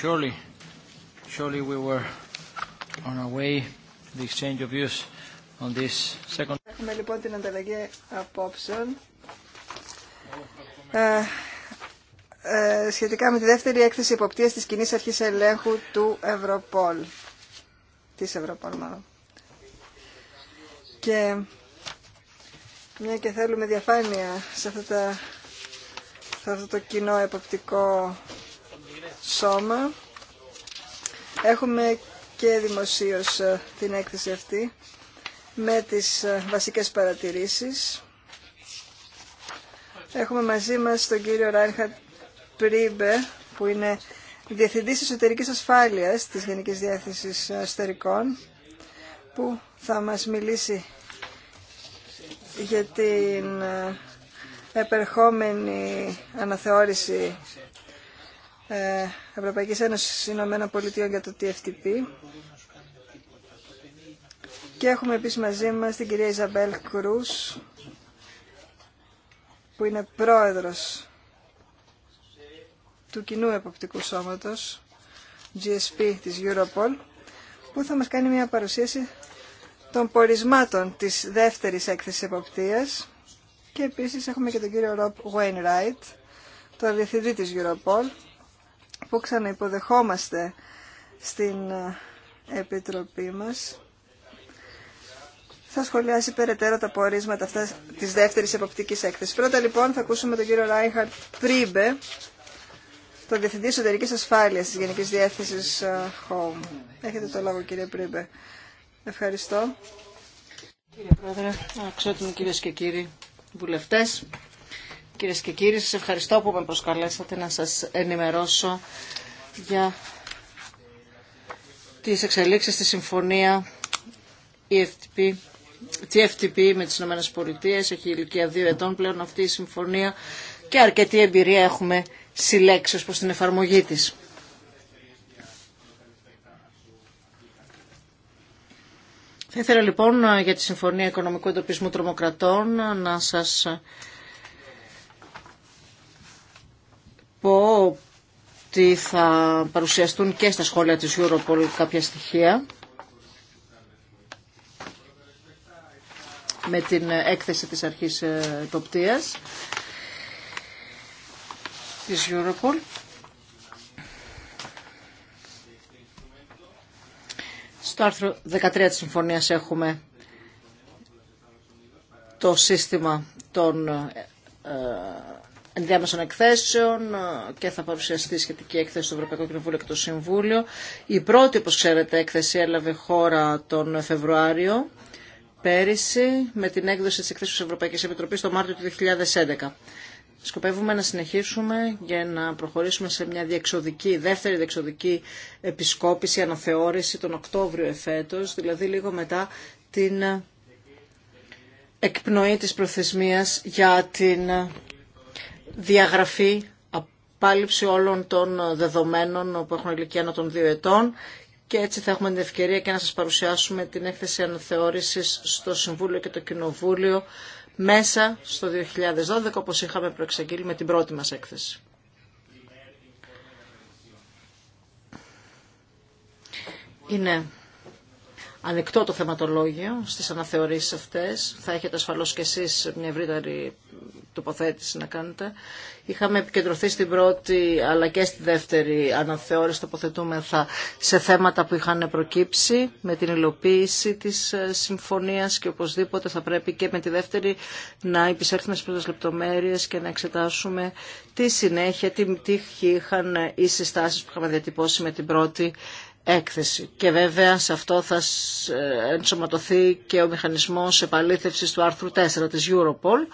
surely, surely we were on our way to the exchange of views on this second. Έχουμε λοιπόν την ανταλλαγή απόψεων ε, ε, σχετικά με τη δεύτερη έκθεση υποπτία τη κοινή αρχή ελέγχου του Ευρωπόλ. Τη Ευρωπόλ μάλλον. Και μια και θέλουμε διαφάνεια σε, αυτά τα, σε αυτό το κοινό εποπτικό σώμα. Έχουμε και δημοσίως ε, την έκθεση αυτή με τις ε, βασικές παρατηρήσεις. Έχουμε μαζί μας τον κύριο Ράινχαρτ Πρίμπε, που είναι Διευθυντής Εσωτερικής Ασφάλειας της Γενικής Διεύθυνσης Εσωτερικών, που θα μας μιλήσει για την ε, επερχόμενη αναθεώρηση ε, Ευρωπαϊκής Ένωσης Ηνωμένων Πολιτείων για το TFTP. Και έχουμε επίσης μαζί μας την κυρία Ιζαμπέλ Κρούς, που είναι πρόεδρος του κοινού εποπτικού σώματος, GSP της Europol, που θα μας κάνει μια παρουσίαση των πορισμάτων της δεύτερης έκθεσης εποπτείας και επίσης έχουμε και τον κύριο Ροπ Ράιτ το διευθυντή της Europol, που ξαναυποδεχόμαστε στην ε, Επιτροπή μας. Θα σχολιάσει περαιτέρω τα πορίσματα αυτά της δεύτερης εποπτικής έκθεσης. Πρώτα λοιπόν θα ακούσουμε τον κύριο Ράιχαρτ Πρίμπε, το Διευθυντή Εσωτερική Ασφάλειας τη Γενική Διεύθυνσης ε, Home. Έχετε το λόγο, κύριε Πρίμπε. Ευχαριστώ. Κύριε Πρόεδρε, αξιότιμοι κυρίε και κύριοι βουλευτές, Κυρίε και κύριοι, σας ευχαριστώ που με προσκαλέσατε να σας ενημερώσω για τις εξελίξεις στη συμφωνία EFTP. TFTP με τις Ηνωμένες Πολιτείες, έχει ηλικία δύο ετών πλέον αυτή η συμφωνία και αρκετή εμπειρία έχουμε συλλέξει ως προς την εφαρμογή της. Θα ήθελα λοιπόν για τη Συμφωνία Οικονομικού Εντοπισμού Τρομοκρατών να σας πω ότι θα παρουσιαστούν και στα σχόλια της Europol κάποια στοιχεία με την έκθεση της αρχής τοπτείας ε, της Europol. Στο άρθρο 13 της συμφωνίας έχουμε το σύστημα των ε, ε, ενδιάμεσων εκθέσεων ε, και θα παρουσιαστεί σχετική έκθεση στο Ευρωπαϊκό Κοινοβούλιο και το Συμβούλιο. Η πρώτη, όπως ξέρετε, έκθεση έλαβε χώρα τον Φεβρουάριο πέρυσι με την έκδοση της εκθέσεως της Ευρωπαϊκής Επιτροπής το Μάρτιο του 2011. Σκοπεύουμε να συνεχίσουμε για να προχωρήσουμε σε μια διεξοδική, δεύτερη διεξοδική επισκόπηση, αναθεώρηση τον Οκτώβριο εφέτος, δηλαδή λίγο μετά την εκπνοή της προθεσμίας για την διαγραφή, απάλληψη όλων των δεδομένων που έχουν ηλικία ανά των δύο ετών και έτσι θα έχουμε την ευκαιρία και να σας παρουσιάσουμε την έκθεση αναθεώρησης στο Συμβούλιο και το Κοινοβούλιο μέσα στο 2012 όπως είχαμε προεξαγγείλει με την πρώτη μας έκθεση. Είναι ανοιχτό το θεματολόγιο στις αναθεωρήσεις αυτές. Θα έχετε ασφαλώς και εσείς μια ευρύτερη τοποθέτηση να κάνετε. Είχαμε επικεντρωθεί στην πρώτη αλλά και στη δεύτερη αναθεώρηση τοποθετούμεθα σε θέματα που είχαν προκύψει με την υλοποίηση της ε, συμφωνίας και οπωσδήποτε θα πρέπει και με τη δεύτερη να επισέλθουμε στις πρώτες λεπτομέρειες και να εξετάσουμε τι συνέχεια, τι τύχη είχαν οι συστάσεις που είχαμε διατυπώσει με την πρώτη έκθεση. Και βέβαια σε αυτό θα ε, ενσωματωθεί και ο μηχανισμός επαλήθευσης του άρθρου 4 της Europol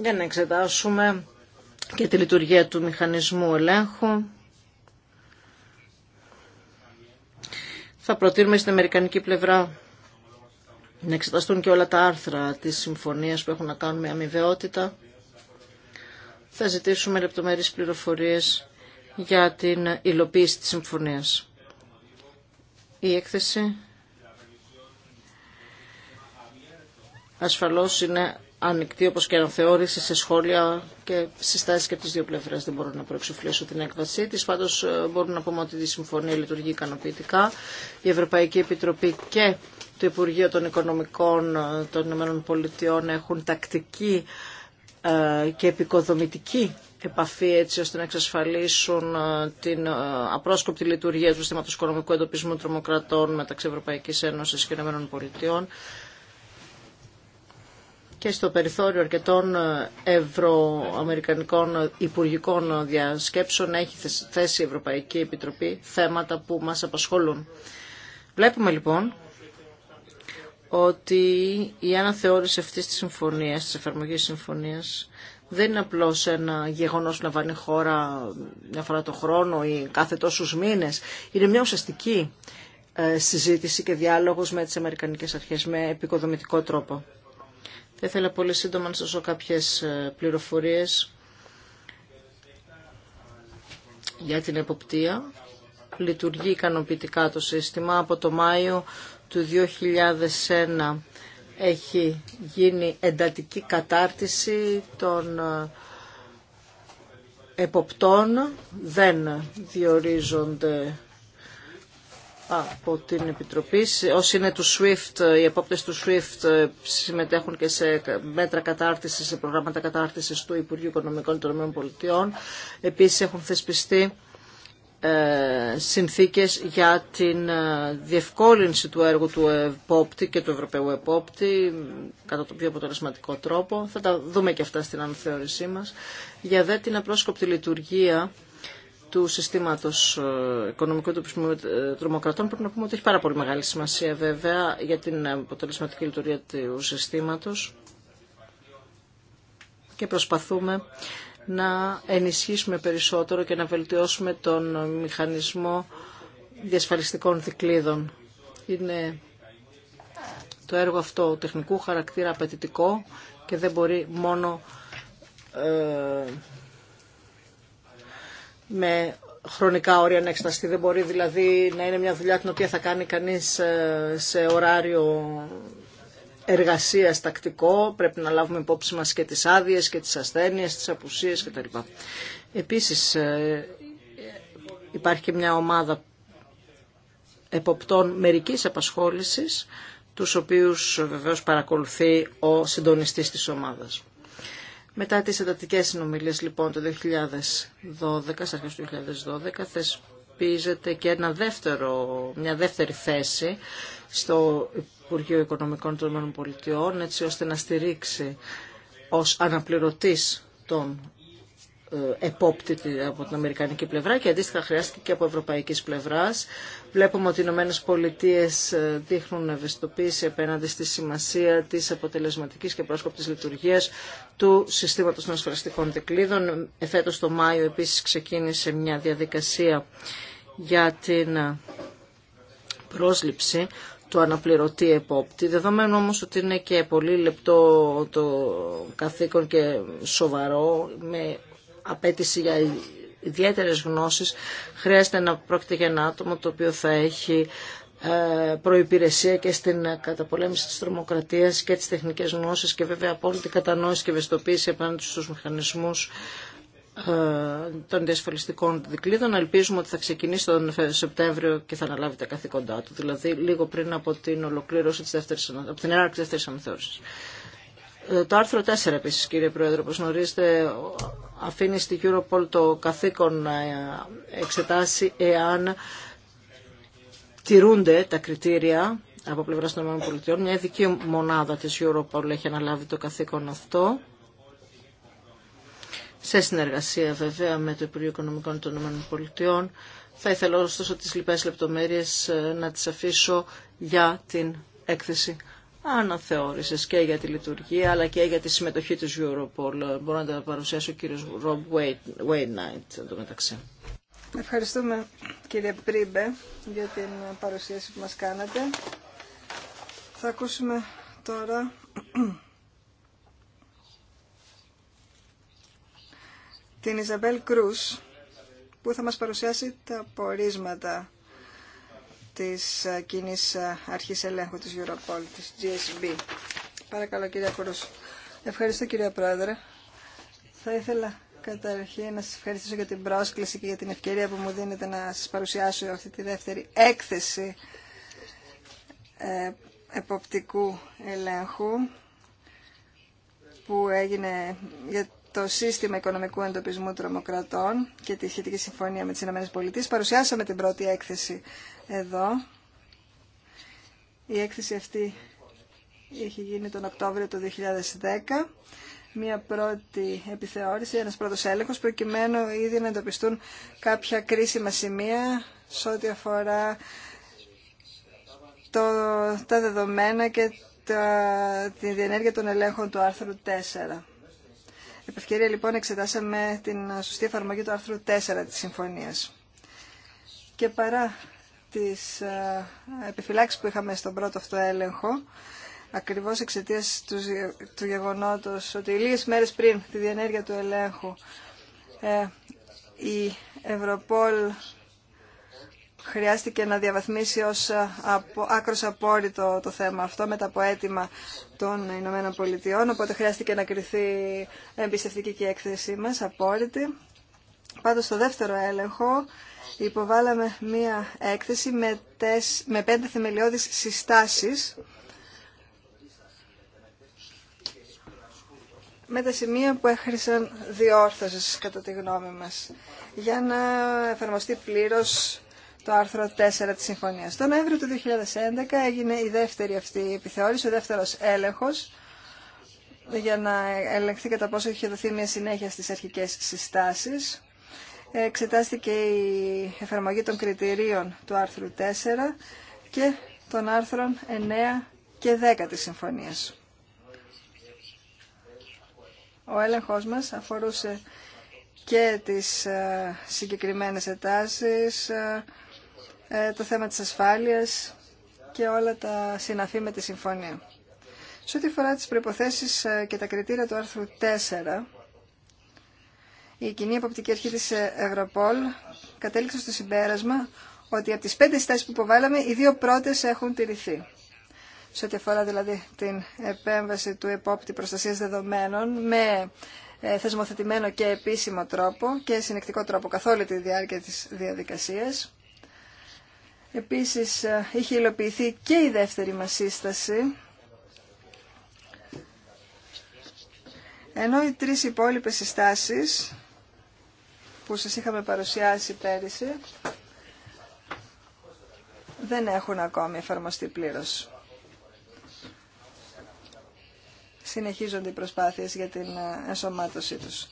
για να εξετάσουμε και τη λειτουργία του μηχανισμού ελέγχου. Θα προτείνουμε στην Αμερικανική πλευρά να εξεταστούν και όλα τα άρθρα της συμφωνίας που έχουν να κάνουν με αμοιβαιότητα. Θα ζητήσουμε λεπτομέρειες πληροφορίες για την υλοποίηση της συμφωνίας. Η έκθεση ασφαλώς είναι ανοιχτή όπως και αναθεώρηση σε σχόλια και συστάσεις και από τις δύο πλευρές. Δεν μπορώ να προεξοφλήσω την έκβασή της. Πάντως ε, μπορούμε να πούμε ότι η συμφωνία λειτουργεί ικανοποιητικά. Η Ευρωπαϊκή Επιτροπή και το Υπουργείο των Οικονομικών ε, των Ηνωμένων Πολιτειών έχουν τακτική ε, και επικοδομητική επαφή έτσι ώστε να εξασφαλίσουν ε, την ε, απρόσκοπτη λειτουργία του συστήματος οικονομικού εντοπισμού τρομοκρατών μεταξύ Ευρωπαϊκής Ένωσης και ΗΠΑ και στο περιθώριο αρκετών ε, ευρωαμερικανικών υπουργικών διασκέψεων έχει θέσει η Ευρωπαϊκή Επιτροπή θέματα που μας απασχολούν. Βλέπουμε λοιπόν ότι η αναθεώρηση αυτής της συμφωνίας, της εφαρμογής συμφωνίας, δεν είναι απλώ ένα γεγονός που λαμβάνει χώρα μια φορά το χρόνο ή κάθε τόσου μήνες. Είναι μια ουσιαστική ε, συζήτηση και διάλογος με τι Αμερικανικέ Αρχές με επικοδομητικό τρόπο. Θα ήθελα πολύ σύντομα να σα δώσω κάποιες ε, πληροφορίες για την εποπτεία. Λειτουργεί ικανοποιητικά το σύστημα από το Μάιο του 2001 έχει γίνει εντατική κατάρτιση των ε, εποπτών, δεν διορίζονται από την Επιτροπή. Όσοι είναι του SWIFT, οι επόπτες του SWIFT ε, συμμετέχουν και σε μέτρα κατάρτισης, σε προγράμματα κατάρτισης του Υπουργείου Οικονομικών των ΗΠΑ. Επίσης έχουν θεσπιστεί ε, συνθήκες για την ε, διευκόλυνση του έργου του επόπτη και του Ευρωπαίου επόπτη κατά τον πιο αποτελεσματικό τρόπο. Θα τα δούμε και αυτά στην αναθεώρησή μας. Για δε την απρόσκοπτη λειτουργία του συστήματος ε, οικονομικού του τρομοκρατών πρέπει να πούμε ότι έχει πάρα πολύ μεγάλη σημασία βέβαια για την αποτελεσματική λειτουργία του συστήματος και προσπαθούμε να ενισχύσουμε περισσότερο και να βελτιώσουμε τον μηχανισμό διασφαλιστικών δικλείδων. Είναι το έργο αυτό τεχνικού χαρακτήρα απαιτητικό και δεν μπορεί μόνο ε, με χρονικά όρια να εξεταστεί. Δεν μπορεί δηλαδή να είναι μια δουλειά την οποία θα κάνει κανείς ε, σε ωράριο Εργασία τακτικό, πρέπει να λάβουμε υπόψη μας και τις άδειες και τις ασθένειες, τις απουσίες κτλ. Επίσης ε, υπάρχει και μια ομάδα εποπτών μερικής απασχόλησης, τους οποίους βεβαίως παρακολουθεί ο συντονιστής της ομάδας. Μετά τις εντατικές συνομιλίες λοιπόν το 2012, αρχές του 2012, θεσπίζεται και ένα δεύτερο, μια δεύτερη θέση στο Υπουργείο Οικονομικών των ΗΠΑ έτσι ώστε να στηρίξει ως αναπληρωτής τον ε, επόπτη από την Αμερικανική πλευρά και αντίστοιχα χρειάστηκε και από ευρωπαϊκή πλευρά. Βλέπουμε ότι οι Ηνωμένε Πολιτείε ε, δείχνουν ευαισθητοποίηση απέναντι στη σημασία τη αποτελεσματική και πρόσκοπτη λειτουργία του συστήματο των ασφαλιστικών δικλείδων. Εφέτο το Μάιο επίση ξεκίνησε μια διαδικασία για την ε, πρόσληψη του αναπληρωτή επόπτη. Δεδομένου όμως ότι είναι και πολύ λεπτό το καθήκον και σοβαρό, με απέτηση για ιδιαίτερες γνώσεις, χρειάζεται να πρόκειται για ένα άτομο το οποίο θα έχει ε, προϋπηρεσία και στην καταπολέμηση της τρομοκρατίας και τις τεχνικές γνώσεις και βέβαια απόλυτη κατανόηση και ευαισθητοποίηση επάνω στους μηχανισμούς ε, των διασφαλιστικών δικλείδων. Ελπίζουμε ότι θα ξεκινήσει τον Σεπτέμβριο και θα αναλάβει τα καθήκοντά του, δηλαδή λίγο πριν από την ολοκλήρωση της δεύτερης, από την έναρξη δεύτερης ε, Το άρθρο 4 επίσης, κύριε Πρόεδρε, όπως γνωρίζετε, αφήνει στη Europol το καθήκον να ε, εξετάσει εάν τηρούνται τα κριτήρια από πλευρά των ΗΠΑ. Μια ειδική μονάδα της Europol έχει αναλάβει το καθήκον αυτό σε συνεργασία βέβαια με το Υπουργείο Οικονομικών των ΗΠΑ. Θα ήθελα ωστόσο τις λοιπές λεπτομέρειες ε, να τις αφήσω για την έκθεση αναθεώρησης και για τη λειτουργία αλλά και για τη συμμετοχή της Europol. Μπορώ να τα παρουσιάσω ο κύριος Rob Wainwright εδώ μεταξύ. Ευχαριστούμε κύριε Πρίμπε για την παρουσίαση που μας κάνατε. Θα ακούσουμε τώρα την Ιζαμπέλ Κρούς που θα μας παρουσιάσει τα πορίσματα της ε, κοινή ε, αρχής ελέγχου της Europol, της GSB. Παρακαλώ κυρία Κρούς. Ευχαριστώ κυρία Πρόεδρε. Θα ήθελα καταρχήν να σας ευχαριστήσω για την πρόσκληση και για την ευκαιρία που μου δίνετε να σας παρουσιάσω αυτή τη δεύτερη έκθεση ε, εποπτικού ελέγχου που έγινε για το σύστημα οικονομικού εντοπισμού τρομοκρατών και τη σχετική συμφωνία με τις ΗΠΑ. Παρουσιάσαμε την πρώτη έκθεση εδώ. Η έκθεση αυτή έχει γίνει τον Οκτώβριο του 2010. Μία πρώτη επιθεώρηση, ένας πρώτος έλεγχος, προκειμένου ήδη να εντοπιστούν κάποια κρίσιμα σημεία σε ό,τι αφορά το, τα δεδομένα και τα, τη διενέργεια των ελέγχων του άρθρου 4. Επ' λοιπόν εξετάσαμε την σωστή εφαρμογή του άρθρου 4 της συμφωνίας. Και παρά τις ε, επιφυλάξεις που είχαμε στον πρώτο αυτό έλεγχο, ακριβώς εξαιτία του, του γεγονότος ότι λίγες μέρες πριν τη διενέργεια του ελέγχου ε, η Ευρωπόλ χρειάστηκε να διαβαθμίσει ως ε, από, άκρος απόρριτο το θέμα αυτό μετά από αίτημα των Ηνωμένων Πολιτειών, οπότε χρειάστηκε να κριθεί εμπιστευτική και έκθεσή μας, απόρριτη. Πάντως στο δεύτερο έλεγχο υποβάλαμε μία έκθεση με, τεσ... με πέντε θεμελιώδεις συστάσεις με τα σημεία που έχρισαν διόρθωσης κατά τη γνώμη μας για να εφαρμοστεί πλήρως το άρθρο 4 της συμφωνίας. Το Νοέμβριο του 2011 έγινε η δεύτερη αυτή επιθεώρηση, ο δεύτερος έλεγχος για να ελεγχθεί κατά πόσο είχε δοθεί μια συνέχεια στις αρχικές συστάσεις. Εξετάστηκε η εφαρμογή των κριτηρίων του άρθρου 4 και των άρθρων 9 και 10 της συμφωνίας. Ο έλεγχος μας αφορούσε και τις ε, συγκεκριμένες ετάσεις, ε, ε, το θέμα της ασφάλειας και όλα τα συναφή με τη συμφωνία. Σε ό,τι αφορά τις προϋποθέσεις ε, και τα κριτήρια του άρθρου 4, η κοινή Αποπτική αρχή της ε, Ευρωπόλ κατέληξε στο συμπέρασμα ότι από τις πέντε στάσεις που υποβάλαμε, οι δύο πρώτες έχουν τηρηθεί. Σε ό,τι αφορά δηλαδή την επέμβαση του επόπτη προστασίας δεδομένων με θεσμοθετημένο και επίσημο τρόπο και συνεκτικό τρόπο καθ' όλη τη διάρκεια της διαδικασίας. Επίσης ε, είχε υλοποιηθεί και η δεύτερη μας σύσταση, ενώ οι τρεις υπόλοιπες συστάσεις που σας είχαμε παρουσιάσει πέρυσι δεν έχουν ακόμη εφαρμοστεί πλήρως. Συνεχίζονται οι προσπάθειες για την ε, ενσωμάτωσή τους.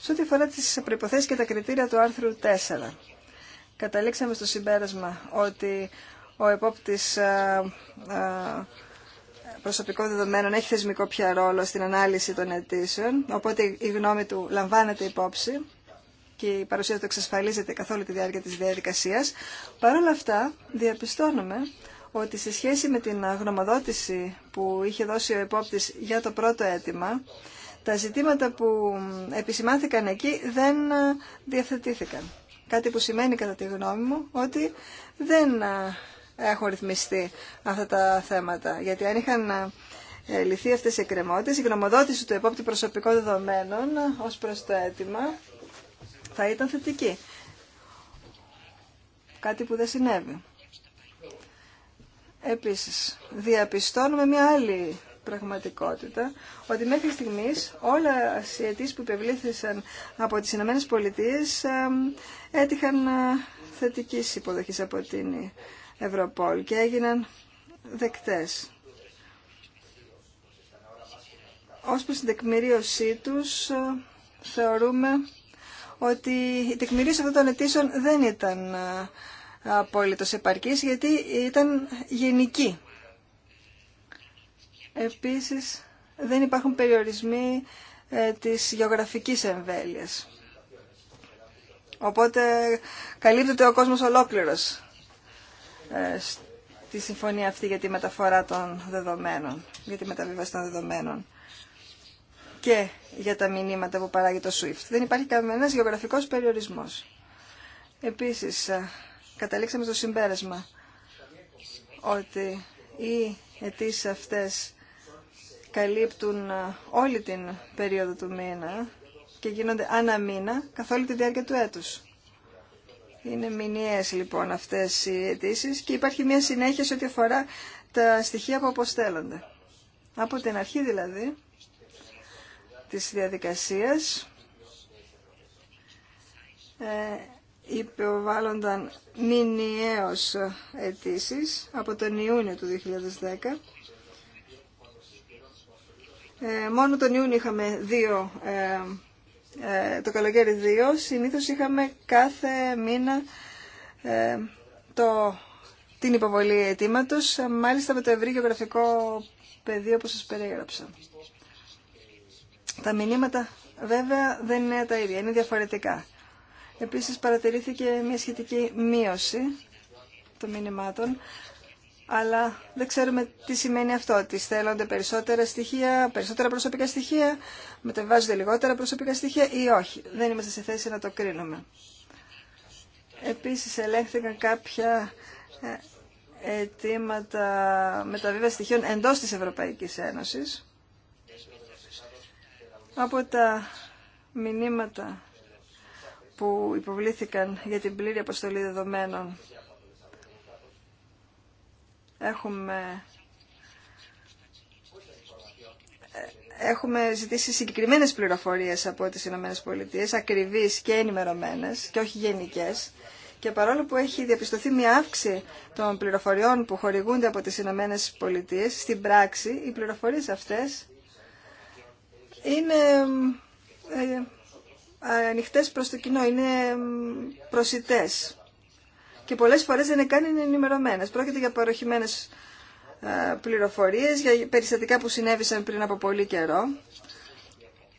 Σε ό,τι αφορά τις προϋποθέσεις και τα κριτήρια του άρθρου 4 καταλήξαμε στο συμπέρασμα ότι ο επόπτης ε, ε, προσωπικών δεδομένων έχει θεσμικό πια ρόλο στην ανάλυση των αιτήσεων, οπότε η γνώμη του λαμβάνεται υπόψη και η παρουσία του εξασφαλίζεται καθ' όλη τη διάρκεια της διαδικασίας. Παρ' όλα αυτά, διαπιστώνουμε ότι σε σχέση με την γνωμοδότηση που είχε δώσει ο επόπτης για το πρώτο αίτημα, τα ζητήματα που επισημάνθηκαν εκεί δεν ε, διαθετήθηκαν. Κάτι που σημαίνει κατά τη γνώμη μου ότι δεν έχουν ρυθμιστεί αυτά τα θέματα. Γιατί αν είχαν λυθεί αυτές οι εκκρεμότητες, η γνωμοδότηση του επόπτη προσωπικών δεδομένων ως προς το αίτημα θα ήταν θετική. Κάτι που δεν συνέβη. Επίσης, διαπιστώνουμε μια άλλη πραγματικότητα ότι μέχρι στιγμής όλα οι αιτήσεις που υπευλήθησαν από τις Ηνωμένες Πολιτείες έτυχαν ε, θετικής υποδοχή από την Ευρωπόλ και έγιναν δεκτές. Ω προ την τεκμηρίωσή τους ε, θεωρούμε ότι η τεκμηρίωση αυτών των αιτήσεων δεν ήταν ε, απόλυτος επαρκής γιατί ήταν γενική Επίσης, δεν υπάρχουν περιορισμοί ε, της γεωγραφικής εμβέλειας. Οπότε καλύπτεται ο κόσμος ολόκληρος ε, στη συμφωνία αυτή για τη μεταφορά των δεδομένων, για τη μεταβίβαση των δεδομένων και για τα μηνύματα που παράγει το SWIFT. Δεν υπάρχει κανένας γεωγραφικός περιορισμός. Επίσης, ε, καταλήξαμε στο συμπέρασμα ότι οι αιτήσει αυτές καλύπτουν ε, όλη την περίοδο του μήνα και γίνονται ανά μήνα καθ' όλη τη διάρκεια του έτους. Είναι μηνιαίες λοιπόν αυτές οι αιτήσει και υπάρχει μια συνέχεια σε ό,τι αφορά τα στοιχεία που αποστέλλονται. Από την αρχή δηλαδή της διαδικασίας ε, υποβάλλονταν μηνιαίως αιτήσει από τον Ιούνιο του 2010 ε, μόνο τον Ιούνιο είχαμε δύο, ε, ε, το καλοκαίρι δύο. Συνήθως είχαμε κάθε μήνα το, την υποβολή αιτήματο, μάλιστα με το ευρύ γεωγραφικό πεδίο που σας περιέγραψα. Τα μηνύματα βέβαια δεν είναι τα ίδια, είναι διαφορετικά. Επίσης παρατηρήθηκε μια σχετική μείωση των μηνυμάτων, αλλά δεν ξέρουμε τι σημαίνει αυτό, ότι θέλονται περισσότερα στοιχεία, περισσότερα προσωπικά στοιχεία, μετεβάζονται λιγότερα προσωπικά στοιχεία ή όχι. Δεν είμαστε σε θέση να το κρίνουμε. Επίσης ελέγχθηκαν κάποια ε, αιτήματα μεταβίβαση στοιχείων εντός της Ευρωπαϊκής Ένωσης. Από τα μηνύματα που υποβλήθηκαν για την πλήρη αποστολή δεδομένων Έχουμε ε, έχουμε ζητήσει συγκεκριμένες πληροφορίες από τι ΗΠΑ, ακριβείς και ενημερωμένε και όχι γενικές Και παρόλο που έχει διαπιστωθεί μια αύξηση των πληροφοριών που χορηγούνται από τις Ηνωμένε Πολιτείε, στην πράξη οι πληροφορίες αυτές είναι ε, ανοιχτές προς το κοινό, είναι προσιτές και πολλές φορές δεν είναι καν ενημερωμένες. Πρόκειται για παροχημένες ε, πληροφορίες, για περιστατικά που συνέβησαν πριν από πολύ καιρό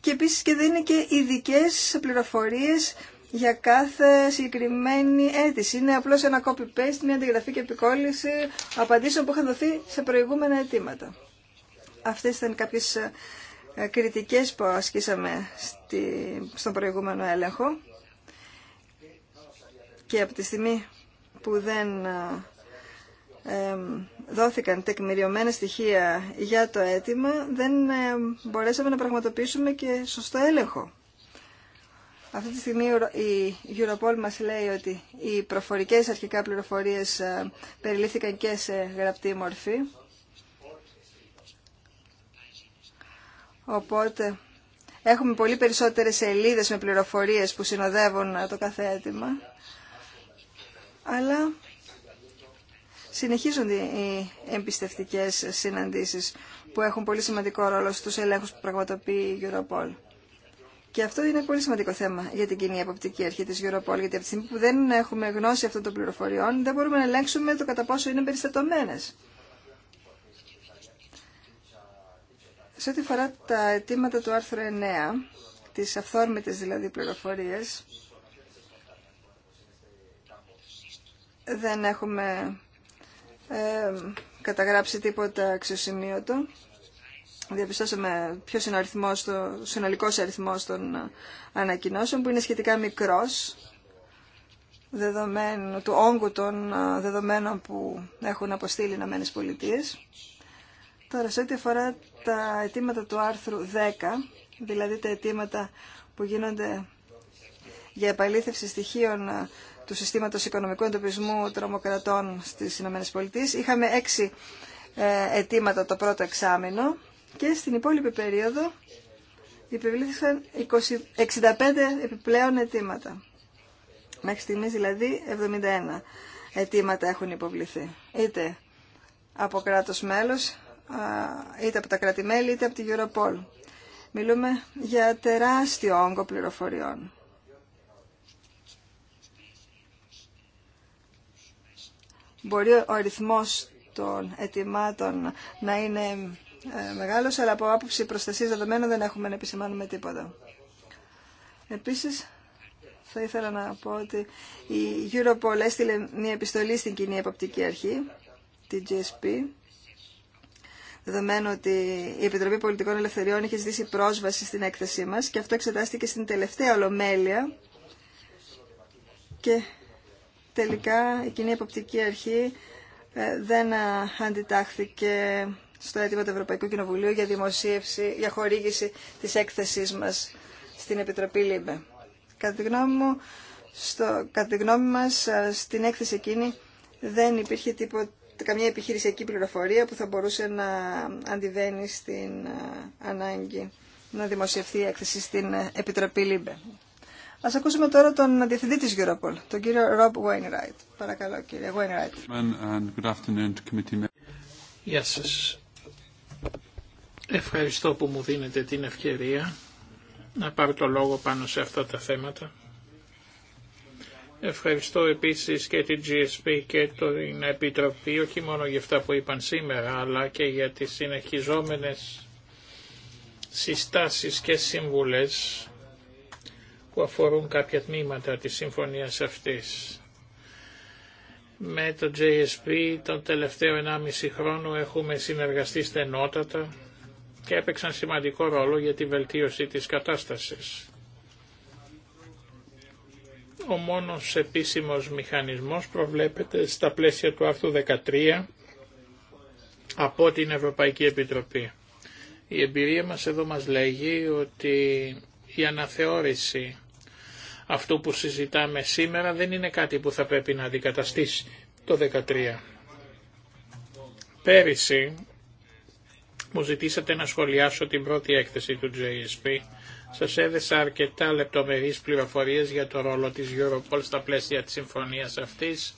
και επίσης και είναι και ειδικέ πληροφορίες για κάθε συγκεκριμένη αίτηση. Είναι απλώς ένα copy-paste, μια αντιγραφή και επικόλληση απαντήσεων που είχαν δοθεί σε προηγούμενα αιτήματα. Αυτές ήταν κάποιες ε, κριτικές που ασκήσαμε στον προηγούμενο έλεγχο και από τη στιγμή που δεν ε, ε, δόθηκαν τεκμηριωμένα στοιχεία για το αίτημα, δεν ε, μπορέσαμε να πραγματοποιήσουμε και σωστό έλεγχο. Αυτή τη στιγμή η Europol μας λέει ότι οι προφορικές αρχικά πληροφορίες περιλήφθηκαν και σε γραπτή μορφή. Οπότε έχουμε πολύ περισσότερες σελίδες με πληροφορίες που συνοδεύουν το κάθε αίτημα αλλά συνεχίζονται οι εμπιστευτικές συναντήσεις που έχουν πολύ σημαντικό ρόλο στους ελέγχους που πραγματοποιεί η Europol. Και αυτό είναι πολύ σημαντικό θέμα για την κοινή αποπτική αρχή της Europol, γιατί από τη στιγμή που δεν έχουμε γνώση αυτών των πληροφοριών, δεν μπορούμε να ελέγξουμε το κατά πόσο είναι περιστατωμένες. Σε ό,τι αφορά τα αιτήματα του άρθρου 9, τις αυθόρμητες δηλαδή πληροφορίες, δεν έχουμε ε, καταγράψει τίποτα αξιοσημείωτο. Διαπιστώσαμε ποιο είναι ο το συνολικός αριθμός των ε, ανακοινώσεων που είναι σχετικά μικρός δεδομένου, του όγκου των ε, δεδομένων που έχουν αποστείλει οι Ηνωμένες Πολιτείες. Τώρα, σε ό,τι αφορά τα αιτήματα του άρθρου 10, δηλαδή τα αιτήματα που γίνονται για επαλήθευση στοιχείων του συστήματο οικονομικού εντοπισμού τρομοκρατών στις ΗΠΑ. Είχαμε έξι ε, αιτήματα το πρώτο εξάμεινο και στην υπόλοιπη περίοδο επιβλήθησαν 65 επιπλέον αιτήματα. Μέχρι στιγμής δηλαδή 71 αιτήματα έχουν υποβληθεί. Είτε από κράτος μέλος, είτε από τα κράτη-μέλη, είτε από την Europol. Μιλούμε για τεράστιο όγκο πληροφοριών. Μπορεί ο αριθμός των ετοιμάτων να είναι ε, μεγάλος, αλλά από άποψη προστασίας δεδομένων δεν έχουμε να επισημάνουμε τίποτα. Επίσης, θα ήθελα να πω ότι η Europol έστειλε μια επιστολή στην Κοινή Εποπτική Αρχή, την GSP, δεδομένου ότι η Επιτροπή Πολιτικών Ελευθεριών είχε ζητήσει πρόσβαση στην έκθεσή μας και αυτό εξετάστηκε στην τελευταία ολομέλεια τελικά η κοινή εποπτική αρχή ε, δεν ε, αντιτάχθηκε στο αίτημα του Ευρωπαϊκού Κοινοβουλίου για δημοσίευση, για χορήγηση της έκθεσής μας στην Επιτροπή ΛΥΜΠΕ. Κατά τη γνώμη, στο, κατά μας, ε, στην έκθεση εκείνη δεν υπήρχε τίποτα, καμία επιχειρησιακή πληροφορία που θα μπορούσε να αντιβαίνει στην ανάγκη να δημοσιευθεί η έκθεση στην Επιτροπή ΛΥΜΠΕ. Ας ακούσουμε τώρα τον διευθυντή της Europol, τον κύριο Ρόμπ Wainwright. Παρακαλώ κύριε Wainwright. Γεια σας. Ευχαριστώ που μου δίνετε την ευκαιρία να πάρω το λόγο πάνω σε αυτά τα θέματα. Ευχαριστώ επίσης και την GSP και την Επιτροπή, όχι μόνο για αυτά που είπαν σήμερα, αλλά και για τις συνεχιζόμενες συστάσεις και σύμβουλες που αφορούν κάποια τμήματα της συμφωνίας αυτής. Με το JSP τον τελευταίο 1,5 χρόνο έχουμε συνεργαστεί στενότατα και έπαιξαν σημαντικό ρόλο για τη βελτίωση της κατάστασης. Ο μόνος επίσημος μηχανισμός προβλέπεται στα πλαίσια του άρθρου 13 από την Ευρωπαϊκή Επιτροπή. Η εμπειρία μας εδώ μας λέγει ότι η αναθεώρηση αυτό που συζητάμε σήμερα δεν είναι κάτι που θα πρέπει να αντικαταστήσει το 2013. Πέρυσι μου ζητήσατε να σχολιάσω την πρώτη έκθεση του JSP. Σας έδεσα αρκετά λεπτομερείς πληροφορίες για το ρόλο της Europol στα πλαίσια της συμφωνίας αυτής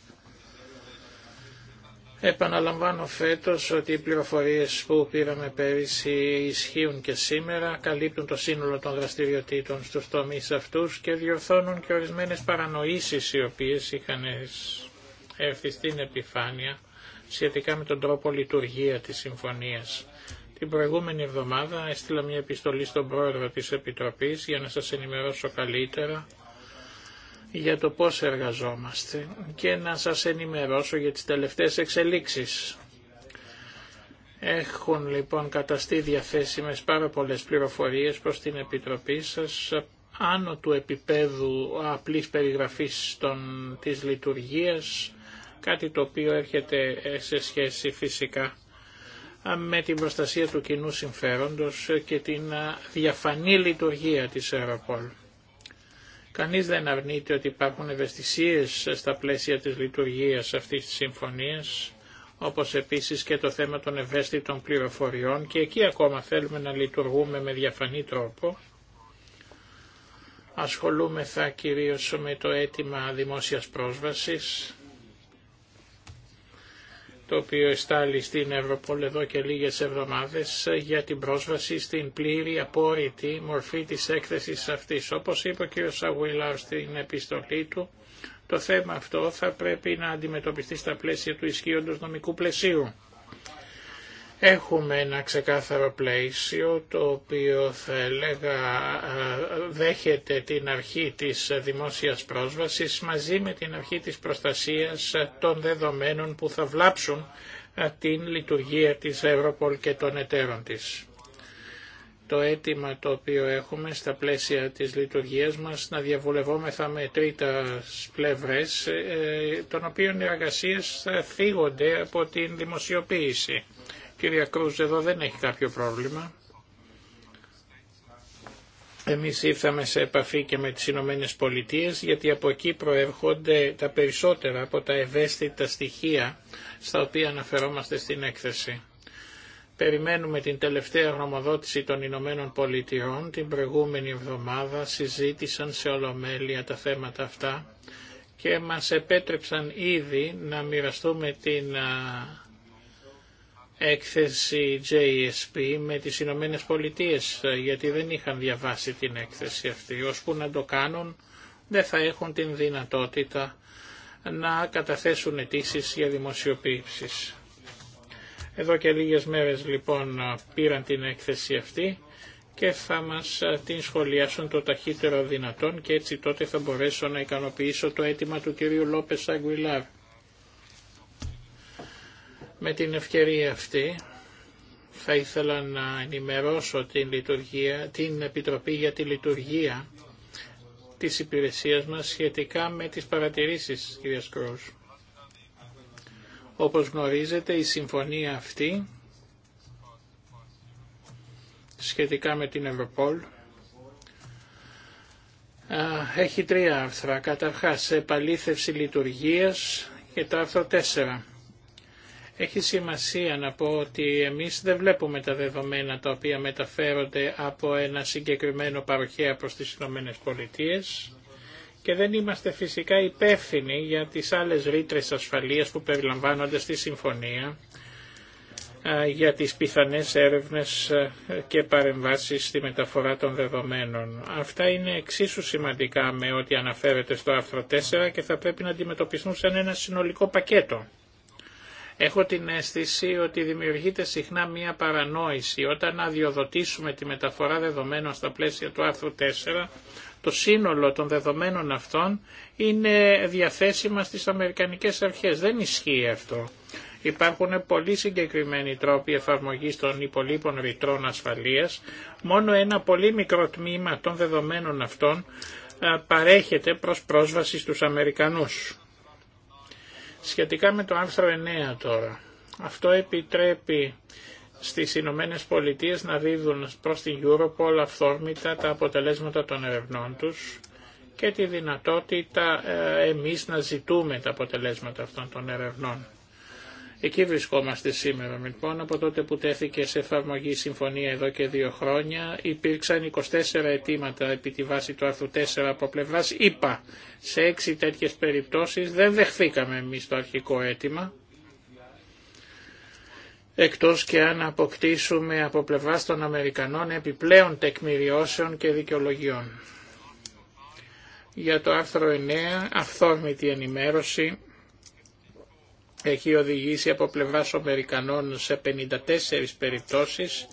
Επαναλαμβάνω φέτος ότι οι πληροφορίες που πήραμε πέρυσι ισχύουν και σήμερα, καλύπτουν το σύνολο των δραστηριοτήτων στους τομείς αυτούς και διορθώνουν και ορισμένες παρανοήσεις οι οποίες είχαν έρθει στην επιφάνεια σχετικά με τον τρόπο λειτουργία της συμφωνίας. Την προηγούμενη εβδομάδα έστειλα μια επιστολή στον πρόεδρο της Επιτροπής για να σας ενημερώσω καλύτερα για το πώς εργαζόμαστε και να σας ενημερώσω για τις τελευταίες εξελίξεις. Έχουν λοιπόν καταστεί διαθέσιμες πάρα πολλές πληροφορίες προς την Επιτροπή σας άνω του επίπεδου απλής περιγραφής των, της λειτουργίας, κάτι το οποίο έρχεται ε, σε σχέση φυσικά ε, με την προστασία του κοινού συμφέροντος και την ε, διαφανή λειτουργία της Αεροπόλου. Κανείς δεν αρνείται ότι υπάρχουν ευαισθησίες στα πλαίσια της λειτουργίας αυτής της συμφωνίας, όπως επίσης και το θέμα των ευαίσθητων πληροφοριών και εκεί ακόμα θέλουμε να λειτουργούμε με διαφανή τρόπο. Ασχολούμεθα κυρίως με το αίτημα δημόσιας πρόσβασης, το οποίο εστάλει στην Ευρωπόλ εδώ και λίγες εβδομάδες για την πρόσβαση στην πλήρη απόρριτη μορφή της έκθεσης αυτής. Όπως είπε ο κ. στην επιστολή του, το θέμα αυτό θα πρέπει να αντιμετωπιστεί στα πλαίσια του ισχύοντος νομικού πλαισίου. Έχουμε ένα ξεκάθαρο πλαίσιο το οποίο θα έλεγα δέχεται την αρχή της δημόσιας πρόσβασης μαζί με την αρχή της προστασίας των δεδομένων που θα βλάψουν την λειτουργία της Ευρωπολ και των εταίρων της. Το αίτημα το οποίο έχουμε στα πλαίσια της λειτουργίας μας να διαβουλευόμεθα με τρίτα πλευρές, ε, των οποίων οι εργασίες ε, θα φύγονται από την δημοσιοποίηση Κυρία Κρούζ, εδώ δεν έχει κάποιο πρόβλημα. Εμείς ήρθαμε σε επαφή και με τις Ηνωμένε Πολιτείες γιατί από εκεί προέρχονται τα περισσότερα από τα ευαίσθητα στοιχεία στα οποία αναφερόμαστε στην έκθεση. Περιμένουμε την τελευταία γνωμοδότηση των Ηνωμένων Πολιτειών. Την προηγούμενη εβδομάδα συζήτησαν σε ολομέλεια τα θέματα αυτά και μας επέτρεψαν ήδη να μοιραστούμε την έκθεση JSP με τις Ηνωμένε Πολιτείε ε, γιατί δεν είχαν διαβάσει την έκθεση αυτή. που να το κάνουν δεν θα έχουν την δυνατότητα να καταθέσουν αιτήσει για δημοσιοποίηση. Εδώ και λίγες μέρες λοιπόν ε, πήραν την έκθεση αυτή και θα μας ε, την σχολιάσουν το ταχύτερο δυνατόν και έτσι τότε θα μπορέσω να ικανοποιήσω το αίτημα του κυρίου Λόπες Αγγουιλάρ. Με την ευκαιρία αυτή θα ήθελα να ενημερώσω την, λειτουργία, την Επιτροπή για τη Λειτουργία της υπηρεσίας μας σχετικά με τις παρατηρήσεις κυρία Σκρούς. Όπως γνωρίζετε η συμφωνία αυτή σχετικά με την Ευρωπόλ έχει τρία άρθρα. Καταρχάς επαλήθευση λειτουργίας και το άρθρο έχει σημασία να πω ότι εμείς δεν βλέπουμε τα δεδομένα τα οποία μεταφέρονται από ένα συγκεκριμένο παροχέα προς τις Ηνωμένες Πολιτείες και δεν είμαστε φυσικά υπεύθυνοι για τις άλλες ρήτρε ασφαλείας που περιλαμβάνονται στη Συμφωνία για τις πιθανές έρευνες και παρεμβάσεις στη μεταφορά των δεδομένων. Αυτά είναι εξίσου σημαντικά με ό,τι αναφέρεται στο άρθρο 4 και θα πρέπει να αντιμετωπιστούν σαν ένα συνολικό πακέτο. Έχω την αίσθηση ότι δημιουργείται συχνά μία παρανόηση. Όταν αδειοδοτήσουμε τη μεταφορά δεδομένων στα πλαίσια του άρθρου 4, το σύνολο των δεδομένων αυτών είναι διαθέσιμα στις Αμερικανικές αρχές. Δεν ισχύει αυτό. Υπάρχουν πολύ συγκεκριμένοι τρόποι εφαρμογής των υπολείπων ρητρών ασφαλείας. Μόνο ένα πολύ μικρό τμήμα των δεδομένων αυτών ε, παρέχεται προς πρόσβαση στους Αμερικανούς. Σχετικά με το άρθρο 9 τώρα. Αυτό επιτρέπει στις Ηνωμένε Πολιτείε να δίδουν προς την Europol αυθόρμητα τα αποτελέσματα των ερευνών τους και τη δυνατότητα ε, εμείς να ζητούμε τα αποτελέσματα αυτών των ερευνών. Εκεί βρισκόμαστε σήμερα λοιπόν, από τότε που τέθηκε σε εφαρμογή η συμφωνία εδώ και δύο χρόνια, υπήρξαν 24 αιτήματα επί τη βάση του άρθρου 4 από πλευρά. ήπα Σε έξι τέτοιες περιπτώσεις δεν δεχθήκαμε εμείς το αρχικό αίτημα, εκτός και αν αποκτήσουμε από πλευρά των Αμερικανών επιπλέον τεκμηριώσεων και δικαιολογιών. Για το άρθρο 9, αυθόρμητη ενημέρωση, έχει οδηγήσει από πλευράς Αμερικανών σε 54 περιπτώσεις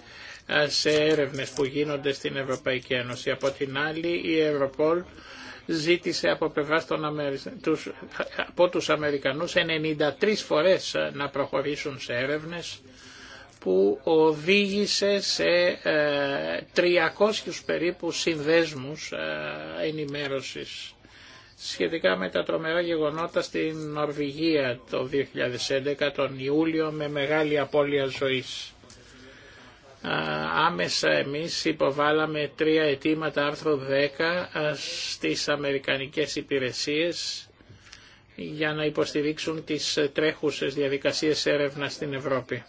σε έρευνες που γίνονται στην Ευρωπαϊκή Ένωση. Από την άλλη η Ευρωπόλ ζήτησε από πλευρά Αμερι... τους... τους Αμερικανούς 93 φορές να προχωρήσουν σε έρευνες που οδήγησε σε 300 ε, περίπου συνδέσμους ε, ενημέρωσης σχετικά με τα τρομερά γεγονότα στην Νορβηγία το 2011 τον Ιούλιο με μεγάλη απώλεια ζωής. Άμεσα εμείς υποβάλαμε τρία αιτήματα άρθρο 10 στις Αμερικανικές υπηρεσίες για να υποστηρίξουν τις τρέχουσες διαδικασίες έρευνας στην Ευρώπη.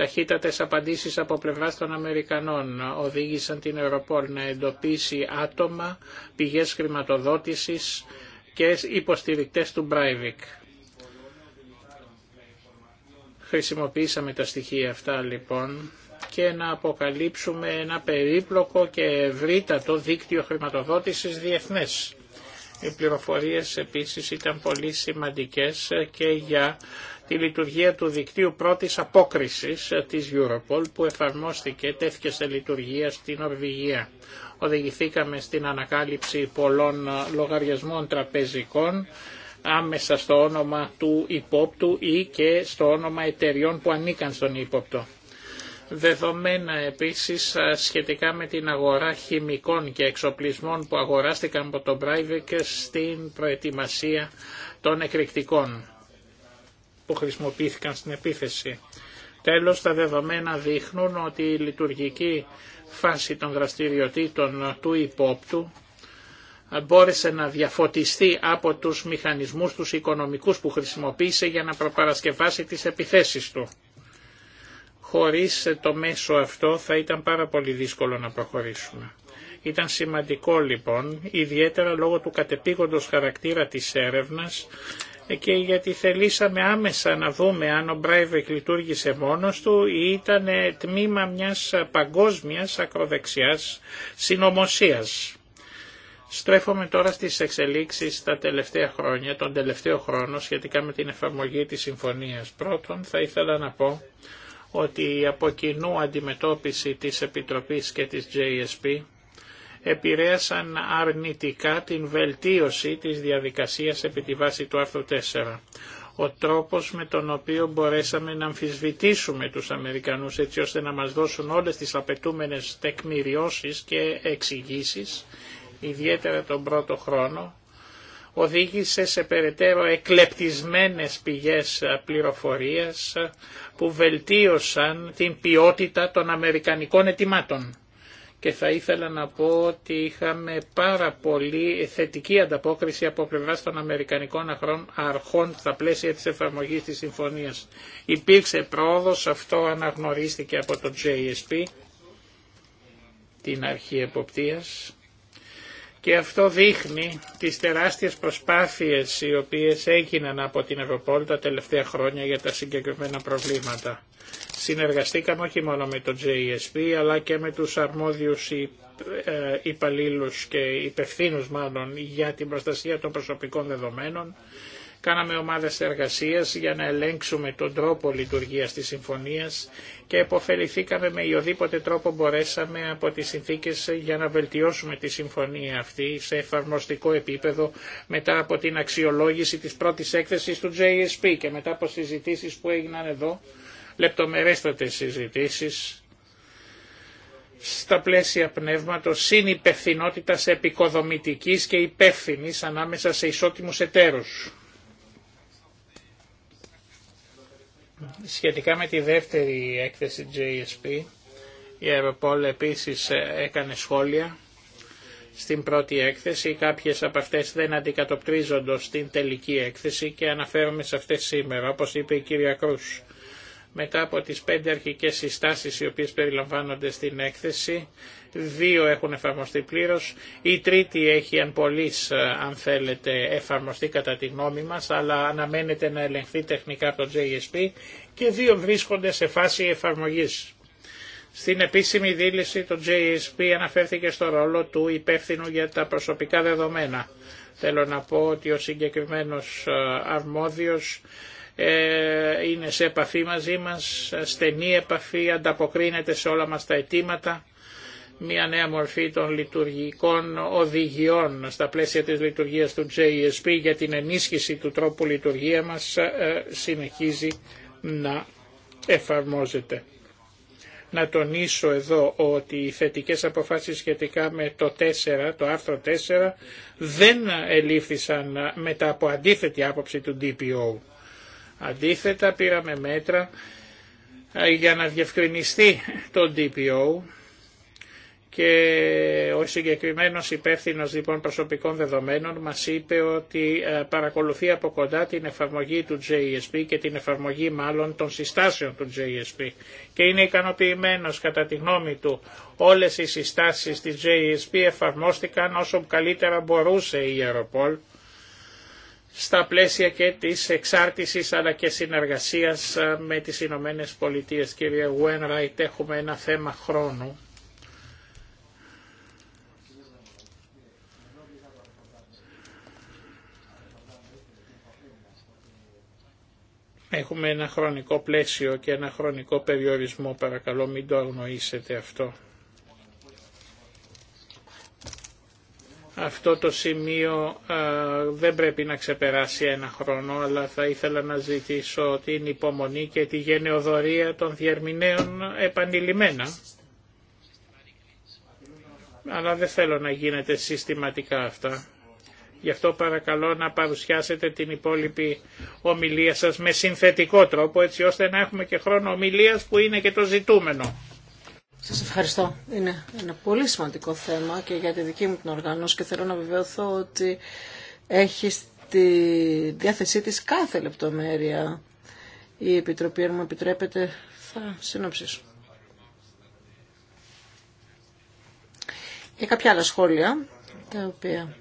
Ταχύτατες απαντήσεις από πλευρά των Αμερικανών οδήγησαν την Ευρωπόλ να εντοπίσει άτομα, πηγές χρηματοδότησης και υποστηρικτές του Μπράιβικ. Χρησιμοποίησαμε τα στοιχεία αυτά λοιπόν και να αποκαλύψουμε ένα περίπλοκο και ευρύτατο δίκτυο χρηματοδότησης διεθνές. Οι πληροφορίες επίσης ήταν πολύ σημαντικές και για τη λειτουργία του δικτύου πρώτης απόκρισης ε, της Europol που εφαρμόστηκε, τέθηκε σε λειτουργία στην Νορβηγία. Οδηγηθήκαμε στην ανακάλυψη πολλών ε, λογαριασμών τραπεζικών άμεσα στο όνομα του υπόπτου ή και στο όνομα εταιριών που ανήκαν στον υπόπτο. Δεδομένα επίσης ε, σχετικά με την αγορά χημικών και εξοπλισμών που αγοράστηκαν από τον Πράιβεκ στην προετοιμασία των εκρηκτικών που χρησιμοποιήθηκαν στην επίθεση. Τέλος, τα δεδομένα δείχνουν ότι η λειτουργική φάση των δραστηριοτήτων του υπόπτου μπόρεσε να διαφωτιστεί από τους μηχανισμούς τους οικονομικούς που χρησιμοποίησε για να προπαρασκευάσει τις επιθέσεις του. Χωρίς το μέσο αυτό θα ήταν πάρα πολύ δύσκολο να προχωρήσουμε. Ήταν σημαντικό λοιπόν, ιδιαίτερα λόγω του κατεπήγοντος χαρακτήρα της έρευνας, και γιατί θελήσαμε άμεσα να δούμε αν ο Μπράιβεκ λειτουργήσε μόνος του ή ήταν τμήμα μιας παγκόσμιας ακροδεξιάς συνωμοσίας. Στρέφομαι τώρα στις εξελίξεις τα τελευταία χρόνια, τον τελευταίο χρόνο σχετικά με την εφαρμογή της συμφωνίας. Πρώτον θα ήθελα να πω ότι η από κοινού αντιμετώπιση της Επιτροπής και της JSP επηρέασαν αρνητικά την βελτίωση της διαδικασίας επί τη βάση του άρθρου 4. Ο τρόπος με τον οποίο μπορέσαμε να αμφισβητήσουμε τους Αμερικανούς έτσι ώστε να μας δώσουν όλες τις απαιτούμενες τεκμηριώσεις και εξηγήσει, ιδιαίτερα τον πρώτο χρόνο, οδήγησε σε περαιτέρω εκλεπτισμένες πηγές πληροφορίας που βελτίωσαν την ποιότητα των Αμερικανικών ετοιμάτων και θα ήθελα να πω ότι είχαμε πάρα πολύ θετική ανταπόκριση από πλευρά των Αμερικανικών αρχών στα πλαίσια της εφαρμογής της συμφωνίας. Υπήρξε πρόοδος, αυτό αναγνωρίστηκε από το JSP, την αρχή εποπτείας. Και αυτό δείχνει τις τεράστιες προσπάθειες οι οποίες έγιναν από την Ευρωπόλ τα τελευταία χρόνια για τα συγκεκριμένα προβλήματα. Συνεργαστήκαμε όχι μόνο με το JSP αλλά και με τους αρμόδιους ε, υπαλλήλους και υπευθύνους μάλλον για την προστασία των προσωπικών δεδομένων Κάναμε ομάδες εργασίας για να ελέγξουμε τον τρόπο λειτουργίας της συμφωνίας και εποφεληθήκαμε με οδήποτε τρόπο μπορέσαμε από τις συνθήκες για να βελτιώσουμε τη συμφωνία αυτή σε εφαρμοστικό επίπεδο μετά από την αξιολόγηση της πρώτης έκθεσης του JSP και μετά από συζητήσεις που έγιναν εδώ, λεπτομερέστατες συζητήσεις στα πλαίσια πνεύματος συνυπευθυνότητας επικοδομητικής και υπεύθυνη ανάμεσα σε ισότιμους εταίρους. Σχετικά με τη δεύτερη έκθεση JSP, η Αεροπόλ επίσης ε, έκανε σχόλια στην πρώτη έκθεση. Κάποιες από αυτές δεν αντικατοπτρίζονται στην τελική έκθεση και αναφέρομαι σε αυτές σήμερα, όπως είπε η κυρία Κρούς μετά από τις πέντε αρχικές συστάσεις οι οποίες περιλαμβάνονται στην έκθεση, δύο έχουν εφαρμοστεί πλήρως, η τρίτη έχει αν πολλής, ε, αν θέλετε, εφαρμοστεί κατά τη γνώμη μας, αλλά αναμένεται να ελεγχθεί τεχνικά από το JSP και δύο βρίσκονται σε φάση εφαρμογής. Στην επίσημη δήλωση το JSP αναφέρθηκε στο ρόλο του υπεύθυνου για τα προσωπικά δεδομένα. Θέλω να πω ότι ο συγκεκριμένος ε, αρμόδιος ε, είναι σε επαφή μαζί μας, στενή επαφή, ανταποκρίνεται σε όλα μας τα αιτήματα μια νέα μορφή των λειτουργικών οδηγιών στα πλαίσια της λειτουργίας του JSP για την ενίσχυση του τρόπου λειτουργία μας ε, συνεχίζει να εφαρμόζεται. Να τονίσω εδώ ότι οι θετικές αποφάσεις σχετικά με το 4, το άρθρο 4 δεν ελήφθησαν μετά από αντίθετη άποψη του DPO. Αντίθετα πήραμε μέτρα για να διευκρινιστεί το DPO και ο συγκεκριμένος υπεύθυνο λοιπόν προσωπικών δεδομένων μας είπε ότι παρακολουθεί από κοντά την εφαρμογή του JSP και την εφαρμογή μάλλον των συστάσεων του JSP και είναι ικανοποιημένος κατά τη γνώμη του όλες οι συστάσεις της JSP εφαρμόστηκαν όσο καλύτερα μπορούσε η Αεροπολ στα πλαίσια και της εξάρτησης αλλά και συνεργασίας ε, με τις Ηνωμένε Πολιτείε. Κύριε Γουένραϊτ, έχουμε ένα θέμα χρόνου. Έχουμε ένα χρονικό πλαίσιο και ένα χρονικό περιορισμό, παρακαλώ μην το αγνοήσετε αυτό. Αυτό το σημείο ε, δεν πρέπει να ξεπεράσει ένα χρόνο, αλλά θα ήθελα να ζητήσω την υπομονή και τη γενεοδορία των διερμηνέων επανειλημμένα. Αλλά δεν θέλω να γίνεται συστηματικά αυτά. Γι' αυτό παρακαλώ να παρουσιάσετε την υπόλοιπη ομιλία σας με συνθετικό τρόπο, έτσι ώστε να έχουμε και χρόνο ομιλίας που είναι και το ζητούμενο. Σα ευχαριστώ. Είναι ένα πολύ σημαντικό θέμα και για τη δική μου την οργάνωση και θέλω να βεβαιωθώ ότι έχει στη διάθεσή της κάθε λεπτομέρεια η Επιτροπή, αν μου επιτρέπετε, θα συνοψίσω. Για κάποια άλλα σχόλια, τα οποία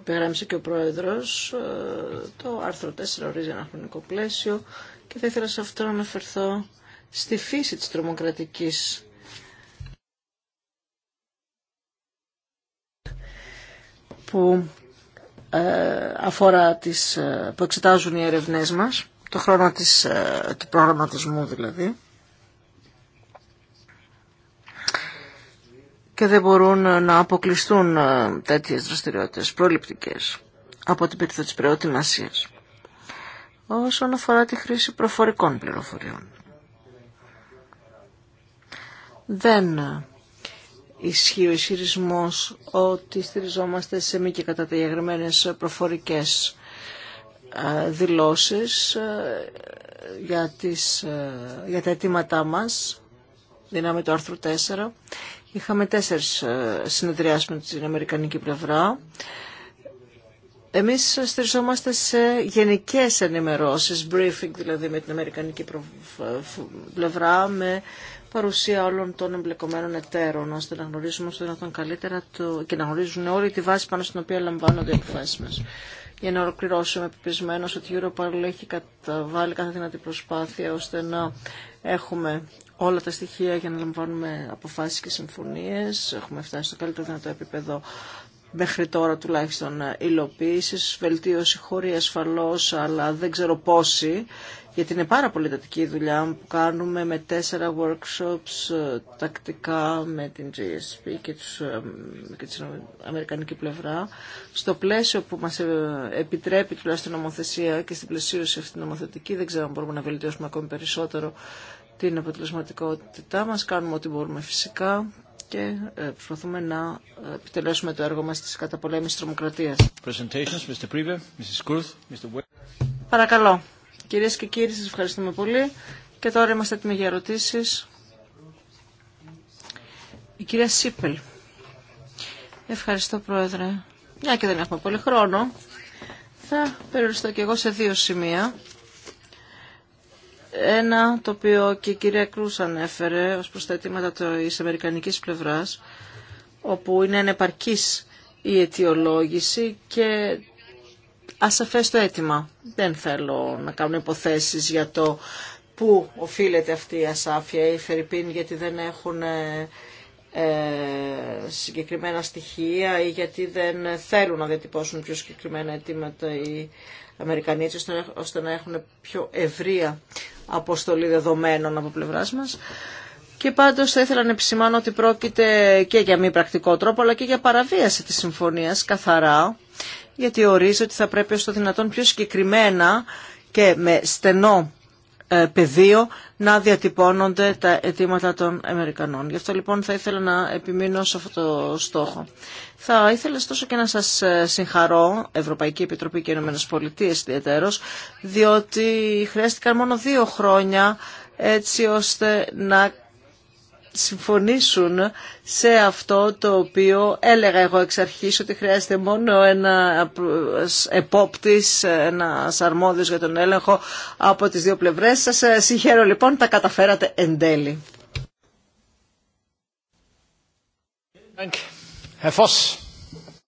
υπεγράμμισε και ο Πρόεδρος, ε, το άρθρο 4 ορίζει ένα χρονικό πλαίσιο και θα ήθελα σε αυτό να αναφερθώ στη φύση της τρομοκρατικής που ε, αφορά τις, ε, που εξετάζουν οι έρευνές μας, το χρόνο της, ε, του προγραμματισμού δηλαδή. Και δεν μπορούν να αποκλειστούν τέτοιες δραστηριότητες προληπτικές από την περίπτωση της προετοιμασίας. Όσον αφορά τη χρήση προφορικών πληροφοριών. Δεν ισχύει ο ισχυρισμό ότι στηριζόμαστε σε μη και καταδιαγραμμένε προφορικές ε, δηλώσεις ε, για, ε, για τα αιτήματά μας, δυνάμει το άρθρο 4. Είχαμε τέσσερι συνεδριάσει με την Αμερικανική πλευρά. Εμείς στηριζόμαστε σε γενικές ενημερώσεις, briefing δηλαδή με την Αμερικανική πλευρά, με παρουσία όλων των εμπλεκομένων εταίρων, ώστε να γνωρίζουμε όσο δυνατόν καλύτερα το... και να γνωρίζουν όλη τη βάση πάνω στην οποία λαμβάνονται οι αποφάσει μα. Για να ολοκληρώσω, είμαι πεπισμένο ότι η Europol έχει καταβάλει κάθε δυνατή προσπάθεια ώστε να έχουμε όλα τα στοιχεία για να λαμβάνουμε αποφάσει και συμφωνίε. Έχουμε φτάσει στο καλύτερο δυνατό επίπεδο μέχρι τώρα τουλάχιστον υλοποίηση. βελτίωση χωρί ασφαλώ, αλλά δεν ξέρω πόσοι γιατί είναι πάρα πολύ εντατική η δουλειά που κάνουμε με τέσσερα workshops ε, τακτικά με την GSP και, τους, ε, την Αμερικανική πλευρά. Στο πλαίσιο που μας ε, επιτρέπει τουλάχιστον νομοθεσία και στην πλαισίωση αυτή νομοθετική, δεν ξέρω αν μπορούμε να βελτιώσουμε ακόμη περισσότερο την αποτελεσματικότητά μας. Κάνουμε ό,τι μπορούμε φυσικά και προσπαθούμε να επιτελέσουμε το έργο μας της καταπολέμησης τρομοκρατίας. Παρακαλώ. Κυρίε και κύριοι, σας ευχαριστούμε πολύ. Και τώρα είμαστε έτοιμοι για ερωτήσει. Η κυρία Σίπελ. Ευχαριστώ, Πρόεδρε. Μια και δεν έχουμε πολύ χρόνο, θα περιοριστώ και εγώ σε δύο σημεία. Ένα το οποίο και η κυρία Κρούς ανέφερε ως προς τα αιτήματα της αμερικανικής πλευράς, όπου είναι ανεπαρκής η αιτιολόγηση και ασαφές το αίτημα. Δεν θέλω να κάνω υποθέσεις για το πού οφείλεται αυτή η ασάφεια ή Φερρυπίν γιατί δεν έχουν ε, ε, συγκεκριμένα στοιχεία ή γιατί δεν θέλουν να διατυπώσουν πιο συγκεκριμένα αιτήματα οι Αμερικανοί έτσι ώστε να έχουν πιο ευρεία αποστολή δεδομένων από πλευράς μας. Και πάντως θα ήθελα να επισημάνω ότι πρόκειται και για μη πρακτικό τρόπο αλλά και για παραβίαση της συμφωνίας καθαρά γιατί ορίζει ότι θα πρέπει ως το δυνατόν πιο συγκεκριμένα και με στενό ε, πεδίο να διατυπώνονται τα αιτήματα των Αμερικανών. Γι' αυτό λοιπόν θα ήθελα να επιμείνω σε αυτό το στόχο. Θα ήθελα στόσο και να σας ε, συγχαρώ, Ευρωπαϊκή Επιτροπή και Ηνωμένες Πολιτείες διότι χρειάστηκαν μόνο δύο χρόνια έτσι ώστε να συμφωνήσουν σε αυτό το οποίο έλεγα εγώ εξ αρχής ότι χρειάζεται μόνο ένα επόπτης, ένα αρμόδιος για τον έλεγχο από τις δύο πλευρές. Σας ε, συγχαίρω λοιπόν, τα καταφέρατε εν τέλει.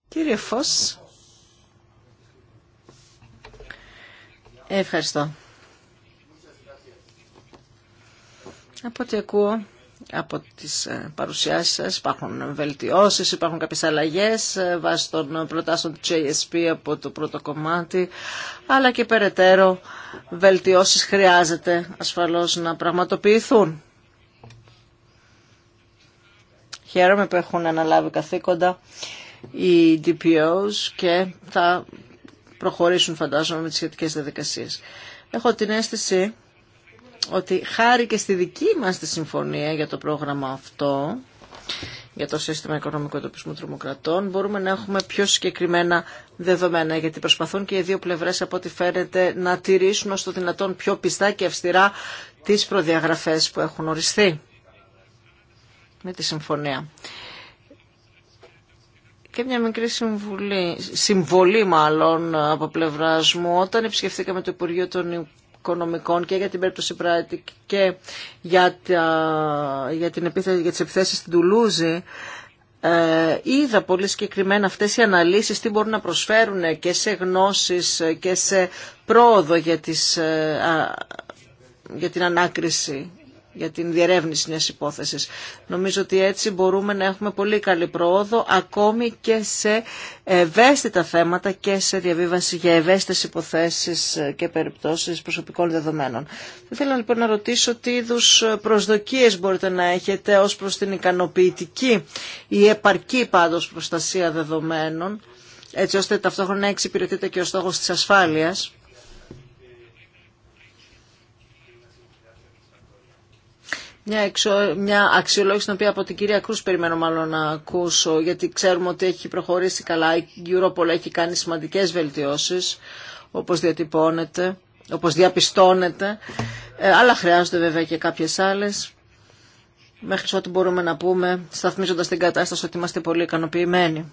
Κύριε Φως. Ευχαριστώ. Από ό,τι ακούω, από τις ε, παρουσιάσεις σας. Υπάρχουν βελτιώσεις, υπάρχουν κάποιες αλλαγές ε, βάσει των προτάσεων του JSP από το πρώτο κομμάτι, αλλά και περαιτέρω βελτιώσεις χρειάζεται ασφαλώς να πραγματοποιηθούν. Χαίρομαι που έχουν αναλάβει καθήκοντα οι DPOs και θα προχωρήσουν φαντάζομαι με τις σχετικές διαδικασίες. Έχω την αίσθηση ότι χάρη και στη δική μας τη συμφωνία για το πρόγραμμα αυτό, για το σύστημα οικονομικού εντοπισμού τρομοκρατών, μπορούμε να έχουμε πιο συγκεκριμένα δεδομένα, γιατί προσπαθούν και οι δύο πλευρές από ό,τι φαίνεται να τηρήσουν ως το δυνατόν πιο πιστά και αυστηρά τις προδιαγραφές που έχουν οριστεί με τη συμφωνία. Και μια μικρή συμβολή μάλλον από πλευρά μου, όταν επισκεφθήκαμε το Υπουργείο των οικονομικών και για την περίπτωση και για, για, την επίθεση, για τις επιθέσεις στην Τουλούζη, ε, είδα πολύ συγκεκριμένα αυτές οι αναλύσεις τι μπορούν να προσφέρουν και σε γνώσεις και σε πρόοδο για, ε, για την ανάκριση για την διερεύνηση μιας υπόθεσης. Νομίζω ότι έτσι μπορούμε να έχουμε πολύ καλή προόδο ακόμη και σε ευαίσθητα θέματα και σε διαβίβαση για ευαίσθητες υποθέσεις και περιπτώσεις προσωπικών δεδομένων. Θα ήθελα λοιπόν να ρωτήσω τι είδου προσδοκίες μπορείτε να έχετε ως προς την ικανοποιητική ή επαρκή πάντως προστασία δεδομένων έτσι ώστε ταυτόχρονα εξυπηρετείται και ο στόχος της ασφάλειας μια, εξο... μια αξιολόγηση την οποία από την κυρία Κρούς περιμένω μάλλον να ακούσω γιατί ξέρουμε ότι έχει προχωρήσει καλά η Europol έχει κάνει σημαντικές βελτιώσεις όπως διατυπώνεται όπως διαπιστώνεται ε, αλλά χρειάζονται βέβαια και κάποιες άλλες μέχρι ό,τι μπορούμε να πούμε σταθμίζοντας την κατάσταση ότι είμαστε πολύ ικανοποιημένοι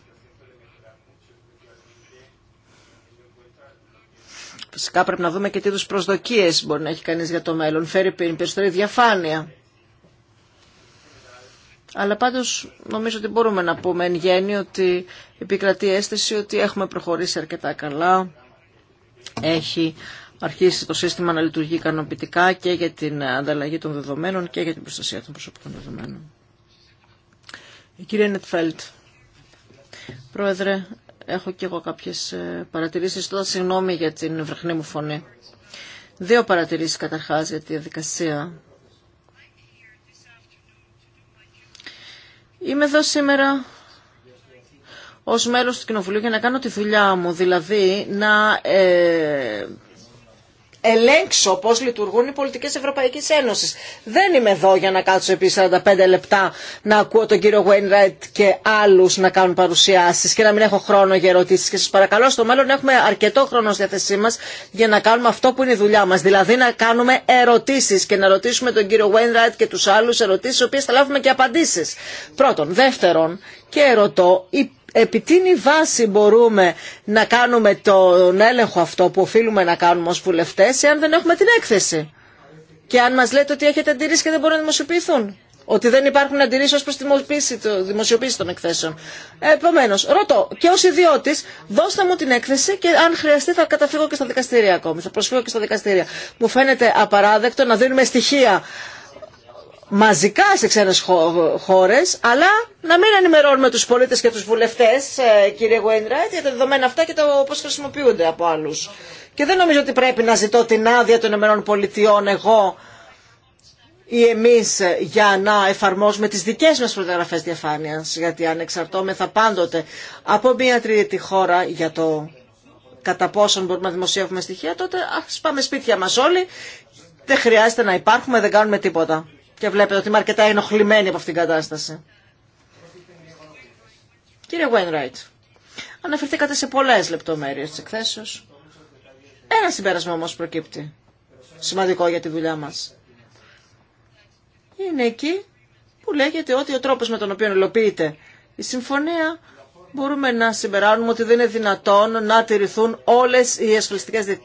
Φυσικά πρέπει να δούμε και τι είδου προσδοκίε μπορεί να έχει κανεί για το μέλλον. Φέρει περισσότερη διαφάνεια αλλά πάντως νομίζω ότι μπορούμε να πούμε εν γέννη ότι επικρατεί αίσθηση ότι έχουμε προχωρήσει αρκετά καλά. Έχει αρχίσει το σύστημα να λειτουργεί ικανοποιητικά και για την ανταλλαγή των δεδομένων και για την προστασία των προσωπικών δεδομένων. Η κυρία Νετφέλτ. Πρόεδρε, έχω και εγώ κάποιες ε, παρατηρήσεις. Τώρα συγγνώμη για την βραχνή μου φωνή. Δύο παρατηρήσεις καταρχάς για τη διαδικασία Είμαι εδώ σήμερα ως μέλος του Κοινοβουλίου για να κάνω τη δουλειά μου, δηλαδή να ε, ελέγξω πώς λειτουργούν οι πολιτικές Ευρωπαϊκής Ένωσης. Δεν είμαι εδώ για να κάτσω επί 45 λεπτά να ακούω τον κύριο Wainwright και άλλους να κάνουν παρουσιάσεις και να μην έχω χρόνο για ερωτήσεις. Και σας παρακαλώ στο μέλλον έχουμε αρκετό χρόνο στη διάθεσή μας για να κάνουμε αυτό που είναι η δουλειά μας. Δηλαδή να κάνουμε ερωτήσεις και να ρωτήσουμε τον κύριο Wainwright και τους άλλους ερωτήσεις, οι οποίες θα λάβουμε και απαντήσεις. Πρώτον. Δεύτερον, και ερωτώ, επί τίνη βάση μπορούμε να κάνουμε τον έλεγχο αυτό που οφείλουμε να κάνουμε ως βουλευτές εάν δεν έχουμε την έκθεση. Και αν μας λέτε ότι έχετε αντιρρήσει και δεν μπορούν να δημοσιοποιηθούν. Ότι δεν υπάρχουν αντιρρήσει ω προ τη δημοσιοποίηση των εκθέσεων. Επομένω, ρωτώ και ω ιδιώτη, δώστε μου την έκθεση και αν χρειαστεί θα καταφύγω και στα δικαστήρια ακόμη. Θα προσφύγω και στα δικαστήρια. Μου φαίνεται απαράδεκτο να δίνουμε στοιχεία μαζικά σε ξένες χώρες, αλλά να μην ενημερώνουμε τους πολίτες και τους βουλευτές, ε, κύριε Γουέινραιτ, για τα δεδομένα αυτά και το πώς χρησιμοποιούνται από άλλους. Και δεν νομίζω ότι πρέπει να ζητώ την άδεια των Ηνωμένων εγώ ή εμείς για να εφαρμόσουμε τις δικές μας προδιαγραφές διαφάνειας, γιατί αν θα πάντοτε από μια τρίτη χώρα για το κατά πόσον μπορούμε να δημοσιεύουμε στοιχεία, τότε ας πάμε σπίτια μας όλοι, δεν χρειάζεται να υπάρχουμε, δεν κάνουμε τίποτα. Και βλέπετε ότι είμαι αρκετά ενοχλημένη από αυτήν την κατάσταση. Κύριε Wainwright, αναφερθήκατε σε πολλές λεπτομέρειες της εκθέσεως. Ένα συμπέρασμα όμως προκύπτει. Σημαντικό για τη δουλειά μας. Είναι εκεί που λέγεται ότι ο τρόπος με τον οποίο υλοποιείται η συμφωνία μπορούμε να συμπεράνουμε ότι δεν είναι δυνατόν να τηρηθούν όλε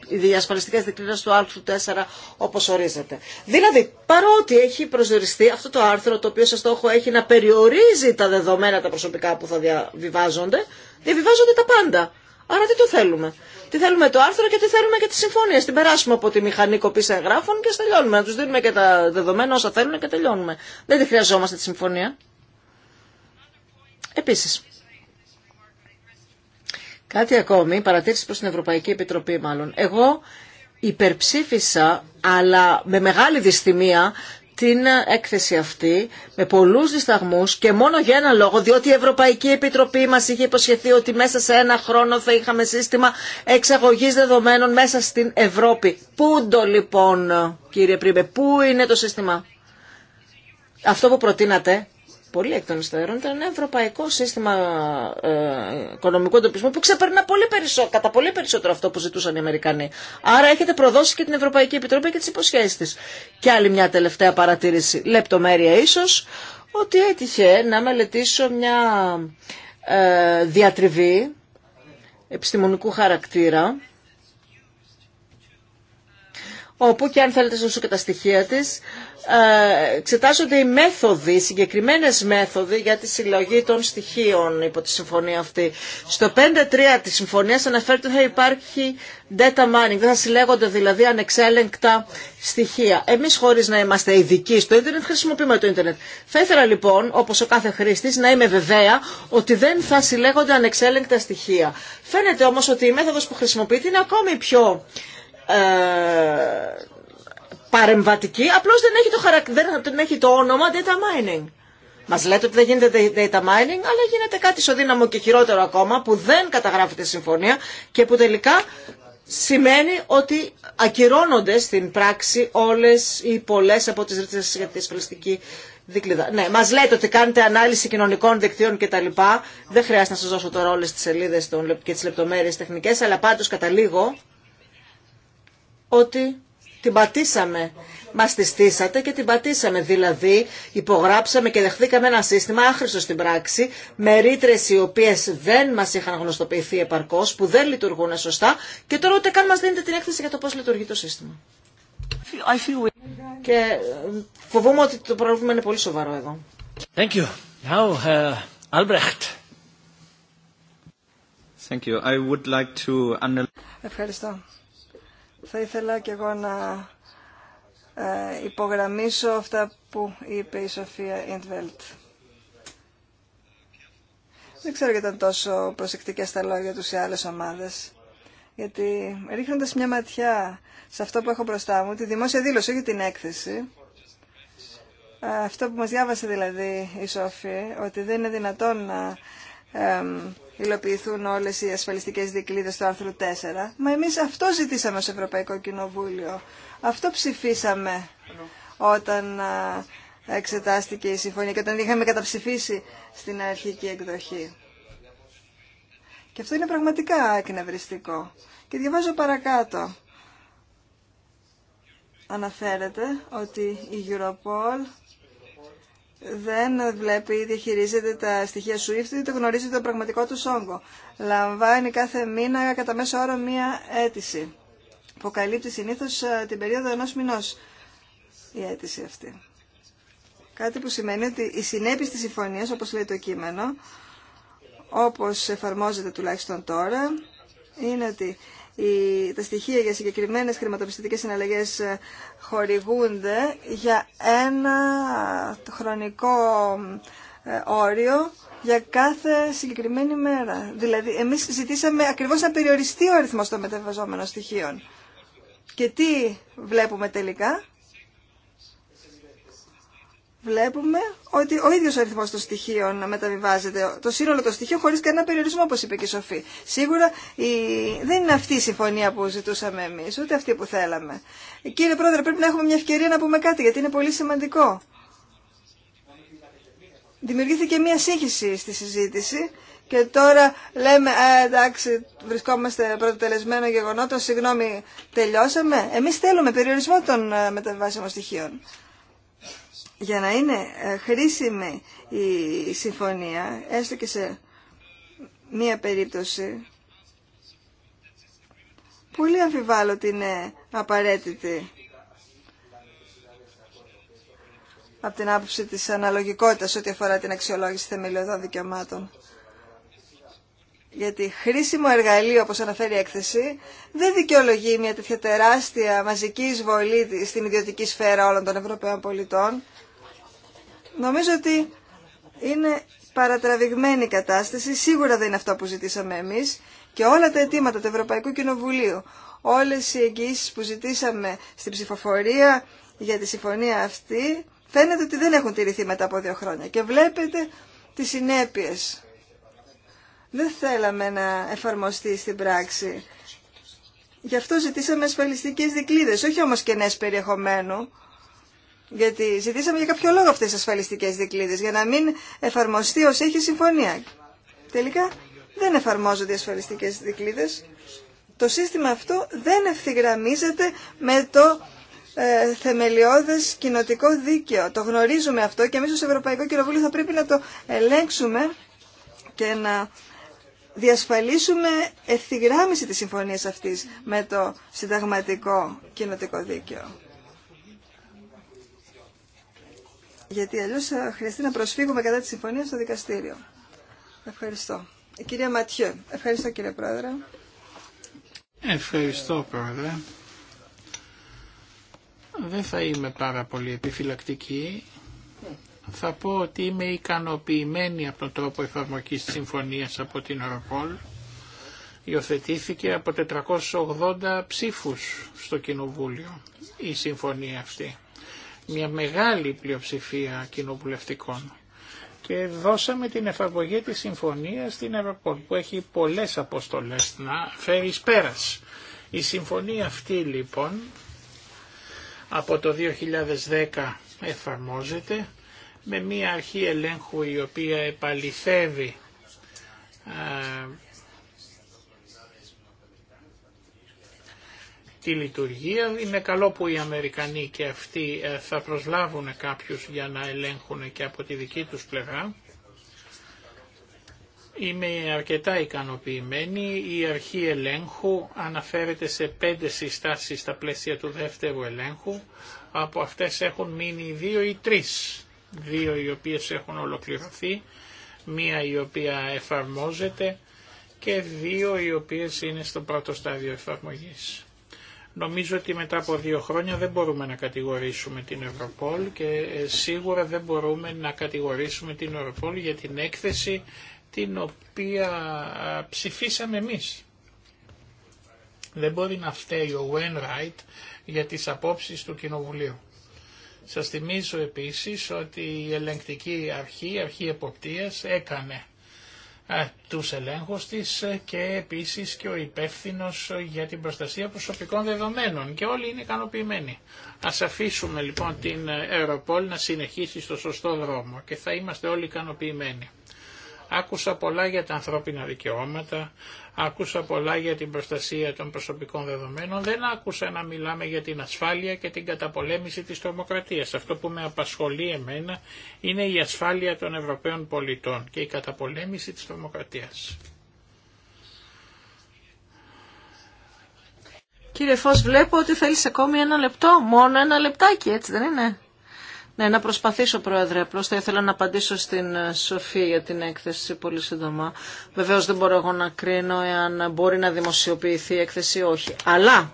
οι διασφαλιστικές δικλείδε του άρθρου 4 όπω ορίζεται. Δηλαδή, παρότι έχει προσδιοριστεί αυτό το άρθρο το οποίο σε στόχο έχει να περιορίζει τα δεδομένα τα προσωπικά που θα διαβιβάζονται, διαβιβάζονται τα πάντα. Άρα τι το θέλουμε. Τι θέλουμε το άρθρο και τι θέλουμε και τι συμφωνίε. Την περάσουμε από τη μηχανή κοπή εγγράφων και τελειώνουμε. Να του δίνουμε και τα δεδομένα όσα θέλουν και τελειώνουμε. Δεν τη χρειαζόμαστε τη συμφωνία. Επίση, Κάτι ακόμη, παρατήρηση προς την Ευρωπαϊκή Επιτροπή μάλλον. Εγώ υπερψήφισα, αλλά με μεγάλη δυστημία, την έκθεση αυτή με πολλούς δισταγμούς και μόνο για ένα λόγο, διότι η Ευρωπαϊκή Επιτροπή μας είχε υποσχεθεί ότι μέσα σε ένα χρόνο θα είχαμε σύστημα εξαγωγής δεδομένων μέσα στην Ευρώπη. Πού το λοιπόν, κύριε Πρίμπε, πού είναι το σύστημα. Αυτό που προτείνατε πολύ εκ των υστέρων ήταν ένα ευρωπαϊκό σύστημα ε, οικονομικού εντοπισμού που ξεπερνά πολύ περισσότερο, κατά πολύ περισσότερο αυτό που ζητούσαν οι Αμερικανοί. Άρα έχετε προδώσει και την Ευρωπαϊκή Επιτροπή και τις υποσχέσεις τη Και άλλη μια τελευταία παρατήρηση, λεπτομέρεια ίσως, ότι έτυχε να μελετήσω μια ε, διατριβή επιστημονικού χαρακτήρα όπου και αν θέλετε σου και τα στοιχεία της, ε, εξετάζονται οι μέθοδοι, συγκεκριμένες μέθοδοι για τη συλλογή των στοιχείων υπό τη συμφωνία αυτή. Στο 5.3 της συμφωνίας αναφέρεται ότι θα υπάρχει data mining, δεν θα συλλέγονται δηλαδή ανεξέλεγκτα στοιχεία. Εμείς χωρίς να είμαστε ειδικοί στο ίντερνετ χρησιμοποιούμε το ίντερνετ. Θα ήθελα λοιπόν, όπως ο κάθε χρήστης, να είμαι βεβαία ότι δεν θα συλλέγονται ανεξέλεγκτα στοιχεία. Φαίνεται όμως ότι η μέθοδος που χρησιμοποιείται είναι ακόμη πιο... Ε, παρεμβατική, απλώ δεν έχει το, δεν έχει το όνομα data mining. Μα λέτε ότι δεν γίνεται data mining, αλλά γίνεται κάτι ισοδύναμο και χειρότερο ακόμα που δεν καταγράφεται συμφωνία και που τελικά σημαίνει ότι ακυρώνονται στην πράξη όλε ή πολλέ από τις ρήτρε για τη ασφαλιστική δίκλυδα. Ναι, μα λέτε ότι κάνετε ανάλυση κοινωνικών δικτύων κτλ. Δεν χρειάζεται να σα δώσω τώρα όλε τι σελίδες και τι λεπτομέρειε τεχνικέ, αλλά πάντω καταλήγω ότι την πατήσαμε. Μα τη στήσατε και την πατήσαμε. Δηλαδή, υπογράψαμε και δεχθήκαμε ένα σύστημα άχρηστο στην πράξη, με ρήτρε οι οποίε δεν μα είχαν γνωστοποιηθεί επαρκώ, που δεν λειτουργούν σωστά και τώρα ούτε καν μα δίνετε την έκθεση για το πώ λειτουργεί το σύστημα. I feel... Και ε, φοβούμαι ότι το πρόβλημα είναι πολύ σοβαρό εδώ. Ευχαριστώ. Θα ήθελα και εγώ να ε, υπογραμμίσω αυτά που είπε η Σοφία Ιντβέλτ. Δεν ξέρω γιατί ήταν τόσο προσεκτικές τα λόγια τους σε άλλες ομάδες. Γιατί ρίχνοντας μια ματιά σε αυτό που έχω μπροστά μου, τη δημόσια δήλωση, όχι την έκθεση, αυτό που μας διάβασε δηλαδή η Σόφη, ότι δεν είναι δυνατόν να υλοποιηθούν όλες οι ασφαλιστικές δικλείδες του άρθρου 4. Μα εμείς αυτό ζητήσαμε στο Ευρωπαϊκό Κοινοβούλιο. Αυτό ψηφίσαμε όταν εξετάστηκε η συμφωνία και όταν είχαμε καταψηφίσει στην αρχική εκδοχή. Και αυτό είναι πραγματικά εκνευριστικό. Και διαβάζω παρακάτω. Αναφέρεται ότι η Europol δεν βλέπει ή διαχειρίζεται τα στοιχεία SWIFT ή το γνωρίζει το πραγματικό του όγκο. Λαμβάνει κάθε μήνα κατά μέσο όρο μία αίτηση που καλύπτει συνήθως ε, την περίοδο ενός μηνός η αίτηση αυτή. Κάτι που σημαίνει ότι οι συνέπειε της συμφωνίας, όπως λέει το κείμενο, όπως εφαρμόζεται τουλάχιστον τώρα, είναι ότι τα στοιχεία για συγκεκριμένες χρηματοπιστωτικές συναλλαγές ε, χορηγούνται για ένα χρονικό ε, όριο για κάθε συγκεκριμένη μέρα. Δηλαδή, εμείς ζητήσαμε ακριβώς να περιοριστεί ο αριθμός των μεταβαζόμενων στοιχείων. Και τι βλέπουμε τελικά, βλέπουμε ότι ο ίδιος ο αριθμός των στοιχείων μεταβιβάζεται, το σύνολο των στοιχείων χωρίς κανένα περιορισμό όπως είπε και η Σοφή. Σίγουρα η... δεν είναι αυτή η συμφωνία που ζητούσαμε εμείς, ούτε αυτή που θέλαμε. Κύριε Πρόεδρε, πρέπει να έχουμε μια ευκαιρία να πούμε κάτι γιατί είναι πολύ σημαντικό. Δημιουργήθηκε μια σύγχυση στη συζήτηση και τώρα λέμε, εντάξει, βρισκόμαστε πρωτοτελεσμένο γεγονότο, συγγνώμη, τελειώσαμε. Εμείς θέλουμε περιορισμό των ε, μεταβιβάσιμων στοιχείων για να είναι ε, χρήσιμη η συμφωνία, έστω και σε μία περίπτωση, πολύ αμφιβάλλω ότι είναι απαραίτητη από την άποψη της αναλογικότητας ό,τι αφορά την αξιολόγηση θεμελιωδών δικαιωμάτων. Γιατί χρήσιμο εργαλείο, όπως αναφέρει η έκθεση, δεν δικαιολογεί μια τέτοια τεράστια μαζική εισβολή στην ιδιωτική σφαίρα όλων των Ευρωπαίων πολιτών, Νομίζω ότι είναι παρατραβηγμένη η κατάσταση, σίγουρα δεν είναι αυτό που ζητήσαμε εμείς και όλα τα αιτήματα του Ευρωπαϊκού Κοινοβουλίου, όλες οι εγγυήσεις που ζητήσαμε στην ψηφοφορία για τη συμφωνία αυτή, φαίνεται ότι δεν έχουν τηρηθεί μετά από δύο χρόνια και βλέπετε τις συνέπειες. Δεν θέλαμε να εφαρμοστεί στην πράξη. Γι' αυτό ζητήσαμε ασφαλιστικές δικλείδες, όχι όμως κενές περιεχομένου, γιατί ζητήσαμε για κάποιο λόγο αυτές τις ασφαλιστικές δικλείδες, για να μην εφαρμοστεί όσοι έχει συμφωνία. Τελικά δεν εφαρμόζονται οι ασφαλιστικές δικλείδες. Το σύστημα αυτό δεν ευθυγραμμίζεται με το ε, θεμελιώδες κοινοτικό δίκαιο. Το γνωρίζουμε αυτό και εμείς ως Ευρωπαϊκό Κοινοβούλιο θα πρέπει να το ελέγξουμε και να διασφαλίσουμε ευθυγράμμιση της συμφωνίας αυτής με το συνταγματικό κοινοτικό δίκαιο. γιατί αλλιώς θα χρειαστεί να προσφύγουμε κατά τη συμφωνία στο δικαστήριο. Ευχαριστώ. Η κυρία Ματιέ. Ευχαριστώ κύριε Πρόεδρε. Ευχαριστώ Πρόεδρε. Δεν θα είμαι πάρα πολύ επιφυλακτική. Θα πω ότι είμαι ικανοποιημένη από τον τρόπο εφαρμογής της συμφωνίας από την Ευρωπόλ. Υιοθετήθηκε από 480 ψήφους στο Κοινοβούλιο η συμφωνία αυτή μια μεγάλη πλειοψηφία κοινοβουλευτικών και δώσαμε την εφαρμογή της συμφωνίας στην Ευρωπόλ που έχει πολλές αποστολές να φέρει πέρας. Η συμφωνία αυτή λοιπόν από το 2010 εφαρμόζεται με μια αρχή ελέγχου η οποία επαληθεύει τη λειτουργία. Είναι καλό που οι Αμερικανοί και αυτοί ε, θα προσλάβουν κάποιους για να ελέγχουν και από τη δική τους πλευρά. Είμαι αρκετά ικανοποιημένη. Η αρχή ελέγχου αναφέρεται σε πέντε συστάσεις στα πλαίσια του δεύτερου ελέγχου. Από αυτές έχουν μείνει δύο ή τρεις. Δύο οι οποίες έχουν ολοκληρωθεί, μία η οποία εφαρμόζεται και δύο οι οποίες είναι στο πρώτο στάδιο εφαρμογής. Νομίζω ότι μετά από δύο χρόνια δεν μπορούμε να κατηγορήσουμε την Ευρωπόλ και ε, σίγουρα δεν μπορούμε να κατηγορήσουμε την Ευρωπόλ για την έκθεση την οποία ψηφίσαμε εμείς. Δεν μπορεί να φταίει ο Wainwright για τις απόψεις του Κοινοβουλίου. Σας θυμίζω επίσης ότι η ελεγκτική αρχή, η αρχή εποπτείας, έκανε ε, τους ελέγχους της και επίσης και ο υπεύθυνο για την προστασία προσωπικών δεδομένων και όλοι είναι ικανοποιημένοι. Ας αφήσουμε λοιπόν την Ευρωπόλη να συνεχίσει στο σωστό δρόμο και θα είμαστε όλοι ικανοποιημένοι. Άκουσα πολλά για τα ανθρώπινα δικαιώματα, Άκουσα πολλά για την προστασία των προσωπικών δεδομένων, δεν άκουσα να μιλάμε για την ασφάλεια και την καταπολέμηση της τρομοκρατίας. Αυτό που με απασχολεί εμένα είναι η ασφάλεια των Ευρωπαίων πολιτών και η καταπολέμηση της τρομοκρατίας. Κύριε Φως, βλέπω ότι θέλεις ακόμη ένα λεπτό, μόνο ένα λεπτάκι, έτσι δεν είναι. Ναι, να προσπαθήσω, Πρόεδρε. Απλώ θα ήθελα να απαντήσω στην ε, Σοφία για την έκθεση πολύ σύντομα. Βεβαίω δεν μπορώ εγώ να κρίνω εάν μπορεί να δημοσιοποιηθεί η έκθεση ή όχι. Αλλά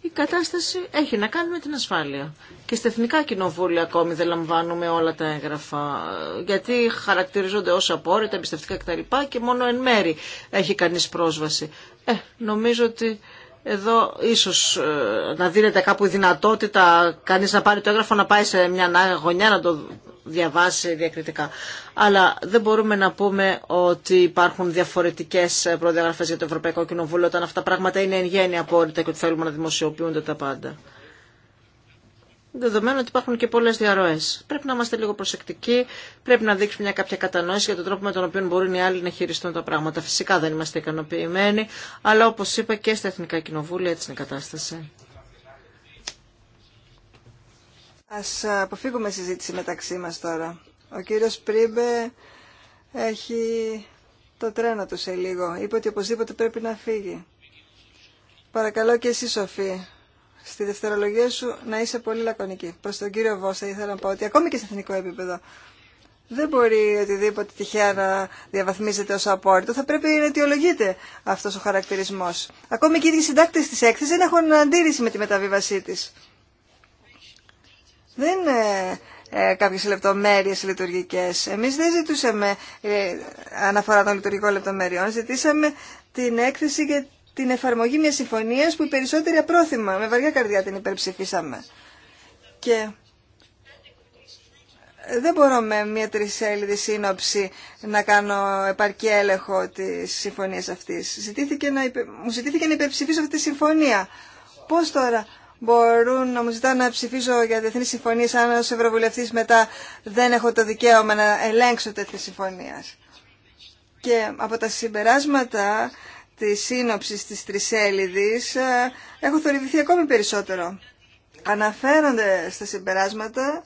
η κατάσταση έχει να κάνει με την ασφάλεια. Και στα εθνικά κοινοβούλια ακόμη δεν λαμβάνουμε όλα τα έγγραφα, ε, γιατί χαρακτηρίζονται ω απόρριτα, εμπιστευτικά κτλ. και μόνο εν μέρη έχει κανεί πρόσβαση. Ε, νομίζω ότι εδώ ίσως ε, να δίνεται κάπου η δυνατότητα κανείς να πάρει το έγγραφο, να πάει σε μια γωνιά να το διαβάσει διακριτικά. Αλλά δεν μπορούμε να πούμε ότι υπάρχουν διαφορετικές προδιαγραφές για το Ευρωπαϊκό Κοινοβούλιο όταν αυτά πράγματα είναι εν γέννη απόρριτα και ότι θέλουμε να δημοσιοποιούνται τα πάντα δεδομένου ότι υπάρχουν και πολλές διαρροές. Πρέπει να είμαστε λίγο προσεκτικοί, πρέπει να δείξουμε μια κάποια κατανόηση για τον τρόπο με τον οποίο μπορούν οι άλλοι να χειριστούν τα πράγματα. Φυσικά δεν είμαστε ικανοποιημένοι, αλλά όπως είπα και στα Εθνικά Κοινοβούλια έτσι είναι η κατάσταση. Ας αποφύγουμε συζήτηση μεταξύ μας τώρα. Ο κύριος Πρίμπε έχει το τρένο του σε λίγο. Είπε ότι οπωσδήποτε πρέπει να φύγει. Παρακαλώ και εσύ Σοφή στη δευτερολογία σου να είσαι πολύ λακωνική. Προς τον κύριο Βόσα ήθελα να πω ότι ακόμη και σε εθνικό επίπεδο δεν μπορεί οτιδήποτε τυχαία να διαβαθμίζεται ως απόρριτο. Θα πρέπει να αιτιολογείται αυτός ο χαρακτηρισμός. Ακόμη και οι ίδιοι συντάκτες της έκθεσης δεν έχουν αντίρρηση με τη μεταβίβασή της. Δεν είναι ε, κάποιες λεπτομέρειες λειτουργικές. Εμείς δεν ζητούσαμε ε, αναφορά των λειτουργικών λεπτομέρειών. Ζητήσαμε την έκθεση για την εφαρμογή μιας συμφωνίας που οι περισσότεροι απρόθυμα, με βαριά καρδιά την υπερψηφίσαμε. Και δεν μπορώ με μια τρισέλιδη σύνοψη να κάνω επαρκή έλεγχο της συμφωνίας αυτής. να υπε... Μου ζητήθηκε να υπερψηφίσω αυτή τη συμφωνία. Πώς τώρα μπορούν να μου ζητάνε να ψηφίσω για διεθνεί συμφωνίες αν ως Ευρωβουλευτής μετά δεν έχω το δικαίωμα να ελέγξω τέτοια συμφωνία. Και από τα συμπεράσματα τη σύνοψη τη τρισέλιδη, ε, έχω θορυβηθεί ακόμη περισσότερο. Αναφέρονται στα συμπεράσματα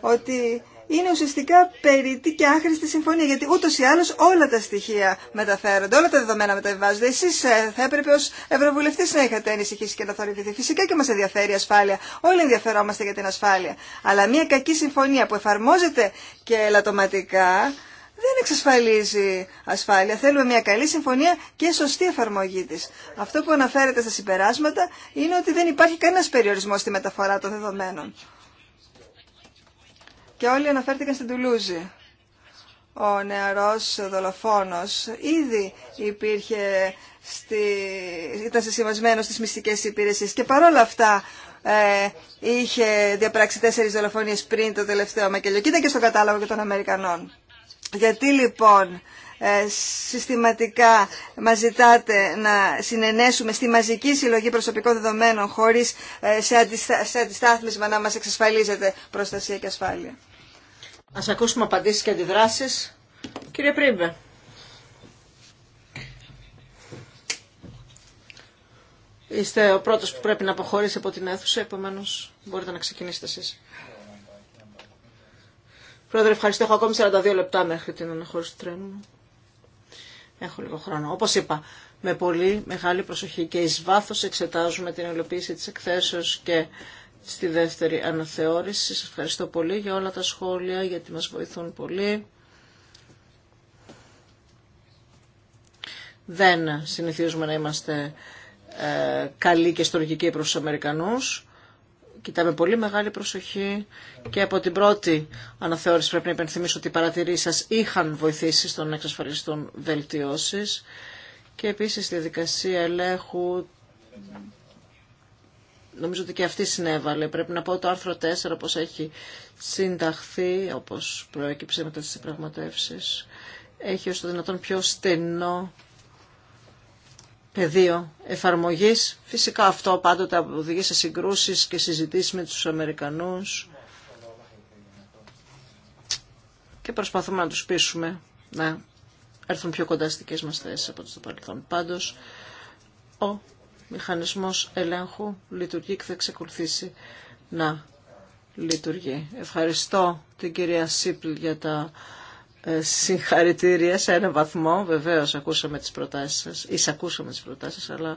ότι είναι ουσιαστικά περίτη και άχρηστη συμφωνία, γιατί ούτω ή άλλω όλα τα στοιχεία μεταφέρονται, όλα τα δεδομένα μεταβιβάζονται. Εσεί ε, θα έπρεπε ω Ευρωβουλευτή να είχατε ανησυχήσει και να θορυβηθεί. Φυσικά και μα ενδιαφέρει η ασφάλεια. Όλοι ενδιαφερόμαστε για την ασφάλεια. Αλλά μια κακή συμφωνία που εφαρμόζεται και ελαττωματικά δεν εξασφαλίζει ασφάλεια. Θέλουμε μια καλή συμφωνία και σωστή εφαρμογή τη. Αυτό που αναφέρεται στα συμπεράσματα είναι ότι δεν υπάρχει κανένα περιορισμό στη μεταφορά των δεδομένων. Και όλοι αναφέρθηκαν στην Τουλούζη. Ο νεαρός δολοφόνος ήδη υπήρχε στη... ήταν συσυμβασμένο στις μυστικές υπηρεσίες και παρόλα αυτά ε, είχε διαπράξει τέσσερις δολοφονίες πριν το τελευταίο μακελιό. Κοίτα και στο κατάλογο και των Αμερικανών. Γιατί λοιπόν ε, συστηματικά μας ζητάτε να συνενέσουμε στη μαζική συλλογή προσωπικών δεδομένων χωρίς ε, σε, αντιστα... αντιστάθμισμα να μας εξασφαλίζεται προστασία και ασφάλεια. Ας ακούσουμε απαντήσεις και αντιδράσεις. Κύριε Πρίμπε. Είστε ο πρώτος που πρέπει να αποχωρήσει από την αίθουσα, επομένως μπορείτε να ξεκινήσετε εσείς. Πρόεδρε, ευχαριστώ. Έχω ακόμη 42 λεπτά μέχρι την αναχώρηση του τρένου Έχω λίγο χρόνο. Όπως είπα, με πολύ μεγάλη προσοχή και εις βάθος εξετάζουμε την υλοποίηση της εκθέσεως και στη δεύτερη αναθεώρηση. Σας ευχαριστώ πολύ για όλα τα σχόλια, γιατί μας βοηθούν πολύ. Δεν συνηθίζουμε να είμαστε ε, καλοί και στοργικοί προς τους Αμερικανούς κοιτάμε πολύ μεγάλη προσοχή και από την πρώτη αναθεώρηση πρέπει να υπενθυμίσω ότι οι παρατηρήσεις σας είχαν βοηθήσει στον να εξασφαλιστούν βελτιώσεις και επίσης στη διαδικασία ελέγχου νομίζω ότι και αυτή συνέβαλε. Πρέπει να πω το άρθρο 4 όπως έχει συνταχθεί, όπως προέκυψε μετά τις πραγματεύσεις, έχει ως το δυνατόν πιο στενό πεδίο εφαρμογής. Φυσικά αυτό πάντοτε οδηγεί σε συγκρούσεις και συζητήσεις με τους Αμερικανούς και προσπαθούμε να τους πείσουμε να έρθουν πιο κοντά στις δικές μας θέσεις από το παρελθόν. Πάντως, ο μηχανισμός ελέγχου λειτουργεί και θα εξακολουθήσει να λειτουργεί. Ευχαριστώ την κυρία Σίπλ για τα συγχαρητήρια σε ένα βαθμό. Βεβαίως ακούσαμε τις προτάσεις σας, εισακούσαμε τις προτάσεις σας, αλλά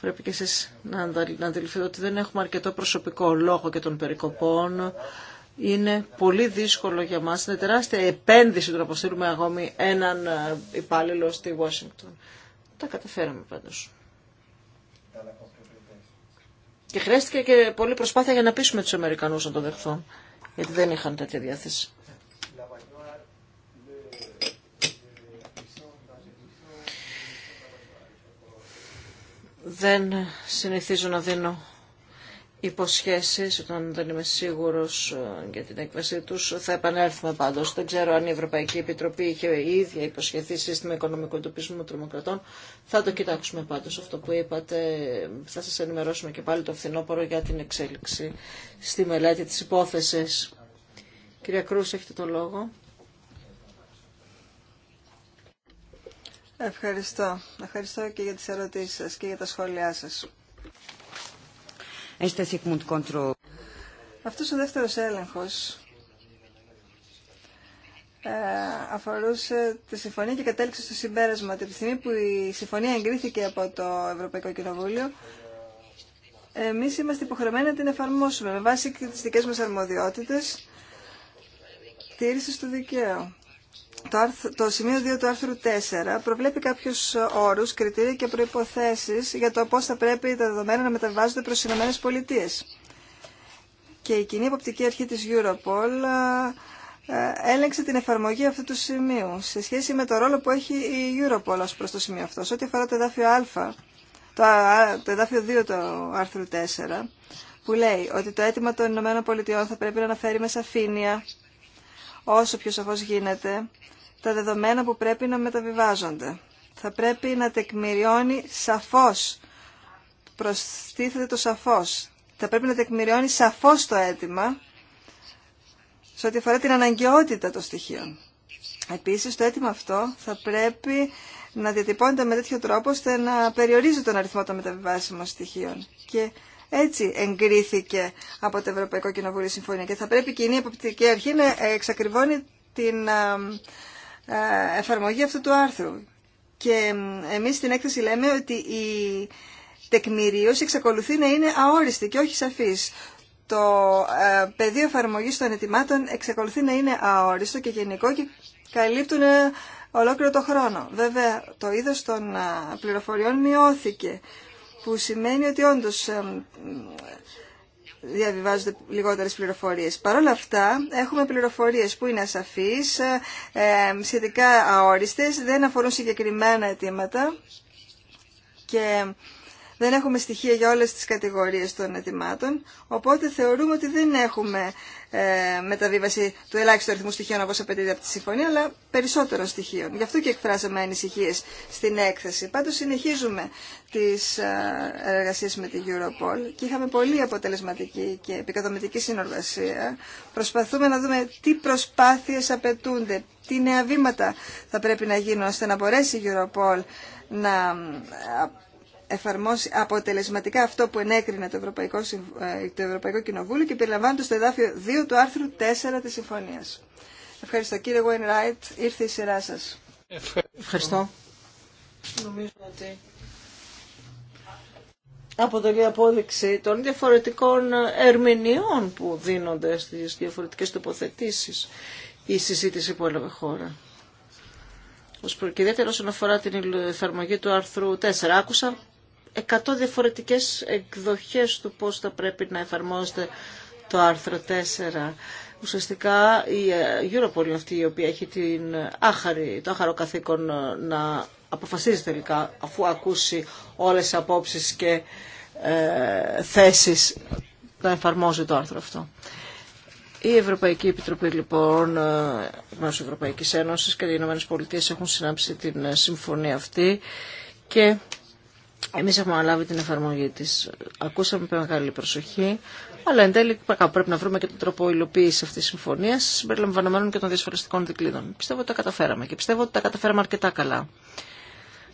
πρέπει και εσείς να αντιληφθείτε ότι δεν έχουμε αρκετό προσωπικό λόγο και των περικοπών. Είναι πολύ δύσκολο για μας, είναι τεράστια επένδυση του να αποστείλουμε ακόμη έναν ε, υπάλληλο στη Washington. Τα καταφέραμε πάντως. Και χρειάστηκε και πολλή προσπάθεια για να πείσουμε τους Αμερικανούς να το δεχθούν, γιατί δεν είχαν τέτοια διάθεση. Δεν συνηθίζω να δίνω υποσχέσεις όταν δεν είμαι σίγουρος ε, για την έκβασή τους. Θα επανέλθουμε πάντως. Δεν ξέρω αν η Ευρωπαϊκή Επιτροπή είχε η ίδια υποσχεθεί σύστημα οικονομικού εντοπισμού τρομοκρατών. Θα το κοιτάξουμε πάντως αυτό που είπατε. Θα σας ενημερώσουμε και πάλι το φθινόπωρο για την εξέλιξη στη μελέτη της υπόθεσης. Κυρία Κρούς, έχετε το λόγο. Ευχαριστώ. Ευχαριστώ και για τις ερωτήσεις σας και για τα σχόλιά σας. Αυτός ο δεύτερος έλεγχος ε, αφορούσε τη συμφωνία και κατέληξε στο συμπέρασμα ότι τη στιγμή που η συμφωνία εγκρίθηκε από το Ευρωπαϊκό Κοινοβούλιο εμείς είμαστε υποχρεωμένοι να την εφαρμόσουμε με βάση τις δικές μας αρμοδιότητες τήρησης του δικαίου το, το σημείο 2 του άρθρου 4 προβλέπει κάποιους όρους, κριτήρια και προϋποθέσεις για το πώς θα πρέπει τα δεδομένα να μεταβάζονται προς οι ΗΠΑ. Και η κοινή εποπτική αρχή της Europol ε, έλεγξε την εφαρμογή αυτού του σημείου σε σχέση με το ρόλο που έχει η Europol ως προς το σημείο αυτό. Σε ό,τι αφορά το εδάφιο Α, το, το εδάφιο 2 του άρθρου 4, που λέει ότι το αίτημα των ΗΠΑ θα πρέπει να αναφέρει με σαφήνεια όσο πιο σαφώς γίνεται τα δεδομένα που πρέπει να μεταβιβάζονται. Θα πρέπει να τεκμηριώνει σαφώς, προστίθεται το σαφώς. Θα πρέπει να τεκμηριώνει σαφώς το αίτημα σε ό,τι αφορά την αναγκαιότητα των στοιχείων. Επίσης, το αίτημα αυτό θα πρέπει να διατυπώνεται με τέτοιο τρόπο ώστε να περιορίζει τον αριθμό των μεταβιβάσιμων στοιχείων. Και έτσι εγκρίθηκε από το Ευρωπαϊκό Κοινοβούλιο Συμφωνία και θα πρέπει η κοινή Αποπτική αρχή να εξακριβώνει την ε, ε, εφαρμογή αυτού του άρθρου. Και εμείς στην έκθεση λέμε ότι η τεκμηρίωση εξακολουθεί να είναι αόριστη και όχι σαφής. Το ε, πεδίο εφαρμογή των ετοιμάτων εξακολουθεί να είναι αόριστο και γενικό και καλύπτουν ολόκληρο το χρόνο. Βέβαια, το είδος των πληροφοριών μειώθηκε που σημαίνει ότι όντως διαβιβάζονται λιγότερες πληροφορίες. Παρ' όλα αυτά έχουμε πληροφορίες που είναι ασαφείς, σχετικά αόριστες, δεν αφορούν συγκεκριμένα αιτήματα και δεν έχουμε στοιχεία για όλες τις κατηγορίες των ετοιμάτων, οπότε θεωρούμε ότι δεν έχουμε ε, μεταβίβαση του ελάχιστου αριθμού στοιχείων όπως απαιτείται από τη συμφωνία, αλλά περισσότερων στοιχείων. Γι' αυτό και εκφράσαμε ανησυχίε στην έκθεση. Πάντως συνεχίζουμε τις ε, εργασίες με την Europol και είχαμε πολύ αποτελεσματική και επικοδομητική συνεργασία. Προσπαθούμε να δούμε τι προσπάθειες απαιτούνται, τι νέα βήματα θα πρέπει να γίνουν ώστε να μπορέσει η Europol να εφαρμόσει αποτελεσματικά αυτό που ενέκρινε το Ευρωπαϊκό, ε, το Ευρωπαϊκό Κοινοβούλιο και περιλαμβάνεται στο εδάφιο 2 του άρθρου 4 της Συμφωνίας. Ευχαριστώ κύριε Ράιτ, ήρθε η σειρά σας. Ευχαριστώ. Νομίζω ότι αποτελεί απόδειξη των διαφορετικών ερμηνεών που δίνονται στις διαφορετικές τοποθετήσεις η συζήτηση που έλαβε χώρα. Και ιδιαίτερα όσον αφορά την εφαρμογή του άρθρου 4. Άκουσα εκατό διαφορετικές εκδοχές του πώς θα πρέπει να εφαρμόζεται το άρθρο 4. Ουσιαστικά η ε, Europol είναι αυτή η οποία έχει την άχαρη, το άχαρο καθήκον ε, να αποφασίζει τελικά αφού ακούσει όλες τις απόψεις και ε, θέσεις να εφαρμόζει το άρθρο αυτό. Η Ευρωπαϊκή Επιτροπή λοιπόν, μέσω Ευρωπαϊκής Ένωσης και οι Ηνωμένες Πολιτείες έχουν συνάψει την συμφωνία αυτή και εμείς έχουμε αναλάβει την εφαρμογή της. Ακούσαμε με μεγάλη προσοχή, αλλά εν τέλει πρέπει να βρούμε και τον τρόπο υλοποίηση αυτής της συμφωνίας, συμπεριλαμβανομένων και των διασφαλιστικών δικλείδων. Πιστεύω ότι τα καταφέραμε και πιστεύω ότι τα καταφέραμε αρκετά καλά.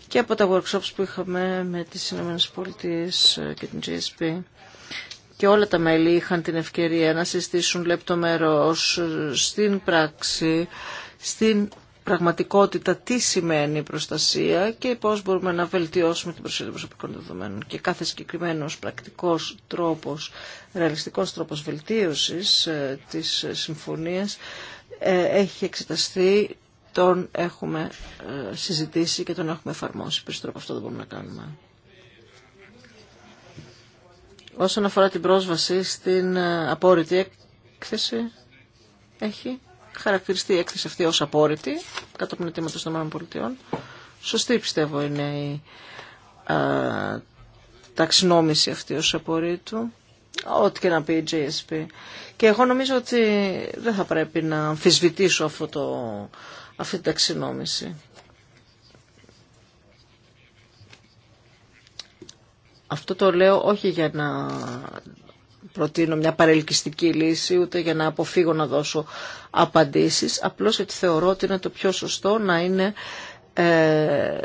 Και από τα workshops που είχαμε με τις ΗΠΑ ε, και την GSP, και όλα τα μέλη είχαν την ευκαιρία να συστήσουν λεπτομέρως ε, στην πράξη, στην πραγματικότητα τι σημαίνει η προστασία και πώς μπορούμε να βελτιώσουμε την προστασία των προσωπικών δεδομένων. Και κάθε συγκεκριμένος πρακτικός τρόπος, ρεαλιστικός τρόπος βελτίωσης ε, της συμφωνίας ε, έχει εξεταστεί, τον έχουμε ε, συζητήσει και τον έχουμε εφαρμόσει. Περισσότερο από αυτό δεν μπορούμε να κάνουμε. Όσον αφορά την πρόσβαση στην απόρριτη έκθεση, έχει χαρακτηριστεί η έκθεση αυτή ως απόρριτη, κατά Αιτήματος των Πολιτειών. Σωστή πιστεύω είναι η ε, ταξινόμηση αυτή ως απορρίτου. Ό,τι και να πει η JSP. Και εγώ νομίζω ότι δεν θα πρέπει να αμφισβητήσω αυτό το, αυτή την ταξινόμηση. Αυτό το λέω όχι για να προτείνω μια παρελκυστική λύση, ούτε για να αποφύγω να δώσω απαντήσεις, απλώς γιατί θεωρώ ότι είναι το πιο σωστό να είναι ε,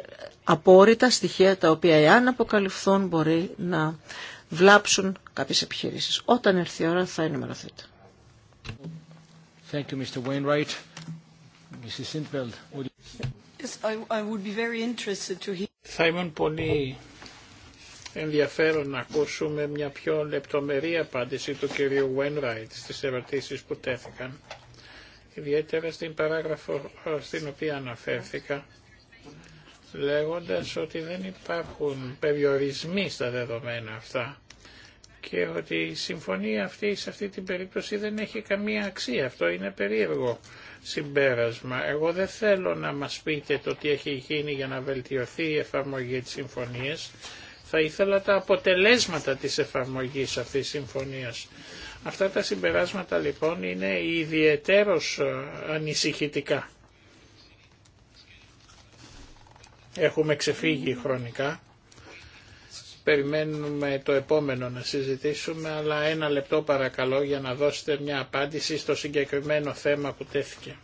απόρριτα στοιχεία τα οποία εάν αποκαλυφθούν μπορεί να βλάψουν κάποιες επιχειρήσεις. Όταν έρθει η ώρα θα ενημερωθείτε. Thank you, ενδιαφέρον να ακούσουμε μια πιο λεπτομερή απάντηση του κυρίου Wainwright στις ερωτήσεις που τέθηκαν, ιδιαίτερα στην παράγραφο ε, στην οποία αναφέρθηκα, λέγοντας ότι δεν υπάρχουν περιορισμοί στα δεδομένα αυτά και ότι η συμφωνία αυτή σε αυτή την περίπτωση δεν έχει καμία αξία. Αυτό είναι περίεργο συμπέρασμα. Εγώ δεν θέλω να μας πείτε το τι έχει γίνει για να βελτιωθεί η εφαρμογή της συμφωνίας. Θα ήθελα τα αποτελέσματα της εφαρμογής αυτής της συμφωνίας. Αυτά τα συμπεράσματα λοιπόν είναι ιδιαιτέρως ε, ανησυχητικά. Έχουμε ξεφύγει χρονικά. Περιμένουμε το επόμενο να συζητήσουμε, αλλά ένα λεπτό παρακαλώ για να δώσετε μια απάντηση στο συγκεκριμένο θέμα που τέθηκε.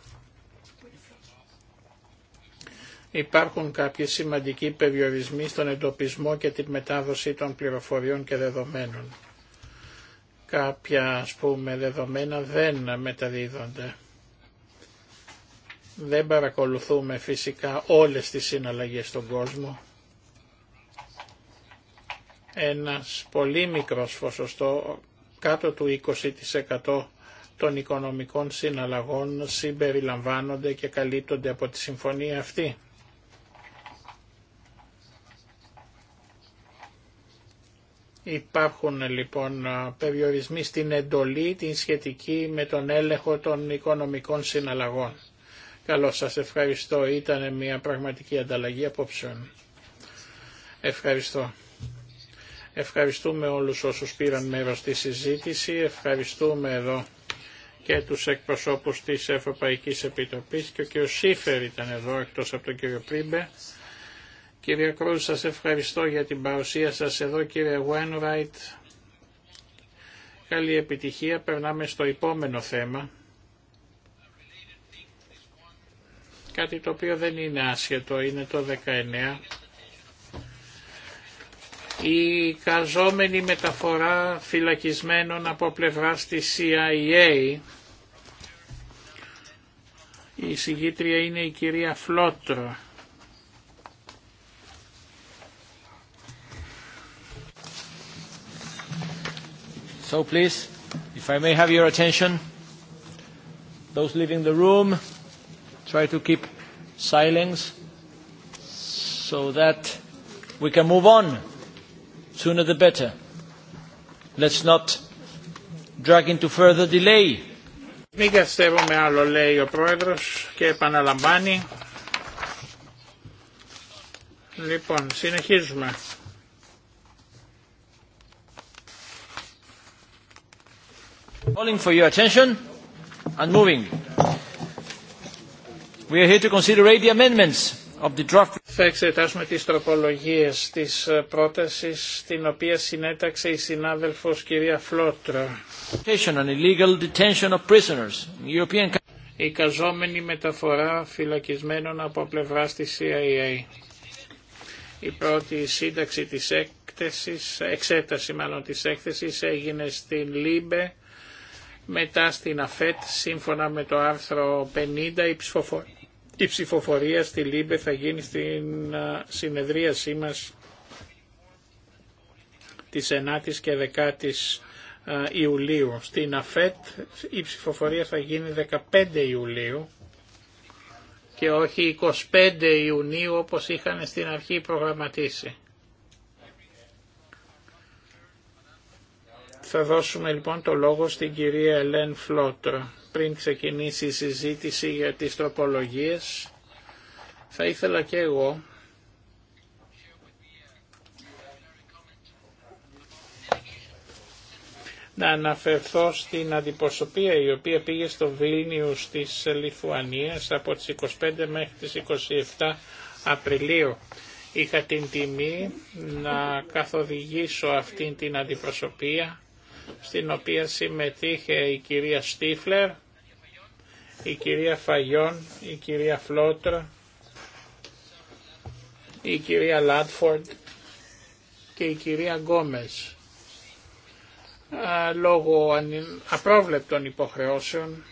Υπάρχουν κάποιοι σημαντικοί περιορισμοί στον εντοπισμό και τη μετάδοση των πληροφοριών και δεδομένων. Κάποια ας πούμε δεδομένα δεν μεταδίδονται. Δεν παρακολουθούμε φυσικά όλες τις συναλλαγές στον κόσμο. Ένας πολύ μικρός ποσοστό, κάτω του 20% των οικονομικών συναλλαγών συμπεριλαμβάνονται και καλύπτονται από τη συμφωνία αυτή. Υπάρχουν λοιπόν περιορισμοί στην εντολή την σχετική με τον έλεγχο των οικονομικών συναλλαγών. Καλώς σας ευχαριστώ. Ήταν μια πραγματική ανταλλαγή απόψεων. Ευχαριστώ. Ευχαριστούμε όλους όσους πήραν μέρος στη συζήτηση. Ευχαριστούμε εδώ και τους εκπροσώπους της Ευρωπαϊκής Επιτροπής και ο κ. Σίφερ ήταν εδώ εκτός από τον κ. Πρίμπε. Κύριε Κρούς, σας ευχαριστώ για την παρουσία σας εδώ, κύριε Wainwright. Καλή επιτυχία. Περνάμε στο επόμενο θέμα. Κάτι το οποίο δεν είναι άσχετο, είναι το 19. Η καζόμενη μεταφορά φυλακισμένων από πλευρά τη CIA. Η συγγήτρια είναι η κυρία Φλότρο. So please, if I may have your attention, those leaving the room, try to keep silence so that we can move on. Sooner the better. Let's not drag into further delay. και Calling for your attention and moving. We are here to consider the amendments of the draft. Θα εξετάσουμε τις τροπολογίες της ε, πρότασης την οποία συνέταξε η συνάδελφος κυρία Φλότρα. Detention and illegal detention of prisoners in European... Η καζόμενη μεταφορά φυλακισμένων από πλευρά της CIA. Η πρώτη σύνταξη της έκθεσης, εξέταση μάλλον της έκθεσης έγινε στην Λίμπε μετά στην ΑΦΕΤ, σύμφωνα με το άρθρο 50, η ψηφοφορία, η ψηφοφορία στη ΛΥΜΠΕ θα γίνει στην συνεδρίασή μας της 9ης και 10ης Ιουλίου. Στην ΑΦΕΤ η ψηφοφορία θα γίνει 15 Ιουλίου και όχι 25 Ιουνίου όπως είχαν στην αρχή προγραμματίσει. Θα δώσουμε λοιπόν το λόγο στην κυρία Ελέν Φλότ πριν ξεκινήσει η συζήτηση για τις τροπολογίες. Θα ήθελα και εγώ να αναφερθώ στην αντιπροσωπεία η οποία πήγε στο Βίλνιους της Λιθουανίας από τις 25 μέχρι τις 27 Απριλίου. Είχα την τιμή να καθοδηγήσω αυτήν την αντιπροσωπεία στην οποία συμμετείχε η κυρία Στίφλερ, η κυρία Φαγιόν, η κυρία Φλότρα, η κυρία Λάτφορντ και η κυρία Γκόμες. Λόγω απρόβλεπτων υποχρεώσεων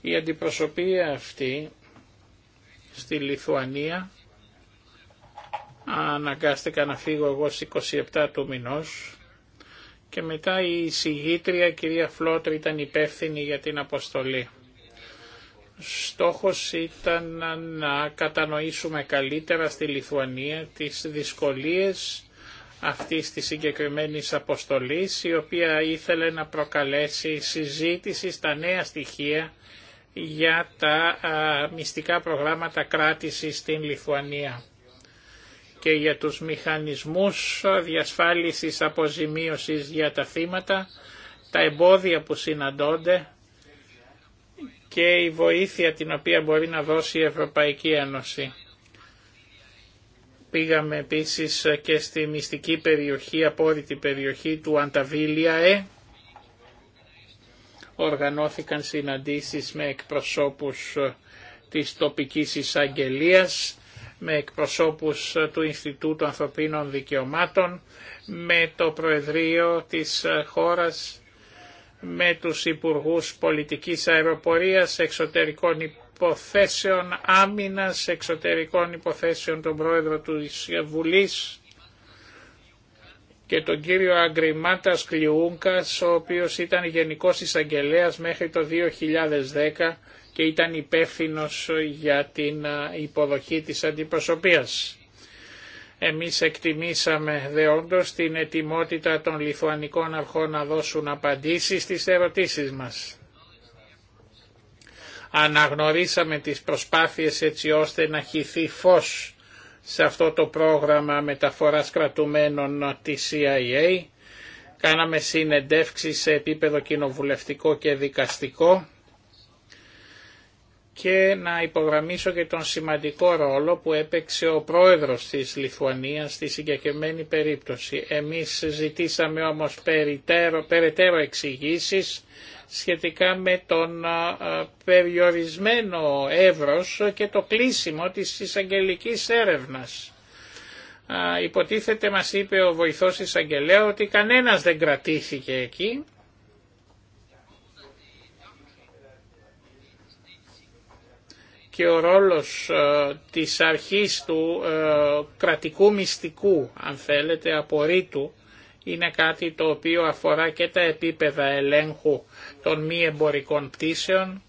η αντιπροσωπεία αυτή στη Λιθουανία αναγκάστηκα να φύγω εγώ στις 27 του μηνός και μετά η συγγήτρια κυρία Φλότρ ήταν υπεύθυνη για την αποστολή. Στόχος ήταν να κατανοήσουμε καλύτερα στη Λιθουανία τις δυσκολίες αυτή της συγκεκριμένης αποστολής η οποία ήθελε να προκαλέσει συζήτηση στα νέα στοιχεία για τα μυστικά προγράμματα κράτησης στην Λιθουανία και για τους μηχανισμούς διασφάλισης αποζημίωσης για τα θύματα, τα εμπόδια που συναντώνται και η βοήθεια την οποία μπορεί να δώσει η Ευρωπαϊκή Ένωση. Πήγαμε επίσης και στη μυστική περιοχή, απόρριτη περιοχή του Ανταβίλιαε. Οργανώθηκαν συναντήσεις με εκπροσώπους της τοπικής εισαγγελίας με εκπροσώπους του Ινστιτούτου Ανθρωπίνων Δικαιωμάτων, με το Προεδρείο της χώρας, με τους Υπουργούς Πολιτικής Αεροπορίας, Εξωτερικών Υποθέσεων Άμυνας, Εξωτερικών Υποθέσεων τον Πρόεδρο του Βουλής και τον κύριο Αγκριμάτας Κλιούγκας, ο οποίος ήταν Γενικός Εισαγγελέας μέχρι το 2010 και ήταν υπεύθυνο για την υποδοχή της αντιπροσωπείας. Εμείς εκτιμήσαμε δεόντως την ετοιμότητα των λιθουανικών αρχών να δώσουν απαντήσεις στις ερωτήσεις μας. Αναγνωρίσαμε τις προσπάθειες έτσι ώστε να χυθεί φως σε αυτό το πρόγραμμα μεταφοράς κρατουμένων της CIA. Κάναμε συνεντεύξεις σε επίπεδο κοινοβουλευτικό και δικαστικό και να υπογραμμίσω και τον σημαντικό ρόλο που έπαιξε ο πρόεδρος της Λιθουανίας στη συγκεκριμένη περίπτωση. Εμείς ζητήσαμε όμως περιτέρω, περαιτέρω εξηγήσει σχετικά με τον περιορισμένο εύρος και το κλείσιμο της εισαγγελική έρευνας. Υποτίθεται μας είπε ο βοηθός εισαγγελέα ότι κανένας δεν κρατήθηκε εκεί και ο ρόλος ε, της αρχής του ε, κρατικού μυστικού, αν θέλετε, απορρίτου, είναι κάτι το οποίο αφορά και τα επίπεδα ελέγχου των μη εμπορικών πτήσεων,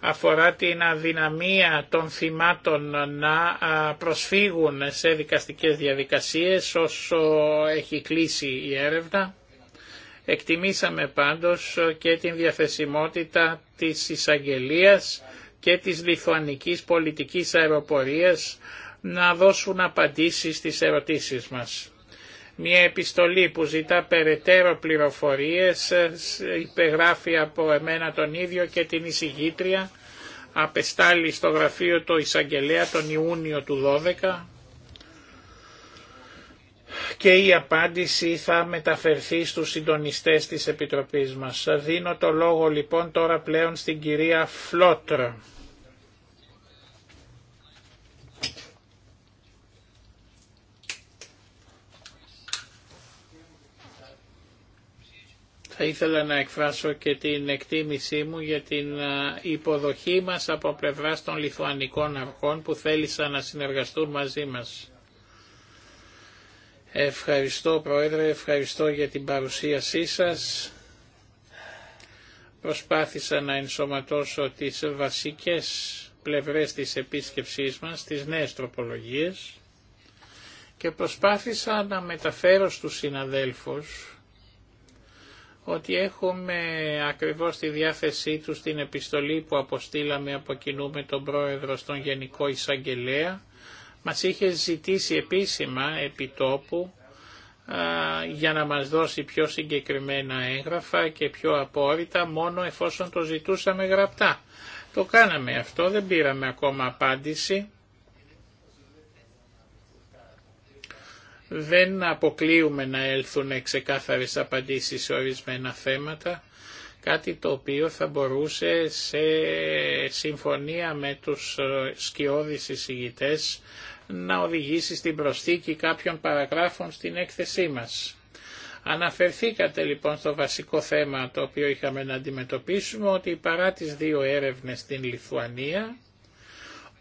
αφορά την αδυναμία των θυμάτων να προσφύγουν σε δικαστικές διαδικασίες όσο έχει κλείσει η έρευνα. Εκτιμήσαμε πάντως και την διαθεσιμότητα της εισαγγελίας και της λιθουανικής πολιτικής αεροπορίας να δώσουν απαντήσεις στις ερωτήσεις μας. Μια επιστολή που ζητά περαιτέρω πληροφορίες ε, υπεγράφει από εμένα τον ίδιο και την εισηγήτρια απεστάλλει στο γραφείο το Ισαγγελέα τον Ιούνιο του 12 και η απάντηση θα μεταφερθεί στους συντονιστές της Επιτροπής μας. Δίνω το λόγο λοιπόν τώρα πλέον στην κυρία Φλότρα. Θα ήθελα να εκφράσω και την εκτίμησή μου για την υποδοχή μας από πλευρά των λιθουανικών αρχών που θέλησαν να συνεργαστούν μαζί μας. Ευχαριστώ Πρόεδρε, ευχαριστώ για την παρουσίασή σας. Προσπάθησα να ενσωματώσω τις βασικές πλευρές της επίσκεψής μας, τις νέες τροπολογίες και προσπάθησα να μεταφέρω στους συναδέλφους ότι έχουμε ακριβώς τη διάθεσή τους στην επιστολή που αποστήλαμε από κοινού με τον πρόεδρο στον Γενικό Εισαγγελέα. Μας είχε ζητήσει επίσημα επιτόπου για να μας δώσει πιο συγκεκριμένα έγγραφα και πιο απόρριτα μόνο εφόσον το ζητούσαμε γραπτά. Το κάναμε αυτό, δεν πήραμε ακόμα απάντηση Δεν αποκλείουμε να έλθουν ξεκάθαρες απαντήσεις σε ορισμένα θέματα, κάτι το οποίο θα μπορούσε σε συμφωνία με τους ε, σκιώδεις εισηγητές να οδηγήσει στην προσθήκη κάποιων παραγράφων στην έκθεσή μας. Αναφερθήκατε λοιπόν στο βασικό θέμα το οποίο είχαμε να αντιμετωπίσουμε ότι παρά τις δύο έρευνες στην Λιθουανία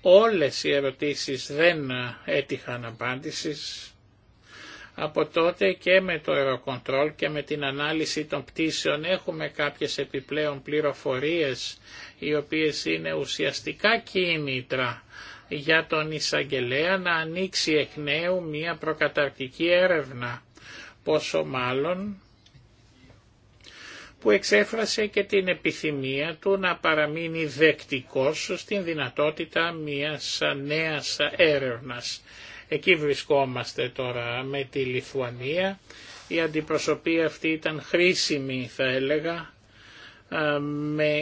όλες οι ερωτήσεις δεν έτυχαν απάντησης από τότε και με το Eurocontrol και με την ανάλυση των πτήσεων έχουμε κάποιες επιπλέον πληροφορίες οι οποίες είναι ουσιαστικά κίνητρα για τον εισαγγελέα να ανοίξει εκ νέου μία προκαταρκτική έρευνα. Πόσο μάλλον που εξέφρασε και την επιθυμία του να παραμείνει δεκτικός στην δυνατότητα μιας νέας έρευνας. Εκεί βρισκόμαστε τώρα με τη Λιθουανία. Η αντιπροσωπεία αυτή ήταν χρήσιμη θα έλεγα. Ε, με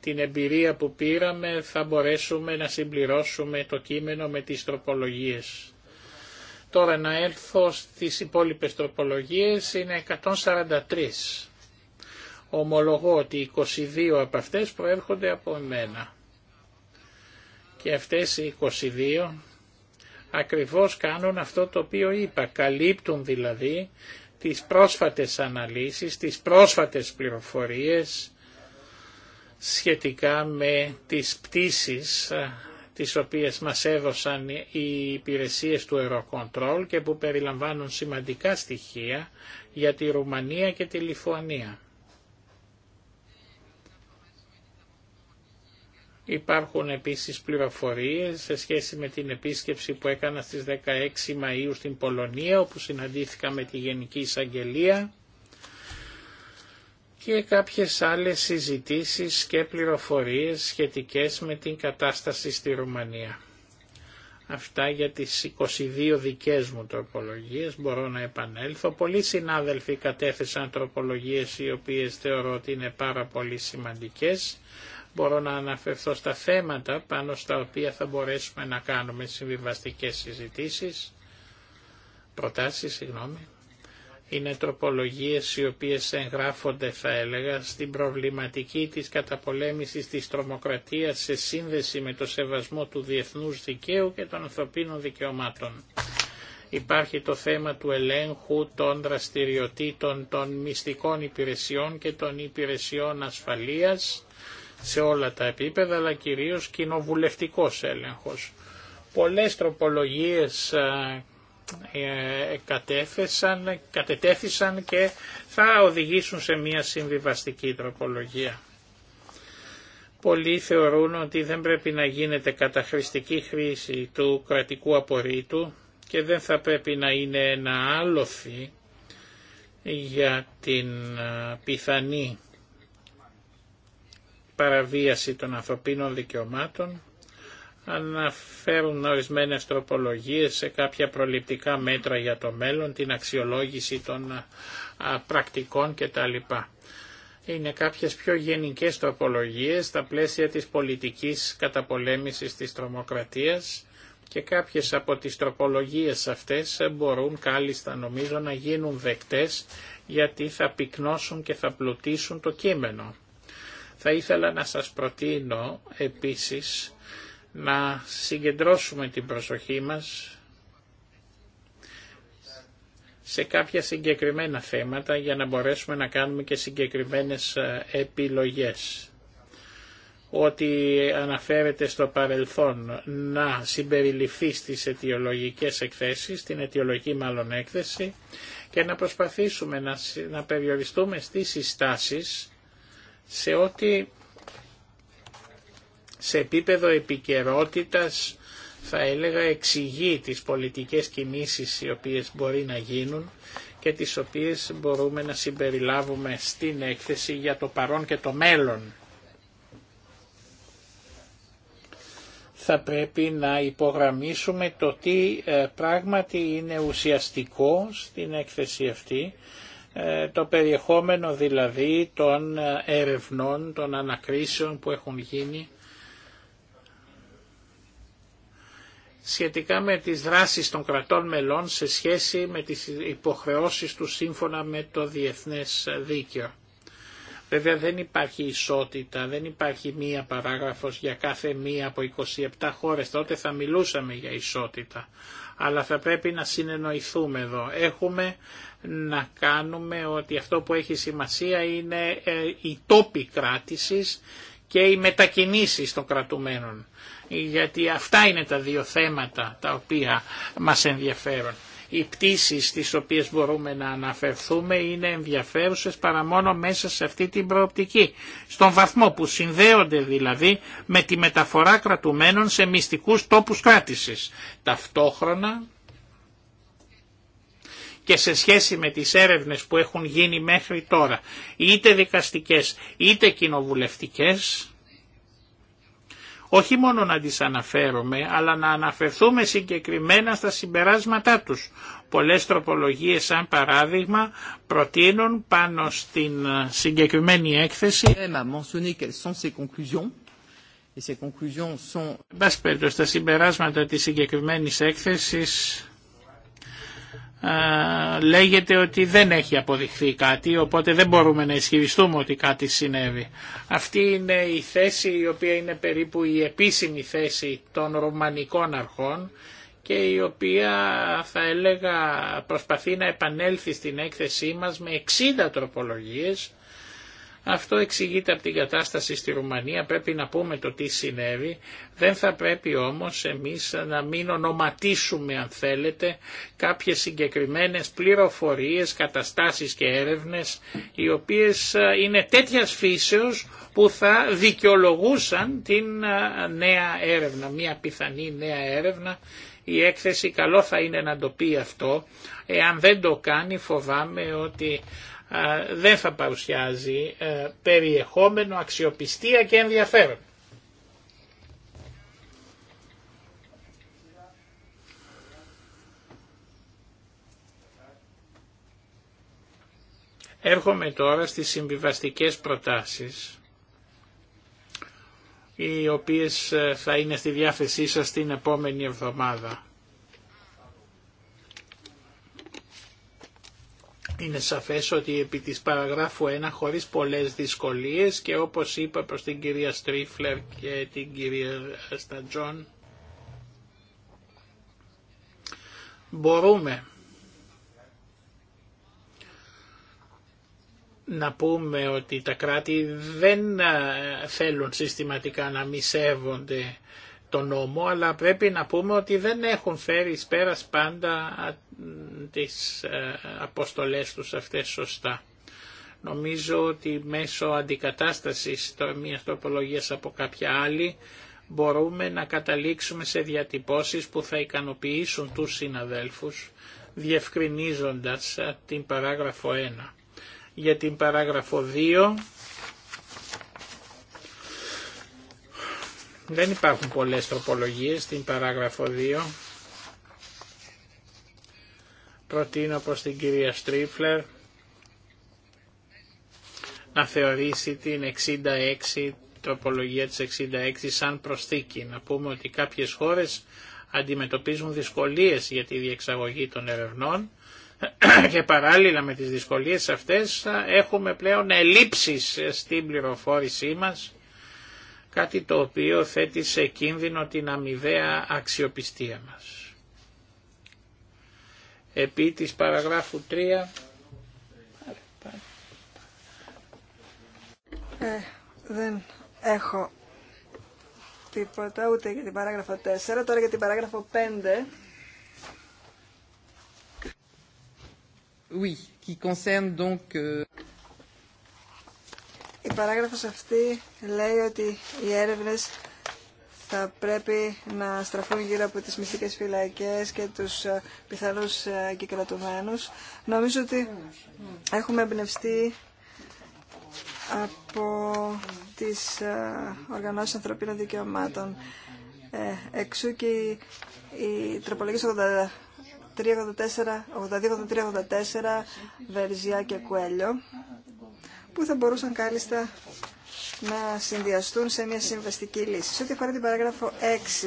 την εμπειρία που πήραμε θα μπορέσουμε να συμπληρώσουμε το κείμενο με τις τροπολογίες. Τώρα να έλθω στις υπόλοιπες τροπολογίες είναι 143. Ομολογώ ότι 22 από αυτές προέρχονται από εμένα. Και αυτές οι 22 ακριβώς κάνουν αυτό το οποίο είπα. Καλύπτουν δηλαδή τις πρόσφατες αναλύσεις, τις πρόσφατες πληροφορίες σχετικά με τις πτήσεις τις οποίες μας έδωσαν οι υπηρεσίες του Eurocontrol και που περιλαμβάνουν σημαντικά στοιχεία για τη Ρουμανία και τη Λιθουανία. Υπάρχουν επίσης πληροφορίες σε σχέση με την επίσκεψη που έκανα στις 16 Μαΐου στην Πολωνία, όπου συναντήθηκα με τη Γενική Εισαγγελία και κάποιες άλλες συζητήσεις και πληροφορίες σχετικές με την κατάσταση στη Ρουμανία. Αυτά για τις 22 δικές μου τροπολογίες, μπορώ να επανέλθω. Πολλοί συνάδελφοι κατέθεσαν τροπολογίες οι οποίες θεωρώ ότι είναι πάρα πολύ σημαντικές μπορώ να αναφερθώ στα θέματα πάνω στα οποία θα μπορέσουμε να κάνουμε συμβιβαστικές συζητήσεις, προτάσεις, συγγνώμη. Είναι τροπολογίες οι οποίες εγγράφονται, θα έλεγα, στην προβληματική της καταπολέμησης της τρομοκρατίας σε σύνδεση με το σεβασμό του διεθνούς δικαίου και των ανθρωπίνων δικαιωμάτων. Υπάρχει το θέμα του ελέγχου των δραστηριοτήτων των μυστικών υπηρεσιών και των υπηρεσιών ασφαλείας σε όλα τα επίπεδα, αλλά κυρίως κοινοβουλευτικός έλεγχος. Πολλές τροπολογίες ε, ε, κατέθεσαν, κατετέθησαν και θα οδηγήσουν σε μια συμβιβαστική τροπολογία. Πολλοί θεωρούν ότι δεν πρέπει να γίνεται καταχρηστική χρήση του κρατικού απορρίτου και δεν θα πρέπει να είναι ένα άλοθη για την ε, πιθανή παραβίαση των ανθρωπίνων δικαιωμάτων αναφέρουν ορισμένε τροπολογίες σε κάποια προληπτικά μέτρα για το μέλλον, την αξιολόγηση των πρακτικών κτλ. Είναι κάποιες πιο γενικές τροπολογίες στα πλαίσια της πολιτικής καταπολέμησης της τρομοκρατίας και κάποιες από τις τροπολογίες αυτές μπορούν κάλλιστα νομίζω να γίνουν δεκτές γιατί θα πυκνώσουν και θα πλουτίσουν το κείμενο. Θα ήθελα να σας προτείνω επίσης να συγκεντρώσουμε την προσοχή μας σε κάποια συγκεκριμένα θέματα για να μπορέσουμε να κάνουμε και συγκεκριμένες ε, επιλογές. Ότι αναφέρεται στο παρελθόν να συμπεριληφθεί στις αιτιολογικές εκθέσεις, την αιτιολογική μάλλον έκθεση, και να προσπαθήσουμε να, να περιοριστούμε στις συστάσεις σε ό,τι σε επίπεδο επικαιρότητα θα έλεγα εξηγεί τις πολιτικές κινήσεις οι οποίες μπορεί να γίνουν και τις οποίες μπορούμε να συμπεριλάβουμε στην έκθεση για το παρόν και το μέλλον. θα πρέπει να υπογραμμίσουμε το τι ε, πράγματι είναι ουσιαστικό στην έκθεση αυτή ε, το περιεχόμενο δηλαδή των ερευνών, των ανακρίσεων που έχουν γίνει σχετικά με τις δράσεις των κρατών μελών σε σχέση με τις υποχρεώσεις του σύμφωνα με το διεθνές δίκαιο. Βέβαια δεν υπάρχει ισότητα, δεν υπάρχει μία παράγραφος για κάθε μία από 27 χώρες, τότε θα μιλούσαμε για ισότητα αλλά θα πρέπει να συνεννοηθούμε εδώ. Έχουμε να κάνουμε ότι αυτό που έχει σημασία είναι η ε, τόπη κράτησης και οι μετακινήσεις των κρατουμένων. Γιατί αυτά είναι τα δύο θέματα τα οποία μας ενδιαφέρουν. Οι πτήσεις στις οποίες μπορούμε να αναφερθούμε είναι ενδιαφέρουσες παρά μόνο μέσα σε αυτή την προοπτική. Στον βαθμό που συνδέονται δηλαδή με τη μεταφορά κρατουμένων σε μυστικούς τόπους κράτησης. Ταυτόχρονα και σε σχέση με τις έρευνες που έχουν γίνει μέχρι τώρα, είτε δικαστικές είτε κοινοβουλευτικές, όχι μόνο να τις αναφέρουμε, αλλά να αναφερθούμε συγκεκριμένα στα συμπεράσματά τους. Πολλές τροπολογίες, σαν παράδειγμα, προτείνουν πάνω στην ε, συγκεκριμένη έκθεση. Εν πάση τα συμπεράσματα της συγκεκριμένης έκθεσης ε, λέγεται ότι δεν έχει αποδειχθεί κάτι, οπότε δεν μπορούμε να ισχυριστούμε ότι κάτι συνέβη. Αυτή είναι η θέση η οποία είναι περίπου η επίσημη θέση των Ρωμανικών αρχών και η οποία θα έλεγα προσπαθεί να επανέλθει στην έκθεσή μας με 60 τροπολογίες αυτό εξηγείται από την κατάσταση στη Ρουμανία, πρέπει να πούμε το τι συνέβη. Δεν θα πρέπει όμως εμείς να μην ονοματίσουμε αν θέλετε κάποιες συγκεκριμένες πληροφορίες, καταστάσεις και έρευνες οι οποίες είναι τέτοιας φύσεως που θα δικαιολογούσαν την νέα έρευνα, μια πιθανή νέα έρευνα η έκθεση καλό θα είναι να το πει αυτό. Εάν δεν το κάνει φοβάμαι ότι δεν θα παρουσιάζει περιεχόμενο, αξιοπιστία και ενδιαφέρον. Έρχομαι τώρα στις συμβιβαστικές προτάσεις, οι οποίες θα είναι στη διάθεσή σας την επόμενη εβδομάδα. Είναι σαφές ότι επί της παραγράφου 1 χωρίς πολλές δυσκολίες και όπως είπα προς την κυρία Στρίφλερ και την κυρία Σταντζόν μπορούμε να πούμε ότι τα κράτη δεν θέλουν συστηματικά να μη σέβονται νόμο, αλλά πρέπει να πούμε ότι δεν έχουν φέρει εις πέρας πάντα τις ε, αποστολές τους αυτές σωστά. Νομίζω ότι μέσω αντικατάστασης μια τροπολογίας από κάποια άλλη μπορούμε να καταλήξουμε σε διατυπώσεις που θα ικανοποιήσουν τους συναδέλφους διευκρινίζοντας την παράγραφο 1. Για την παράγραφο 2 Δεν υπάρχουν πολλές τροπολογίες στην παράγραφο 2. Προτείνω προς την κυρία Στρίφλερ να θεωρήσει την 66, τροπολογία της 66 σαν προσθήκη. Να πούμε ότι κάποιες χώρες αντιμετωπίζουν δυσκολίες για τη διεξαγωγή των ερευνών και παράλληλα με τις δυσκολίες αυτές έχουμε πλέον ελλείψεις στην πληροφόρησή μας κάτι το οποίο θέτει σε κίνδυνο την αμοιβαία αξιοπιστία μας. Επί της παραγράφου 3... Ε, δεν έχω τίποτα ούτε για την παράγραφο 4. Τώρα για την παράγραφο 5. Oui, qui concerne donc... Euh, η παράγραφος αυτή λέει ότι οι έρευνες θα πρέπει να στραφούν γύρω από τις μυστικές φυλακές και τους ε, πιθανούς ε, κυκρατουμένους. Νομίζω ότι έχουμε εμπνευστεί από τις ε, οργανώσεις ανθρωπίνων δικαιωμάτων. Εξού και οι, οι τροπολογίες 82, 83, 84, Βερζιά και Κουέλιο που θα μπορούσαν κάλλιστα να συνδυαστούν σε μια συμβαστική λύση. Σε ό,τι αφορά την παράγραφο 6,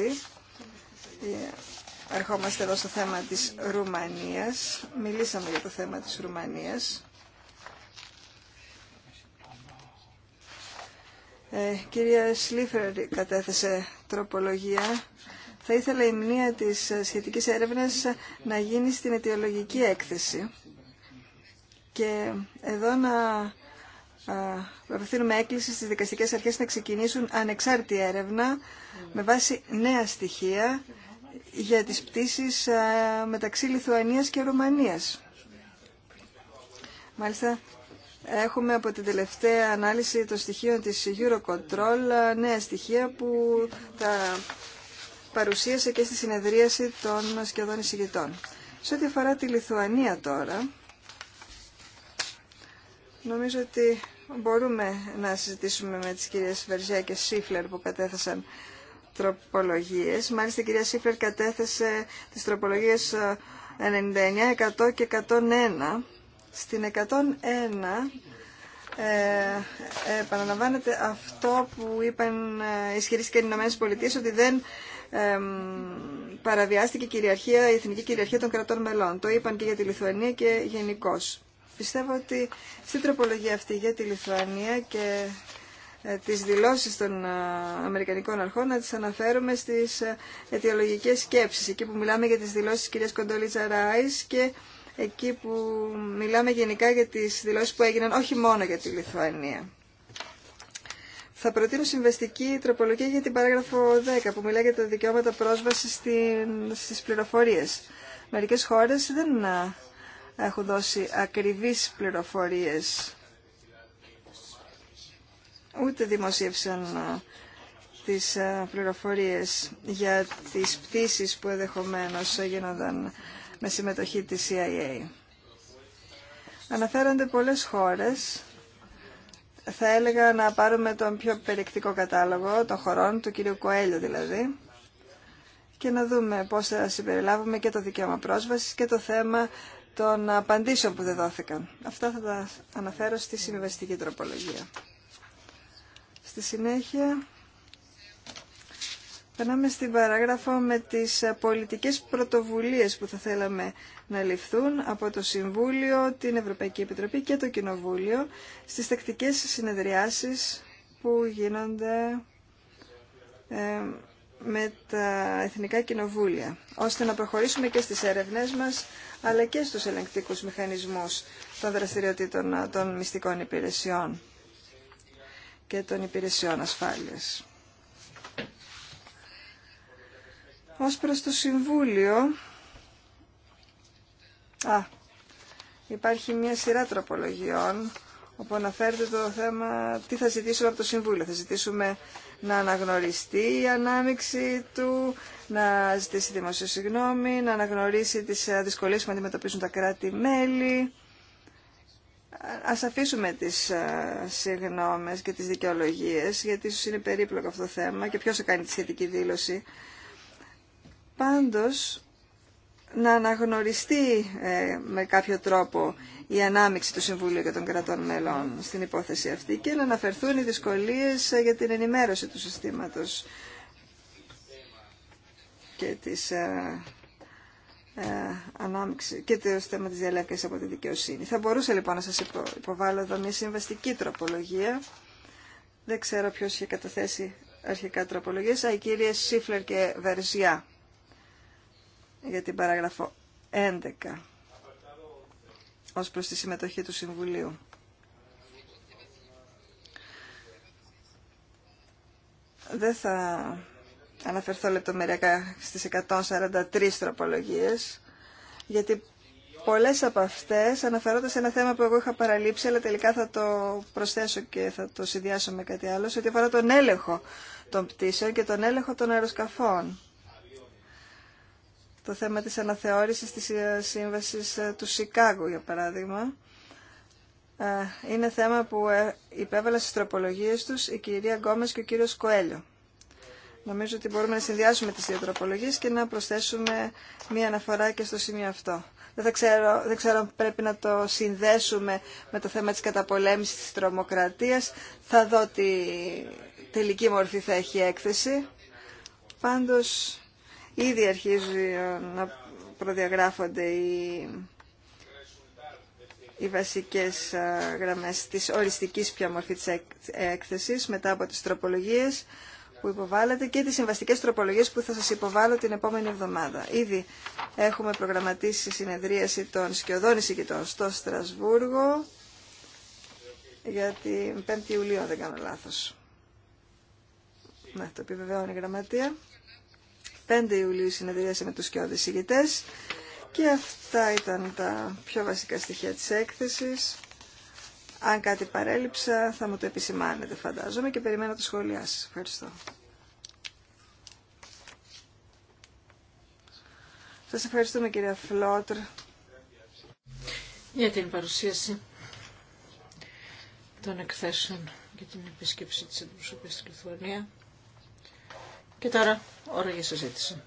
ε, ερχόμαστε εδώ στο θέμα της Ρουμανίας. Μιλήσαμε για το θέμα της Ρουμανίας. Ε, κυρία Σλίφερ κατέθεσε τροπολογία. Θα ήθελα η μνήμα της σχετικής έρευνας να γίνει στην αιτιολογική έκθεση. Και εδώ να απευθύνουμε έκκληση στις δικαστικές αρχές να ξεκινήσουν ανεξάρτητη έρευνα με βάση νέα στοιχεία για τις πτήσεις μεταξύ Λιθουανίας και Ρουμανίας. Μάλιστα, έχουμε από την τελευταία ανάλυση των στοιχείων της Eurocontrol νέα στοιχεία που τα παρουσίασε και στη συνεδρίαση των σχεδόν εισηγητών. Σε ό,τι αφορά τη Λιθουανία τώρα, νομίζω ότι μπορούμε να συζητήσουμε με τις κυρίες Βερζιά και Σίφλερ που κατέθεσαν τροπολογίες. Μάλιστα η κυρία Σίφλερ κατέθεσε τις τροπολογίες 99, ε, 100 και 101. Στην 101 ε, επαναλαμβάνεται αυτό που είπαν ε, και οι Ηνωμένες Πολιτείες ότι δεν ε, παραβιάστηκε η κυριαρχία, η εθνική κυριαρχία των κρατών μελών. Το είπαν και για τη Λιθουανία και γενικώ. Πιστεύω ότι στην τροπολογία αυτή για τη Λιθουανία και ε, τις δηλώσεις των ε, Αμερικανικών αρχών να τις αναφέρουμε στις ε, αιτιολογικές σκέψεις. Εκεί που μιλάμε για τις δηλώσεις της κυρίας Κοντολίτσα Ράης και εκεί που μιλάμε γενικά για τις δηλώσεις που έγιναν όχι μόνο για τη Λιθουανία. Θα προτείνω συμβεστική τροπολογία για την παράγραφο 10 που μιλά για τα δικαιώματα πρόσβασης στις πληροφορίες. Μερικές χώρες δεν έχουν δώσει ακριβείς πληροφορίες. Ούτε δημοσίευσαν ε, τις ε, πληροφορίες για τις πτήσεις που ενδεχομένω γίνονταν με συμμετοχή της CIA. Αναφέρονται πολλές χώρες. Θα έλεγα να πάρουμε τον πιο περιεκτικό κατάλογο των χωρών, του κυρίου Κοέλιο δηλαδή, και να δούμε πώς θα συμπεριλάβουμε και το δικαίωμα πρόσβασης και το θέμα των απαντήσεων που δεν δόθηκαν. Αυτά θα τα αναφέρω στη συμβιβαστική τροπολογία. Στη συνέχεια, περνάμε στην παράγραφο με τις πολιτικές πρωτοβουλίες που θα θέλαμε να ληφθούν από το Συμβούλιο, την Ευρωπαϊκή Επιτροπή και το Κοινοβούλιο στις τακτικές συνεδριάσεις που γίνονται ε, με τα Εθνικά Κοινοβούλια, ώστε να προχωρήσουμε και στις έρευνές μας αλλά και στους ελεγκτικούς μηχανισμούς των δραστηριοτήτων των μυστικών υπηρεσιών και των υπηρεσιών ασφάλειας. Ως προς το Συμβούλιο... Α, υπάρχει μια σειρά τροπολογιών όπου αναφέρεται το θέμα τι θα ζητήσουμε από το Συμβούλιο. Θα ζητήσουμε να αναγνωριστεί η ανάμειξη του, να ζητήσει δημοσίου συγγνώμη, να αναγνωρίσει τις ε, δυσκολίες που αντιμετωπίζουν τα κράτη-μέλη. Ας αφήσουμε τις ε, συγγνώμες και τις δικαιολογίες, γιατί ίσως είναι περίπλοκο αυτό το θέμα και ποιος θα κάνει τη σχετική δήλωση. Πάντως, να αναγνωριστεί ε, με κάποιο τρόπο η ανάμειξη του Συμβουλίου και των κρατών μελών στην υπόθεση αυτή και να αναφερθούν οι δυσκολίες για την ενημέρωση του συστήματος και της ε, ε, ανάμειξη και το θέμα της διαλέγκας από τη δικαιοσύνη. Θα μπορούσα λοιπόν να σας υποβάλω εδώ μια συμβαστική τροπολογία. Δεν ξέρω ποιος είχε καταθέσει αρχικά τροπολογίες. Α, οι κύριες Σίφλερ και Βερζιά για την παράγραφο 11 ως προς τη συμμετοχή του Συμβουλίου. Δεν θα αναφερθώ λεπτομεριακά στις 143 τροπολογίες, γιατί πολλές από αυτές αναφέρονται σε ένα θέμα που εγώ είχα παραλείψει, αλλά τελικά θα το προσθέσω και θα το συνδυάσω με κάτι άλλο, σε ό,τι αφορά τον έλεγχο των πτήσεων και τον έλεγχο των αεροσκαφών. Το θέμα της αναθεώρησης της ε, σύμβασης ε, του Σικάγου, για παράδειγμα, ε, είναι θέμα που υπέβαλα στις τροπολογίες τους η κυρία Γκόμες και ο κύριος Κοέλιο. Νομίζω ότι μπορούμε να συνδυάσουμε τις δύο τροπολογίες και να προσθέσουμε μία αναφορά και στο σημείο αυτό. Δεν, ξέρω, δεν ξέρω αν πρέπει να το συνδέσουμε με το θέμα της καταπολέμησης της τρομοκρατίας. Θα δω τι τελική μορφή θα έχει έκθεση. Πάντως, ήδη αρχίζει να προδιαγράφονται οι, οι βασικές ε, γραμμές της οριστικής πια μορφή της έκθεσης μετά από τις τροπολογίες που υποβάλλατε και τις συμβαστικές τροπολογίες που θα σας υποβάλλω την επόμενη εβδομάδα. Ήδη έχουμε προγραμματίσει συνεδρίαση των σκιωδών εισηγητών στο Στρασβούργο για την 5η Ιουλίου, αν δεν κάνω λάθος. Ναι, το επιβεβαιώνει η γραμματεία. 5 Ιουλίου συνεδρίαση με τους σκιώδες εισηγητές. Και αυτά ήταν τα πιο βασικά στοιχεία της έκθεσης. Αν κάτι παρέλειψα θα μου το επισημάνετε φαντάζομαι και περιμένω τα σχόλιά σας. Ευχαριστώ. Σας ευχαριστούμε κυρία Φλότρ για την παρουσίαση των εκθέσεων για την επίσκεψη της αντιπροσωπής στη Λιθουανία. Και τώρα, ώρα για συζήτηση.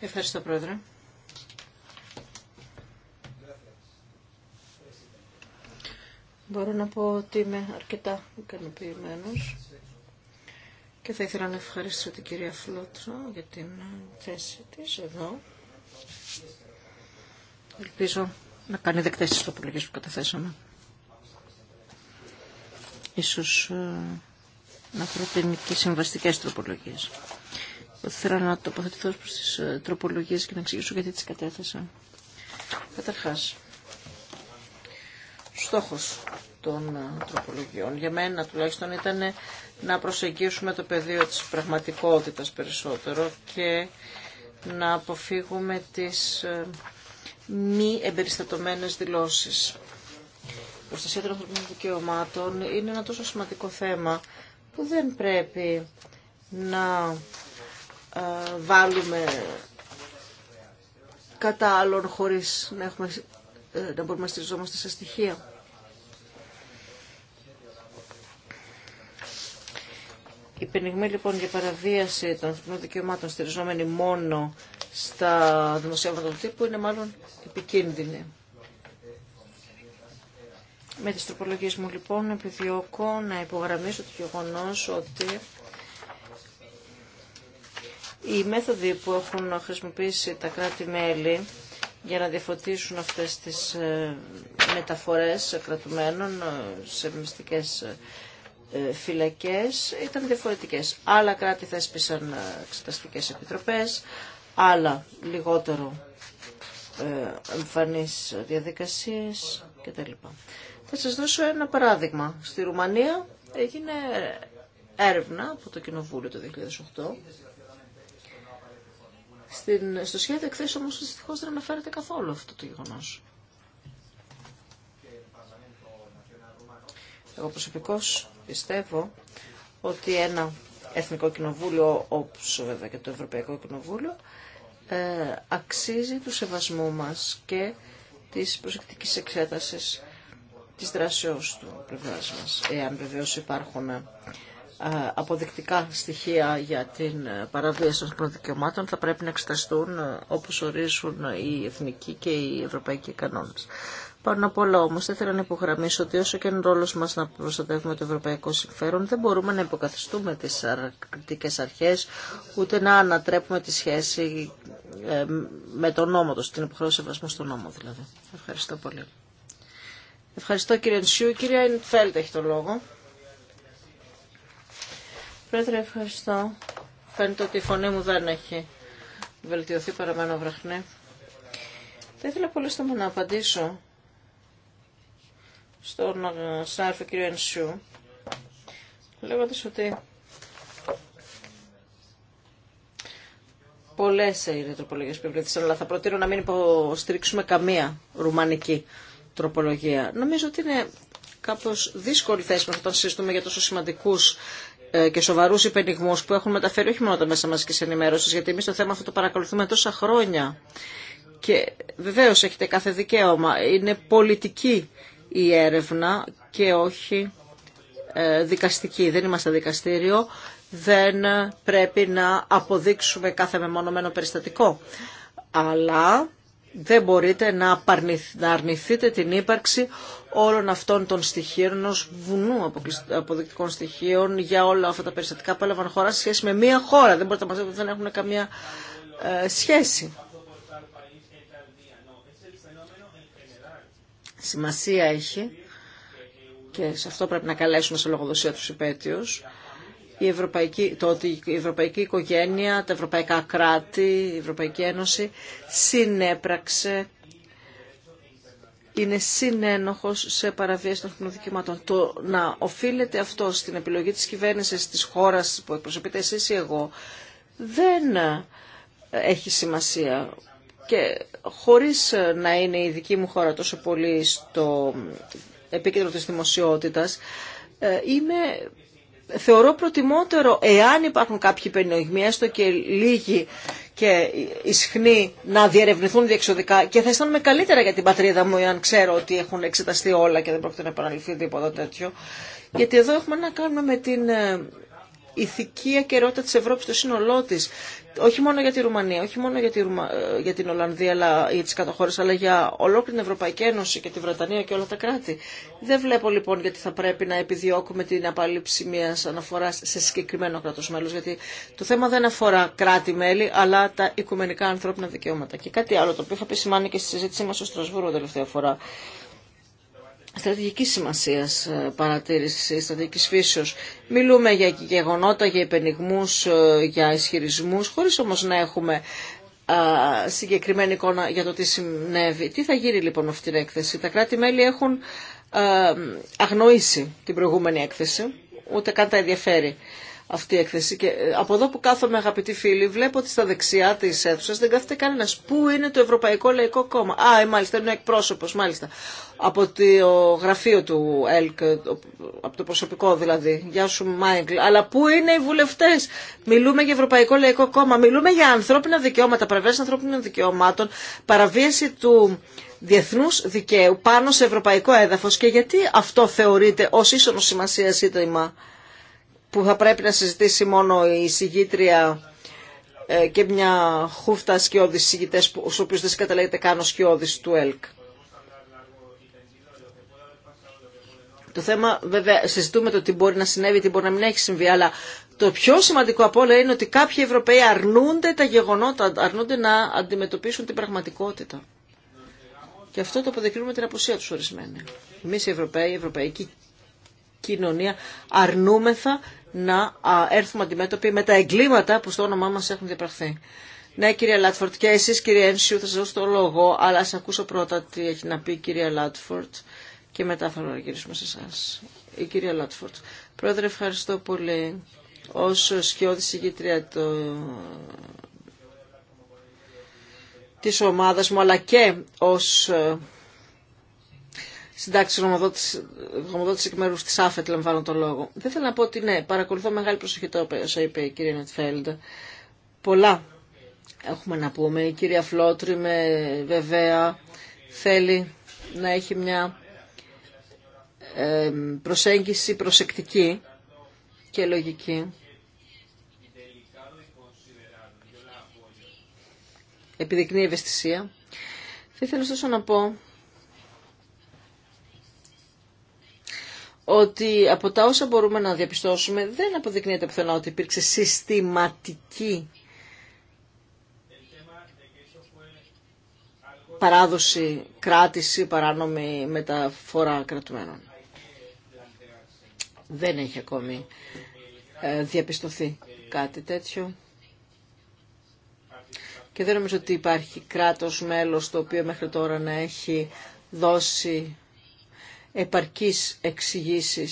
Ευχαριστώ, Πρόεδρε. Μπορώ να πω ότι είμαι αρκετά ικανοποιημένο και θα ήθελα να ευχαριστήσω την κυρία Φλότρο για την θέση της εδώ. Ελπίζω να κάνει δεκτές τις τροπολογίες που καταθέσαμε. Ίσως ε, να προτείνει και συμβαστικές τροπολογίες. ήθελα να τοποθετηθώ προς τις ε, τροπολογίες και να εξηγήσω γιατί τις κατέθεσα. Καταρχάς, στόχος των ε, τροπολογιών. Για μένα τουλάχιστον ήταν να προσεγγίσουμε το πεδίο της πραγματικότητας περισσότερο και να αποφύγουμε τις ε, μη εμπεριστατωμένες δηλώσεις. Η προστασία των δικαιωμάτων είναι ένα τόσο σημαντικό θέμα που δεν πρέπει να ε, βάλουμε κατά άλλων χωρίς να, έχουμε, να μπορούμε να στηριζόμαστε σε στοιχεία. Η πενιγμή λοιπόν για παραβίαση των ανθρωπινών δικαιωμάτων στηριζόμενη μόνο στα δημοσιεύματα του τύπου είναι μάλλον επικίνδυνη. Με τις τροπολογίες μου λοιπόν επιδιώκω να υπογραμμίσω το γεγονός ότι οι μέθοδοι που έχουν χρησιμοποιήσει τα κράτη-μέλη για να διαφωτίσουν αυτές τις ε, μεταφορές κρατουμένων ε, σε μυστικές ε, ε, φυλακές ήταν διαφορετικές. Άλλα κράτη θέσπισαν ε, εξεταστικές επιτροπές, άλλα λιγότερο ε, εμφανείς διαδικασίες κτλ. Θα σας δώσω ένα παράδειγμα. Στη Ρουμανία έγινε έρευνα από το Κοινοβούλιο το 2008. Στην, στο σχέδιο εκθέσεων όμως δυστυχώ δεν αναφέρεται καθόλου αυτό το γεγονός. Εγώ προσωπικώς πιστεύω ότι ένα Εθνικό Κοινοβούλιο, όπως βέβαια και το Ευρωπαϊκό Κοινοβούλιο, ε, αξίζει του σεβασμού μας και της προσεκτικής εξέτασης της δράσεώς του πλευράς μας. Εάν βεβαίως υπάρχουν ε, αποδεικτικά στοιχεία για την ε, παραβίαση των προδικαιωμάτων θα πρέπει να εξεταστούν όπως ορίζουν οι εθνικοί και οι ευρωπαϊκοί κανόνες. Πάνω απ' όλα όμω, θα ήθελα να υπογραμμίσω ότι όσο και είναι ρόλο μα να προστατεύουμε το ευρωπαϊκό συμφέρον δεν μπορούμε να υποκαθιστούμε τι κριτικές αρχέ ούτε να ανατρέπουμε τη σχέση ε, με τον νόμο του, την υποχρέωση σεβασμού στον νόμο δηλαδή. Ευχαριστώ πολύ. Ευχαριστώ κύριε Νσιού. Κυρία Ινφέλτ έχει το λόγο. Πρόεδρε ευχαριστώ. Φαίνεται ότι η φωνή μου δεν έχει βελτιωθεί παραμένω βραχνή. Θα ήθελα πολύ στο να απαντήσω στον ε, συνάδελφο κύριο Ενσού, λέγοντα ότι πολλέ είναι τροπολογίε που υπηρετήσαν, αλλά θα προτείνω να μην υποστηρίξουμε καμία ρουμανική τροπολογία. Νομίζω ότι είναι κάπω δύσκολη θέση μα όταν συζητούμε για τόσο σημαντικού ε, και σοβαρού υπενιγμού που έχουν μεταφέρει όχι μόνο τα μέσα μαζική ενημέρωση, γιατί εμεί το θέμα αυτό το παρακολουθούμε τόσα χρόνια. Και βεβαίω έχετε κάθε δικαίωμα. Είναι πολιτική η έρευνα και όχι ε, δικαστική. Δεν είμαστε δικαστήριο, δεν πρέπει να αποδείξουμε κάθε μεμονωμένο περιστατικό. Αλλά δεν μπορείτε να αρνηθείτε την ύπαρξη όλων αυτών των στοιχείων, ως βουνού αποδεικτικών στοιχείων για όλα αυτά τα περιστατικά που έλαβαν χώρα σε σχέση με μία χώρα. Δεν μπορείτε να μας ότι δεν έχουν καμία ε, σχέση. Σημασία έχει, και σε αυτό πρέπει να καλέσουμε σε λογοδοσία τους υπέτειους, η ευρωπαϊκή, το ότι η ευρωπαϊκή οικογένεια, τα ευρωπαϊκά κράτη, η Ευρωπαϊκή Ένωση συνέπραξε είναι συνένοχος σε παραβίαση των Το να οφείλεται αυτό στην επιλογή της κυβέρνησης της χώρας που εκπροσωπείτε εσείς ή εγώ δεν έχει σημασία και χωρίς να είναι η δική μου χώρα τόσο πολύ στο επίκεντρο της δημοσιότητας, ε, είμαι, θεωρώ προτιμότερο, εάν υπάρχουν κάποιοι πενιογμοί, έστω και λίγοι και ισχνοί, να διερευνηθούν διεξοδικά και θα αισθάνομαι καλύτερα για την πατρίδα μου, εάν ξέρω ότι έχουν εξεταστεί όλα και δεν πρόκειται να επαναληφθεί τίποτα τέτοιο. Γιατί εδώ έχουμε να κάνουμε με την ε, ηθική ακερότητα της Ευρώπης στο σύνολό της όχι μόνο για τη Ρουμανία, όχι μόνο για, τη ε, για την Ολλανδία, αλλά για τις κατοχώρες, αλλά για ολόκληρη την Ευρωπαϊκή Ένωση και τη Βρετανία και όλα τα κράτη. Δεν βλέπω λοιπόν γιατί θα πρέπει να επιδιώκουμε την απαλήψη μιας αναφοράς σε συγκεκριμένο κράτος μέλος, γιατί το θέμα δεν αφορά κράτη-μέλη, αλλά τα οικουμενικά ανθρώπινα δικαιώματα. Και κάτι άλλο το οποίο είχα επισημάνει και στη συζήτησή μας στο Στρασβούργο τελευταία φορά στρατηγική σημασία ε, παρατήρηση, στρατηγική φύσεω. Μιλούμε για γεγονότα, για υπενιγμού, ε, για ισχυρισμού, χωρί όμω να έχουμε συγκεκριμένη εικόνα για το τι συνέβη. Τι θα γίνει λοιπόν αυτή την έκθεση. Τα κράτη-μέλη έχουν ε, αγνοήσει την προηγούμενη έκθεση, ούτε καν τα ενδιαφέρει αυτή η έκθεση. Και από εδώ που κάθομαι, αγαπητοί φίλοι, βλέπω ότι στα δεξιά τη αίθουσα δεν κάθεται κανένα. Πού είναι το Ευρωπαϊκό Λαϊκό Κόμμα. Α, μάλιστα, είναι εκπρόσωπο, μάλιστα από το γραφείο του ΕΛΚ, από το προσωπικό δηλαδή. Γεια σου Μάικλ. Αλλά πού είναι οι βουλευτέ, Μιλούμε για Ευρωπαϊκό Λαϊκό Κόμμα. Μιλούμε για ανθρώπινα δικαιώματα, παραβίαση ανθρώπινων δικαιωμάτων, παραβίαση του διεθνού δικαίου πάνω σε ευρωπαϊκό έδαφο Και γιατί αυτό θεωρείται ω ίσονο σημασία σύντομα που θα πρέπει να συζητήσει μόνο η συγγήτρια ε, και μια χούφτα σκιώδης συγγητές, στους οποίους δεν συγκαταλέγεται καν ο σκιώδης του ΕΛΚ. Το θέμα βέβαια συζητούμε το τι μπορεί να συνέβη, τι μπορεί να μην έχει συμβεί, αλλά το πιο σημαντικό από όλα είναι ότι κάποιοι Ευρωπαίοι αρνούνται τα γεγονότα, αρνούνται να αντιμετωπίσουν την πραγματικότητα. Και αυτό το αποδεικνύουμε την αποσία του ορισμένη. Εμεί οι Ευρωπαίοι, η Ευρωπαϊκή κοινωνία αρνούμεθα να έρθουμε αντιμέτωποι με τα εγκλήματα που στο όνομά μα έχουν διαπραχθεί. Ναι, κυρία Λάτφορτ, και εσεί, κύριε Ένσιου, θα σα δώσω το λόγο, αλλά α ακούσω πρώτα τι έχει να πει η κυρία Λάτφορτ και μετά θα γυρίσουμε σε εσά. Η κυρία Λάτφορτ. Πρόεδρε, ευχαριστώ πολύ. Ως σκιώδη συγκήτρια το... της ομάδας μου, αλλά και ως ε, συντάξει γνωμοδότηση εκ μέρου τη ΑΦΕΤ, λαμβάνω τον λόγο. Δεν θέλω να πω ότι ναι, παρακολουθώ μεγάλη προσοχή το όσα είπε η κυρία Νετφέλντ. Πολλά έχουμε να πούμε. Η κυρία Φλότρη με βεβαία θέλει να έχει μια προσέγγιση προσεκτική και λογική. Επιδεικνύει ευαισθησία. Θα ήθελα ωστόσο να πω ότι από τα όσα μπορούμε να διαπιστώσουμε δεν αποδεικνύεται πουθενά ότι υπήρξε συστηματική παράδοση, κράτηση, παράνομη μεταφορά κρατουμένων δεν έχει ακόμη ε, διαπιστωθεί κάτι τέτοιο. Και δεν νομίζω ότι υπάρχει κράτος μέλος το οποίο μέχρι τώρα να έχει δώσει επαρκείς εξηγήσει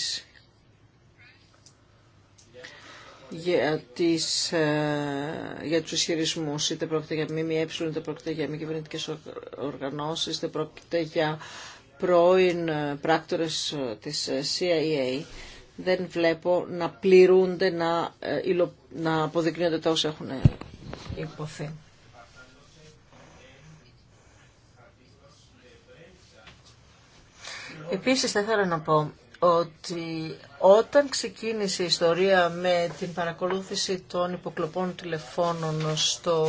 για, τις, ε, για τους ισχυρισμού, είτε πρόκειται για ΜΜΕ, είτε πρόκειται για μη κυβερνητικέ οργανώσεις, είτε πρόκειται για πρώην ε, πράκτορες της CIA δεν βλέπω να πληρούνται, να, ε, να αποδεικνύονται τα όσα έχουν ε, υποθεί. Επίσης θα ήθελα να πω ότι όταν ξεκίνησε η ιστορία με την παρακολούθηση των υποκλοπών τηλεφώνων στο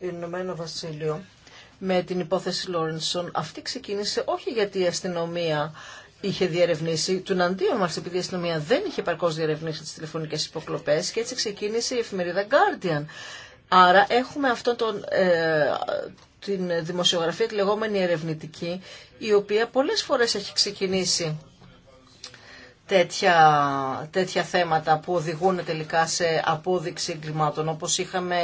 Ηνωμένο Βασίλειο με την υπόθεση Λόρινσον, αυτή ξεκίνησε όχι γιατί η αστυνομία είχε διερευνήσει. Του αντίον μα, επειδή η αστυνομία δεν είχε παρκώ διερευνήσει τι τηλεφωνικέ υποκλοπέ και έτσι ξεκίνησε η εφημερίδα Guardian. Άρα έχουμε αυτό τον, ε, την δημοσιογραφία, τη λεγόμενη ερευνητική, η οποία πολλές φορές έχει ξεκινήσει τέτοια, τέτοια θέματα που οδηγούν τελικά σε απόδειξη εγκλημάτων, όπως είχαμε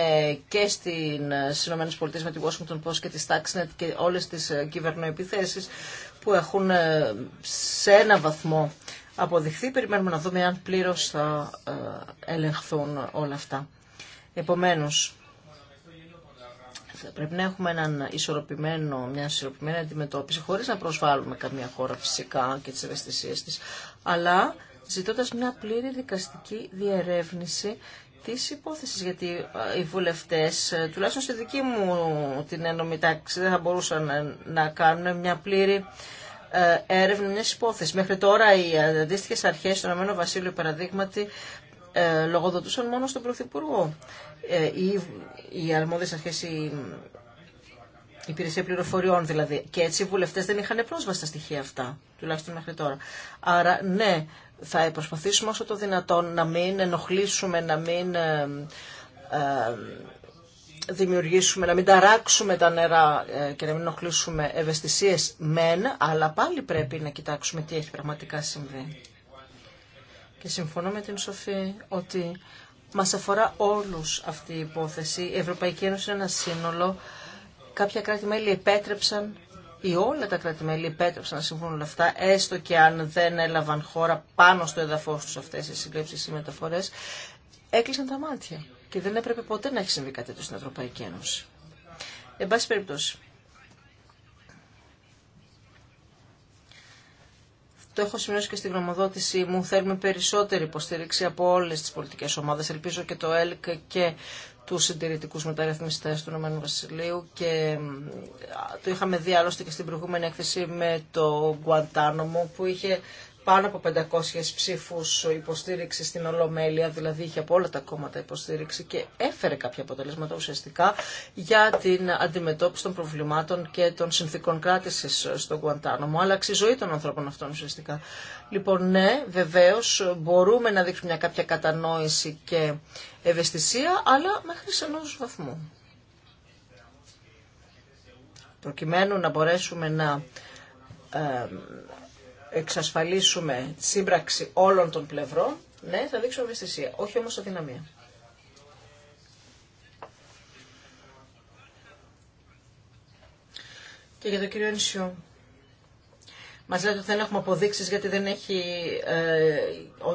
και στις ΗΠΑ με την Washington Post και τη Stuxnet και όλες τις ε, κυβερνοεπιθέσεις, που έχουν ε, σε ένα βαθμό αποδειχθεί. Περιμένουμε να δούμε αν πλήρως θα ε, ελεγχθούν όλα αυτά. Επομένως, πρέπει να έχουμε έναν ισορροπημένο, μια ισορροπημένη αντιμετώπιση, χωρίς να προσβάλλουμε καμία χώρα φυσικά και τις ευαισθησίες της, αλλά ζητώντας μια πλήρη δικαστική διερεύνηση Τη υπόθεση γιατί ε, οι βουλευτέ ε, τουλάχιστον στη δική μου την ένωμη τάξη, δεν θα μπορούσαν ε, να κάνουν μια πλήρη έρευνα μια υπόθεση. Μέχρι τώρα οι αντίστοιχε αρχέ στο αμένο Βασίλειο, παραδείγματι, λογοδοτούσαν μόνο στον Πρωθυπουργό. Οι αρμόδιε αρχέ, οι Υπηρεσία πληροφοριών δηλαδή. Και έτσι οι βουλευτέ δεν είχαν πρόσβαση στα στοιχεία αυτά, τουλάχιστον μέχρι τώρα. Άρα, ναι, θα προσπαθήσουμε όσο το δυνατόν να μην ενοχλήσουμε, να μην ε, ε, δημιουργήσουμε, να μην ταράξουμε τα νερά ε, και να μην ενοχλήσουμε ευαισθησίε μεν, αλλά πάλι πρέπει να κοιτάξουμε τι έχει πραγματικά συμβεί. Και συμφωνώ με την Σοφή ότι μας αφορά όλους αυτή η υπόθεση. Η Ευρωπαϊκή Ένωση είναι ένα σύνολο κάποια κράτη-μέλη επέτρεψαν ή όλα τα κράτη-μέλη επέτρεψαν να συμβούν όλα αυτά, έστω και αν δεν έλαβαν χώρα πάνω στο εδάφο του αυτέ οι συλλέψεις ή μεταφορέ, έκλεισαν τα μάτια και δεν έπρεπε ποτέ να έχει συμβεί κάτι τέτοιο στην Ευρωπαϊκή Ένωση. Εν πάση περιπτώσει, το έχω σημειώσει και στην γνωμοδότησή μου, θέλουμε περισσότερη υποστήριξη από όλε τι πολιτικέ ομάδε. Ελπίζω και το ΕΛΚ και του συντηρητικού μεταρρυθμιστέ του Ηνωμένου Βασιλείου και το είχαμε δει άλλωστε και στην προηγούμενη έκθεση με το Γκουαντάνομο που είχε πάνω από 500 ψήφου υποστήριξη στην Ολομέλεια, δηλαδή είχε από όλα τα κόμματα υποστήριξη και έφερε κάποια αποτελέσματα ουσιαστικά για την αντιμετώπιση των προβλημάτων και των συνθήκων κράτηση στον Κουαντάνομο. Άλλαξε η ζωή των ανθρώπων αυτών ουσιαστικά. Λοιπόν, ναι, βεβαίω μπορούμε να δείξουμε μια κάποια κατανόηση και ευαισθησία, αλλά μέχρι ενό βαθμού. Προκειμένου να μπορέσουμε να ε, εξασφαλίσουμε σύμπραξη όλων των πλευρών, ναι, θα δείξουμε ευαισθησία, όχι όμως αδυναμία. Και για τον κύριο Ενσιού. Μα λέτε ότι δεν έχουμε αποδείξει γιατί δεν, έχει, ε,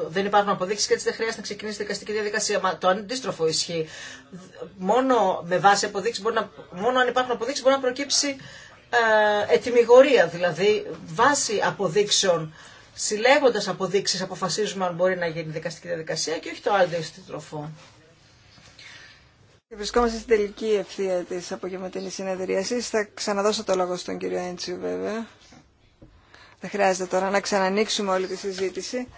δεν υπάρχουν αποδείξει και έτσι δεν χρειάζεται να ξεκινήσει δικαστική διαδικασία. Μα το αντίστροφο ισχύει. Μόνο με βάση αποδείξει, μπορεί να, μόνο αν υπάρχουν αποδείξει μπορεί να προκύψει ε, ετοιμιγορία, δηλαδή βάση αποδείξεων, συλλέγοντας αποδείξεις αποφασίζουμε αν μπορεί να γίνει δικαστική διαδικασία και όχι το άλλο στην τροφό. Βρισκόμαστε στην τελική ευθεία της απογευματινής συνεδρίασης. Θα ξαναδώσω το λόγο στον κύριο Έντσιου βέβαια. Δεν χρειάζεται τώρα να ξανανοίξουμε όλη τη συζήτηση.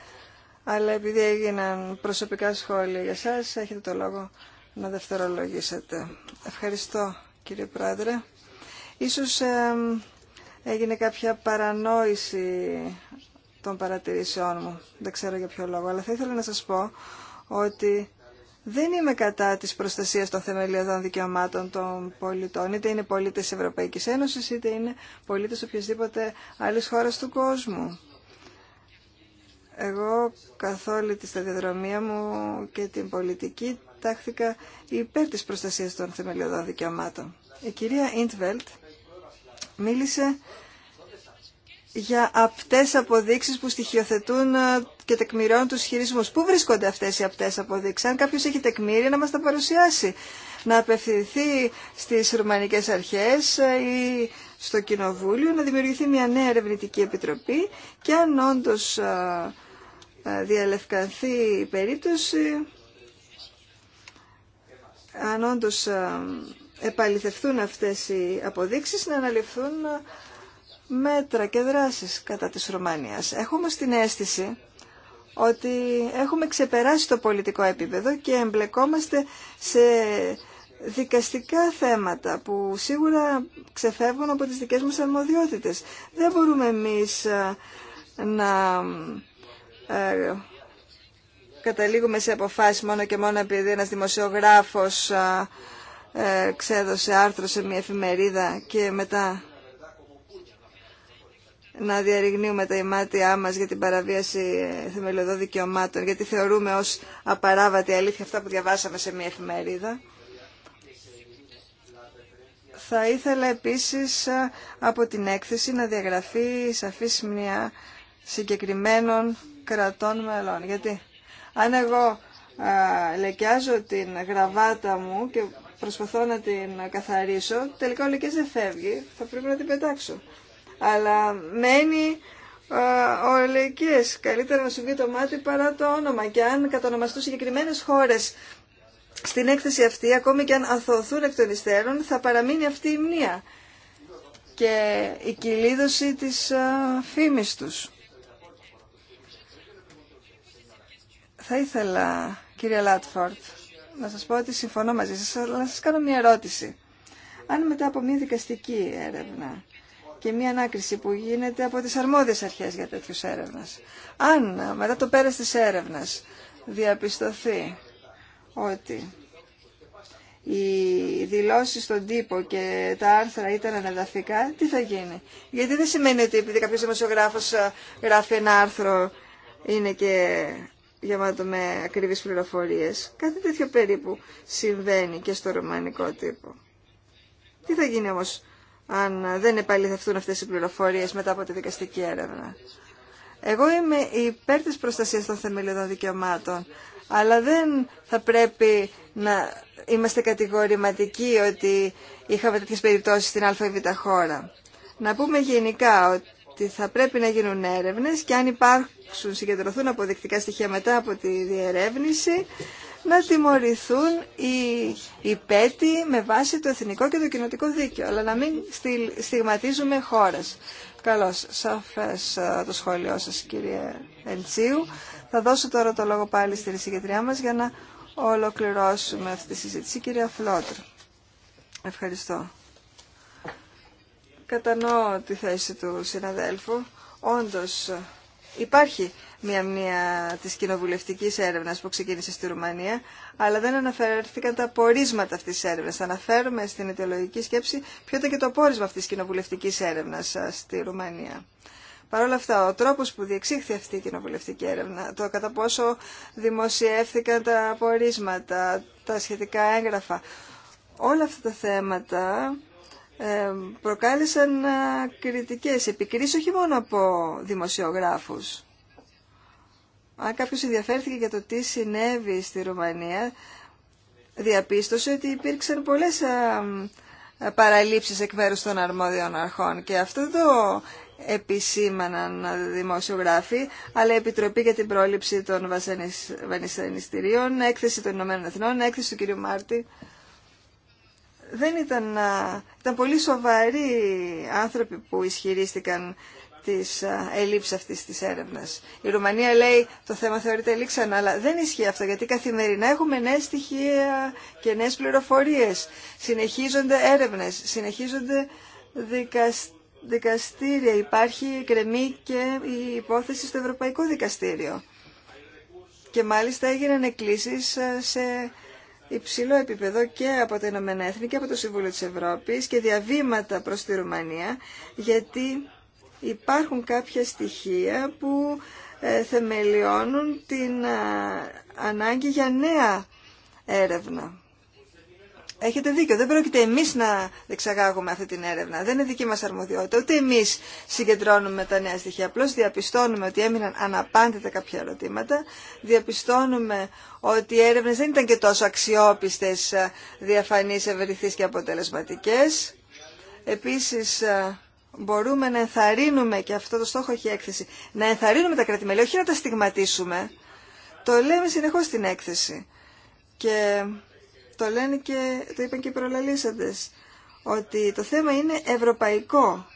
Αλλά επειδή έγιναν προσωπικά σχόλια για σας, έχετε το λόγο να δευτερολογήσετε. Ευχαριστώ κύριε Πρόεδρε. Ίσως έγινε κάποια παρανόηση των παρατηρήσεών μου. Δεν ξέρω για ποιο λόγο, αλλά θα ήθελα να σας πω ότι δεν είμαι κατά της προστασίας των θεμελιωδών δικαιωμάτων των πολιτών, είτε είναι πολίτες Ευρωπαϊκής Ένωσης, είτε είναι πολίτες οποιασδήποτε άλλης χώρας του κόσμου. Εγώ καθ' όλη τη σταδιοδρομία μου και την πολιτική τάχθηκα υπέρ της προστασίας των θεμελιωδών δικαιωμάτων. Η κυρία Ιντβελτ μίλησε για απτές αποδείξεις που στοιχειοθετούν ε, και τεκμηρώνουν τους χειρισμούς. Πού βρίσκονται αυτές οι απτές αποδείξεις. Αν κάποιος έχει τεκμήρια να μας τα παρουσιάσει. Να απευθυνθεί στις ρουμανικές αρχές ε, ή στο Κοινοβούλιο, να δημιουργηθεί μια νέα ερευνητική επιτροπή και αν όντω ε, διαλευκανθεί η περίπτωση, αν όντως επαληθευτούν αυτές οι αποδείξεις να αναλυφθούν μέτρα και δράσεις κατά της Ρουμανίας. Έχουμε στην αίσθηση ότι έχουμε ξεπεράσει το πολιτικό επίπεδο και εμπλεκόμαστε σε δικαστικά θέματα που σίγουρα ξεφεύγουν από τις δικές μας αρμοδιότητες. Δεν μπορούμε εμείς ε, να ε, καταλήγουμε σε αποφάσεις μόνο και μόνο επειδή ένας δημοσιογράφος ε, ε, ξέδωσε άρθρο σε μια εφημερίδα και μετά να διαρριγνύουμε τα ημάτια μας για την παραβίαση θεμελιωδών δικαιωμάτων, γιατί θεωρούμε ως απαράβατη αλήθεια αυτά που διαβάσαμε σε μια εφημερίδα. Θα ήθελα επίσης ε, από την έκθεση να διαγραφεί σαφή σημειά συγκεκριμένων κρατών μελών. Γιατί αν εγώ ε, λεκιάζω την γραβάτα μου και προσπαθώ να την καθαρίσω, τελικά ο Λεκές δεν φεύγει, θα πρέπει να την πετάξω. Αλλά μένει ο Λεκές, καλύτερα να σου βγει το μάτι παρά το όνομα. Και αν κατονομαστούν συγκεκριμένε χώρες στην έκθεση αυτή, ακόμη και αν αθωωθούν εκ των υστέρων, θα παραμείνει αυτή η μνήα και η κυλίδωση της φήμης τους. Θα ήθελα, κύριε Λάτφορτ, να σας πω ότι συμφωνώ μαζί σας, αλλά να σας κάνω μια ερώτηση. Αν μετά από μια δικαστική έρευνα και μια ανάκριση που γίνεται από τις αρμόδιες αρχές για τέτοιου έρευνα. αν μετά το πέρας της έρευνας διαπιστωθεί ότι οι δηλώσεις στον τύπο και τα άρθρα ήταν αναδαφικά, τι θα γίνει. Γιατί δεν σημαίνει ότι επειδή κάποιος δημοσιογράφος ε, γράφει ένα άρθρο είναι και γεμάτο με ακριβείς πληροφορίες. Κάτι τέτοιο περίπου συμβαίνει και στο ρωμανικό τύπο. Τι θα γίνει όμως αν δεν επαληθευτούν αυτές οι πληροφορίες μετά από τη δικαστική έρευνα. Εγώ είμαι υπέρ της προστασίας των θεμελιωδών δικαιωμάτων, αλλά δεν θα πρέπει να είμαστε κατηγορηματικοί ότι είχαμε τέτοιες περιπτώσεις στην ΑΒ χώρα. Να πούμε γενικά ότι ότι θα πρέπει να γίνουν έρευνες και αν υπάρξουν, συγκεντρωθούν αποδεικτικά στοιχεία μετά από τη διερεύνηση, να τιμωρηθούν οι πέτοι με βάση το εθνικό και το κοινοτικό δίκαιο, αλλά να μην στιγματίζουμε χώρες. Καλώς, σαφές ε, το σχόλιο σας κύριε Εντσίου. Θα δώσω τώρα το λόγο πάλι στη συγκεκριά μας για να ολοκληρώσουμε αυτή τη συζήτηση. Κυρία Φλότρ, ευχαριστώ. Κατανοώ τη θέση του συναδέλφου. Όντως υπάρχει μια μνήμα της κοινοβουλευτικής έρευνας που ξεκίνησε στη Ρουμανία, αλλά δεν αναφέρθηκαν τα πορίσματα αυτής της έρευνας. Αναφέρουμε στην ιδεολογική σκέψη ποιο ήταν και το πόρισμα αυτής της κοινοβουλευτικής έρευνας στη Ρουμανία. Παρ' όλα αυτά, ο τρόπο που διεξήχθη αυτή η κοινοβουλευτική έρευνα, το κατά πόσο δημοσιεύθηκαν τα απορίσματα, τα σχετικά έγγραφα, όλα αυτά τα θέματα προκάλεσαν κριτικές επικρίσεις όχι μόνο από δημοσιογράφους. Αν κάποιος ενδιαφέρθηκε για το τι συνέβη στη Ρουμανία, διαπίστωσε ότι υπήρξαν πολλές παραλήψεις εκ μέρους των αρμόδιων αρχών και αυτό το επισήμαναν δημοσιογράφοι, αλλά η Επιτροπή για την Πρόληψη των Βασανιστήριων, έκθεση των Ηνωμένων Εθνών, έκθεση του κ. Μάρτη δεν ήταν, ήταν πολύ σοβαροί άνθρωποι που ισχυρίστηκαν της ελλείψης αυτής της έρευνας. Η Ρουμανία λέει το θέμα θεωρείται λήξαν, αλλά δεν ισχύει αυτό γιατί καθημερινά έχουμε νέες στοιχεία και νέες πληροφορίες. Συνεχίζονται έρευνες, συνεχίζονται δικαστήρια, υπάρχει κρεμή και η υπόθεση στο Ευρωπαϊκό Δικαστήριο. Και μάλιστα έγιναν εκκλήσεις σε υψηλό επίπεδο και από τα Ηνωμένα Έθνη και από το Συμβούλιο της Ευρώπης και διαβήματα προς τη Ρουμανία γιατί υπάρχουν κάποια στοιχεία που ε, θεμελιώνουν την ε, ανάγκη για νέα έρευνα. Έχετε δίκιο. Δεν πρόκειται εμεί να εξαγάγουμε αυτή την έρευνα. Δεν είναι δική μα αρμοδιότητα. Ούτε εμεί συγκεντρώνουμε τα νέα στοιχεία. Απλώ διαπιστώνουμε ότι έμειναν αναπάντητα κάποια ερωτήματα. Διαπιστώνουμε ότι οι έρευνε δεν ήταν και τόσο αξιόπιστε, διαφανεί, ευρυθεί και αποτελεσματικέ. Επίση, μπορούμε να ενθαρρύνουμε, και αυτό το στόχο έχει έκθεση, να ενθαρρύνουμε τα κρατημέλια, όχι να τα στιγματίσουμε. Το λέμε συνεχώ στην έκθεση. Και το λένε και, το είπαν και οι προλαλήσαντες, ότι το θέμα είναι ευρωπαϊκό.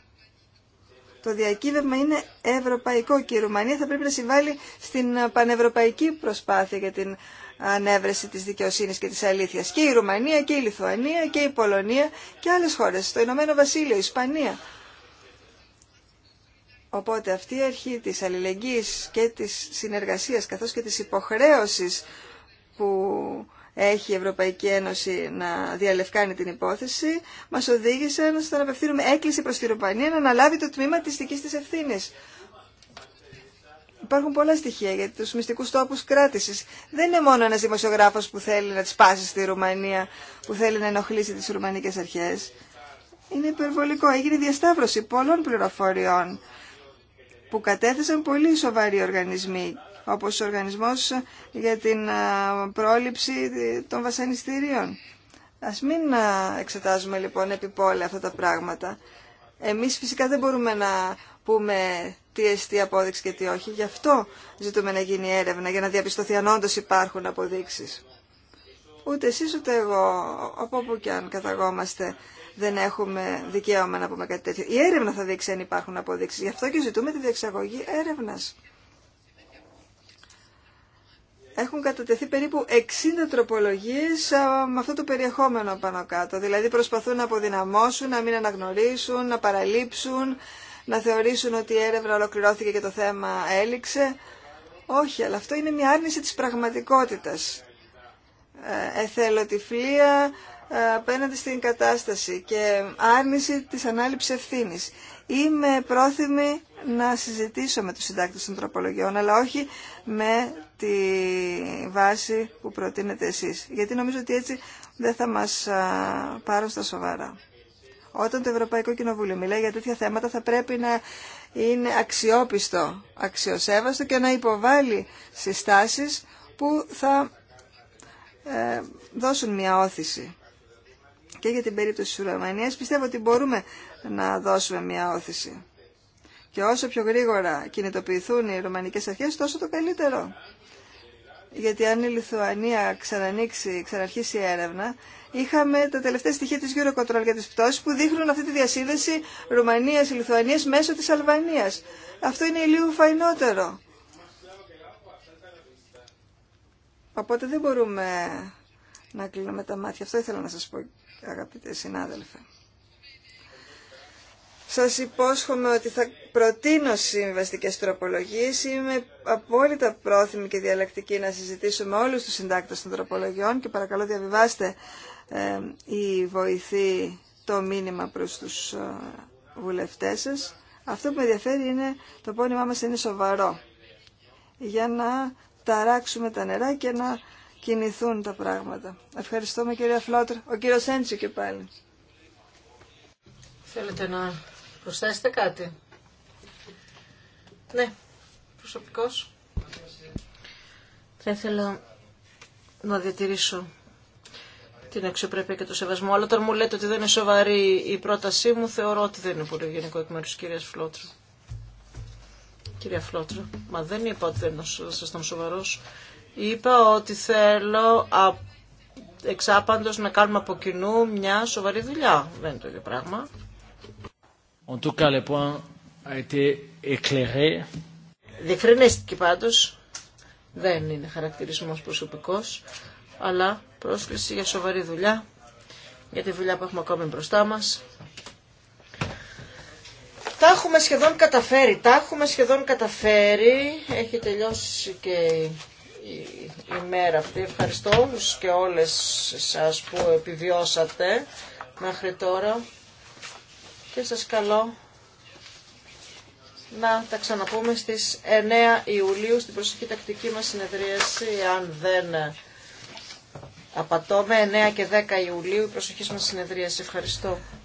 Το διακύβευμα είναι ευρωπαϊκό και η Ρουμανία θα πρέπει να συμβάλλει στην ε, πανευρωπαϊκή προσπάθεια για την ανέβρεση της δικαιοσύνης και της αλήθειας. Και η Ρουμανία και η Λιθουανία και η Πολωνία και άλλες χώρες, το Ηνωμένο Βασίλειο, η Ισπανία. Οπότε αυτή η αρχή της αλληλεγγύης και της συνεργασίας καθώς και της υποχρέωσης που έχει η Ευρωπαϊκή Ένωση να διαλευκάνει την υπόθεση, Μα οδήγησαν στο να απευθύνουμε έκκληση προ τη Ρουμανία να αναλάβει το τμήμα τη δική της ευθύνη. Υπάρχουν πολλά στοιχεία για του μυστικού τόπου κράτηση. Δεν είναι μόνο ένα δημοσιογράφο που θέλει να τις πάσει στη Ρουμανία, που θέλει να ενοχλήσει τι Ρουμανικέ αρχέ. Είναι υπερβολικό. Έγινε διασταύρωση πολλών πληροφοριών που κατέθεσαν πολύ σοβαροί οργανισμοί όπως ο Οργανισμός για την πρόληψη των βασανιστήριων. Ας μην εξετάζουμε λοιπόν επί επιπόλαια αυτά τα πράγματα. Εμείς φυσικά δεν μπορούμε να πούμε τι εστί απόδειξη και τι όχι. Γι' αυτό ζητούμε να γίνει έρευνα, για να διαπιστωθεί αν όντως υπάρχουν αποδείξεις. Ούτε εσείς ούτε εγώ, από όπου και αν καταγόμαστε, δεν έχουμε δικαίωμα να πούμε κάτι τέτοιο. Η έρευνα θα δείξει αν υπάρχουν αποδείξεις. Γι' αυτό και ζητούμε τη διεξαγωγή έρευνας έχουν κατατεθεί περίπου 60 τροπολογίες με αυτό το περιεχόμενο πάνω κάτω. Δηλαδή προσπαθούν να αποδυναμώσουν, να μην αναγνωρίσουν, να παραλείψουν, να θεωρήσουν ότι η έρευνα ολοκληρώθηκε και το θέμα έληξε. Όχι, αλλά αυτό είναι μια άρνηση της πραγματικότητας. Ε, εθελοτυφλία ε, απέναντι στην κατάσταση και άρνηση της ανάληψης ευθύνης. Είμαι πρόθυμη να συζητήσω με τους συντάκτες των τροπολογιών, αλλά όχι με τη βάση που προτείνετε εσείς. Γιατί νομίζω ότι έτσι δεν θα μας πάρουν στα σοβαρά. Όταν το Ευρωπαϊκό Κοινοβούλιο μιλάει για τέτοια θέματα θα πρέπει να είναι αξιόπιστο, αξιοσέβαστο και να υποβάλει συστάσεις που θα ε, δώσουν μια όθηση. Και για την περίπτωση της Ρουμανίας πιστεύω ότι μπορούμε να δώσουμε μια όθηση. Και όσο πιο γρήγορα κινητοποιηθούν οι ρωμανικές αρχές, τόσο το καλύτερο γιατί αν η Λιθουανία ξανανοίξει, ξαναρχίσει η έρευνα, είχαμε τα τελευταία στοιχεία της Eurocontrol για τις πτώσεις που δείχνουν αυτή τη διασύνδεση Ρουμανίας-Λιθουανίας μέσω της Αλβανίας. Αυτό είναι λίγο φαϊνότερο. Οπότε δεν μπορούμε να κλείνουμε τα μάτια. Αυτό ήθελα να σας πω, αγαπητέ συνάδελφε. Σας υπόσχομαι ότι θα προτείνω συμβαστικές τροπολογίες. Είμαι απόλυτα πρόθυμη και διαλεκτική να συζητήσουμε όλους τους συντάκτες των τροπολογιών και παρακαλώ διαβιβάστε ε, η βοηθή το μήνυμα προς τους ε, βουλευτές σας. Αυτό που με ενδιαφέρει είναι το πόνιμά μας είναι σοβαρό για να ταράξουμε τα νερά και να κινηθούν τα πράγματα. με κυρία Φλότρ. Ο κύριος Έντσιο και πάλι. Θέλετε να προσθέσετε κάτι. Ναι, προσωπικός. Θα ήθελα να διατηρήσω την αξιοπρέπεια και το σεβασμό. Αλλά όταν μου λέτε ότι δεν είναι σοβαρή η πρότασή μου, θεωρώ ότι δεν είναι πολύ γενικό εκ μέρου τη κυρία Φλότρου. Κυρία Φλότρου, μα δεν είπα ότι δεν ήταν σοβαρό. Είπα ότι θέλω εξάπαντο να κάνουμε από κοινού μια σοβαρή δουλειά. Δεν είναι το ίδιο πράγμα. En tout cas, le point a été éclairé. πάντως, δεν είναι χαρακτηρισμός προσωπικό, αλλά πρόσκληση για σοβαρή δουλειά, για τη δουλειά που έχουμε ακόμη μπροστά μας. Τα έχουμε σχεδόν καταφέρει, τα έχουμε σχεδόν καταφέρει. Έχει τελειώσει και η ημέρα αυτή. Ευχαριστώ όλους και όλες σας που επιβιώσατε μέχρι τώρα και σας καλώ να τα ξαναπούμε στις 9 Ιουλίου στην προσεχή τακτική μας συνεδρίαση αν δεν απατώμε 9 και 10 Ιουλίου η προσοχή μας συνεδρίαση. Ευχαριστώ.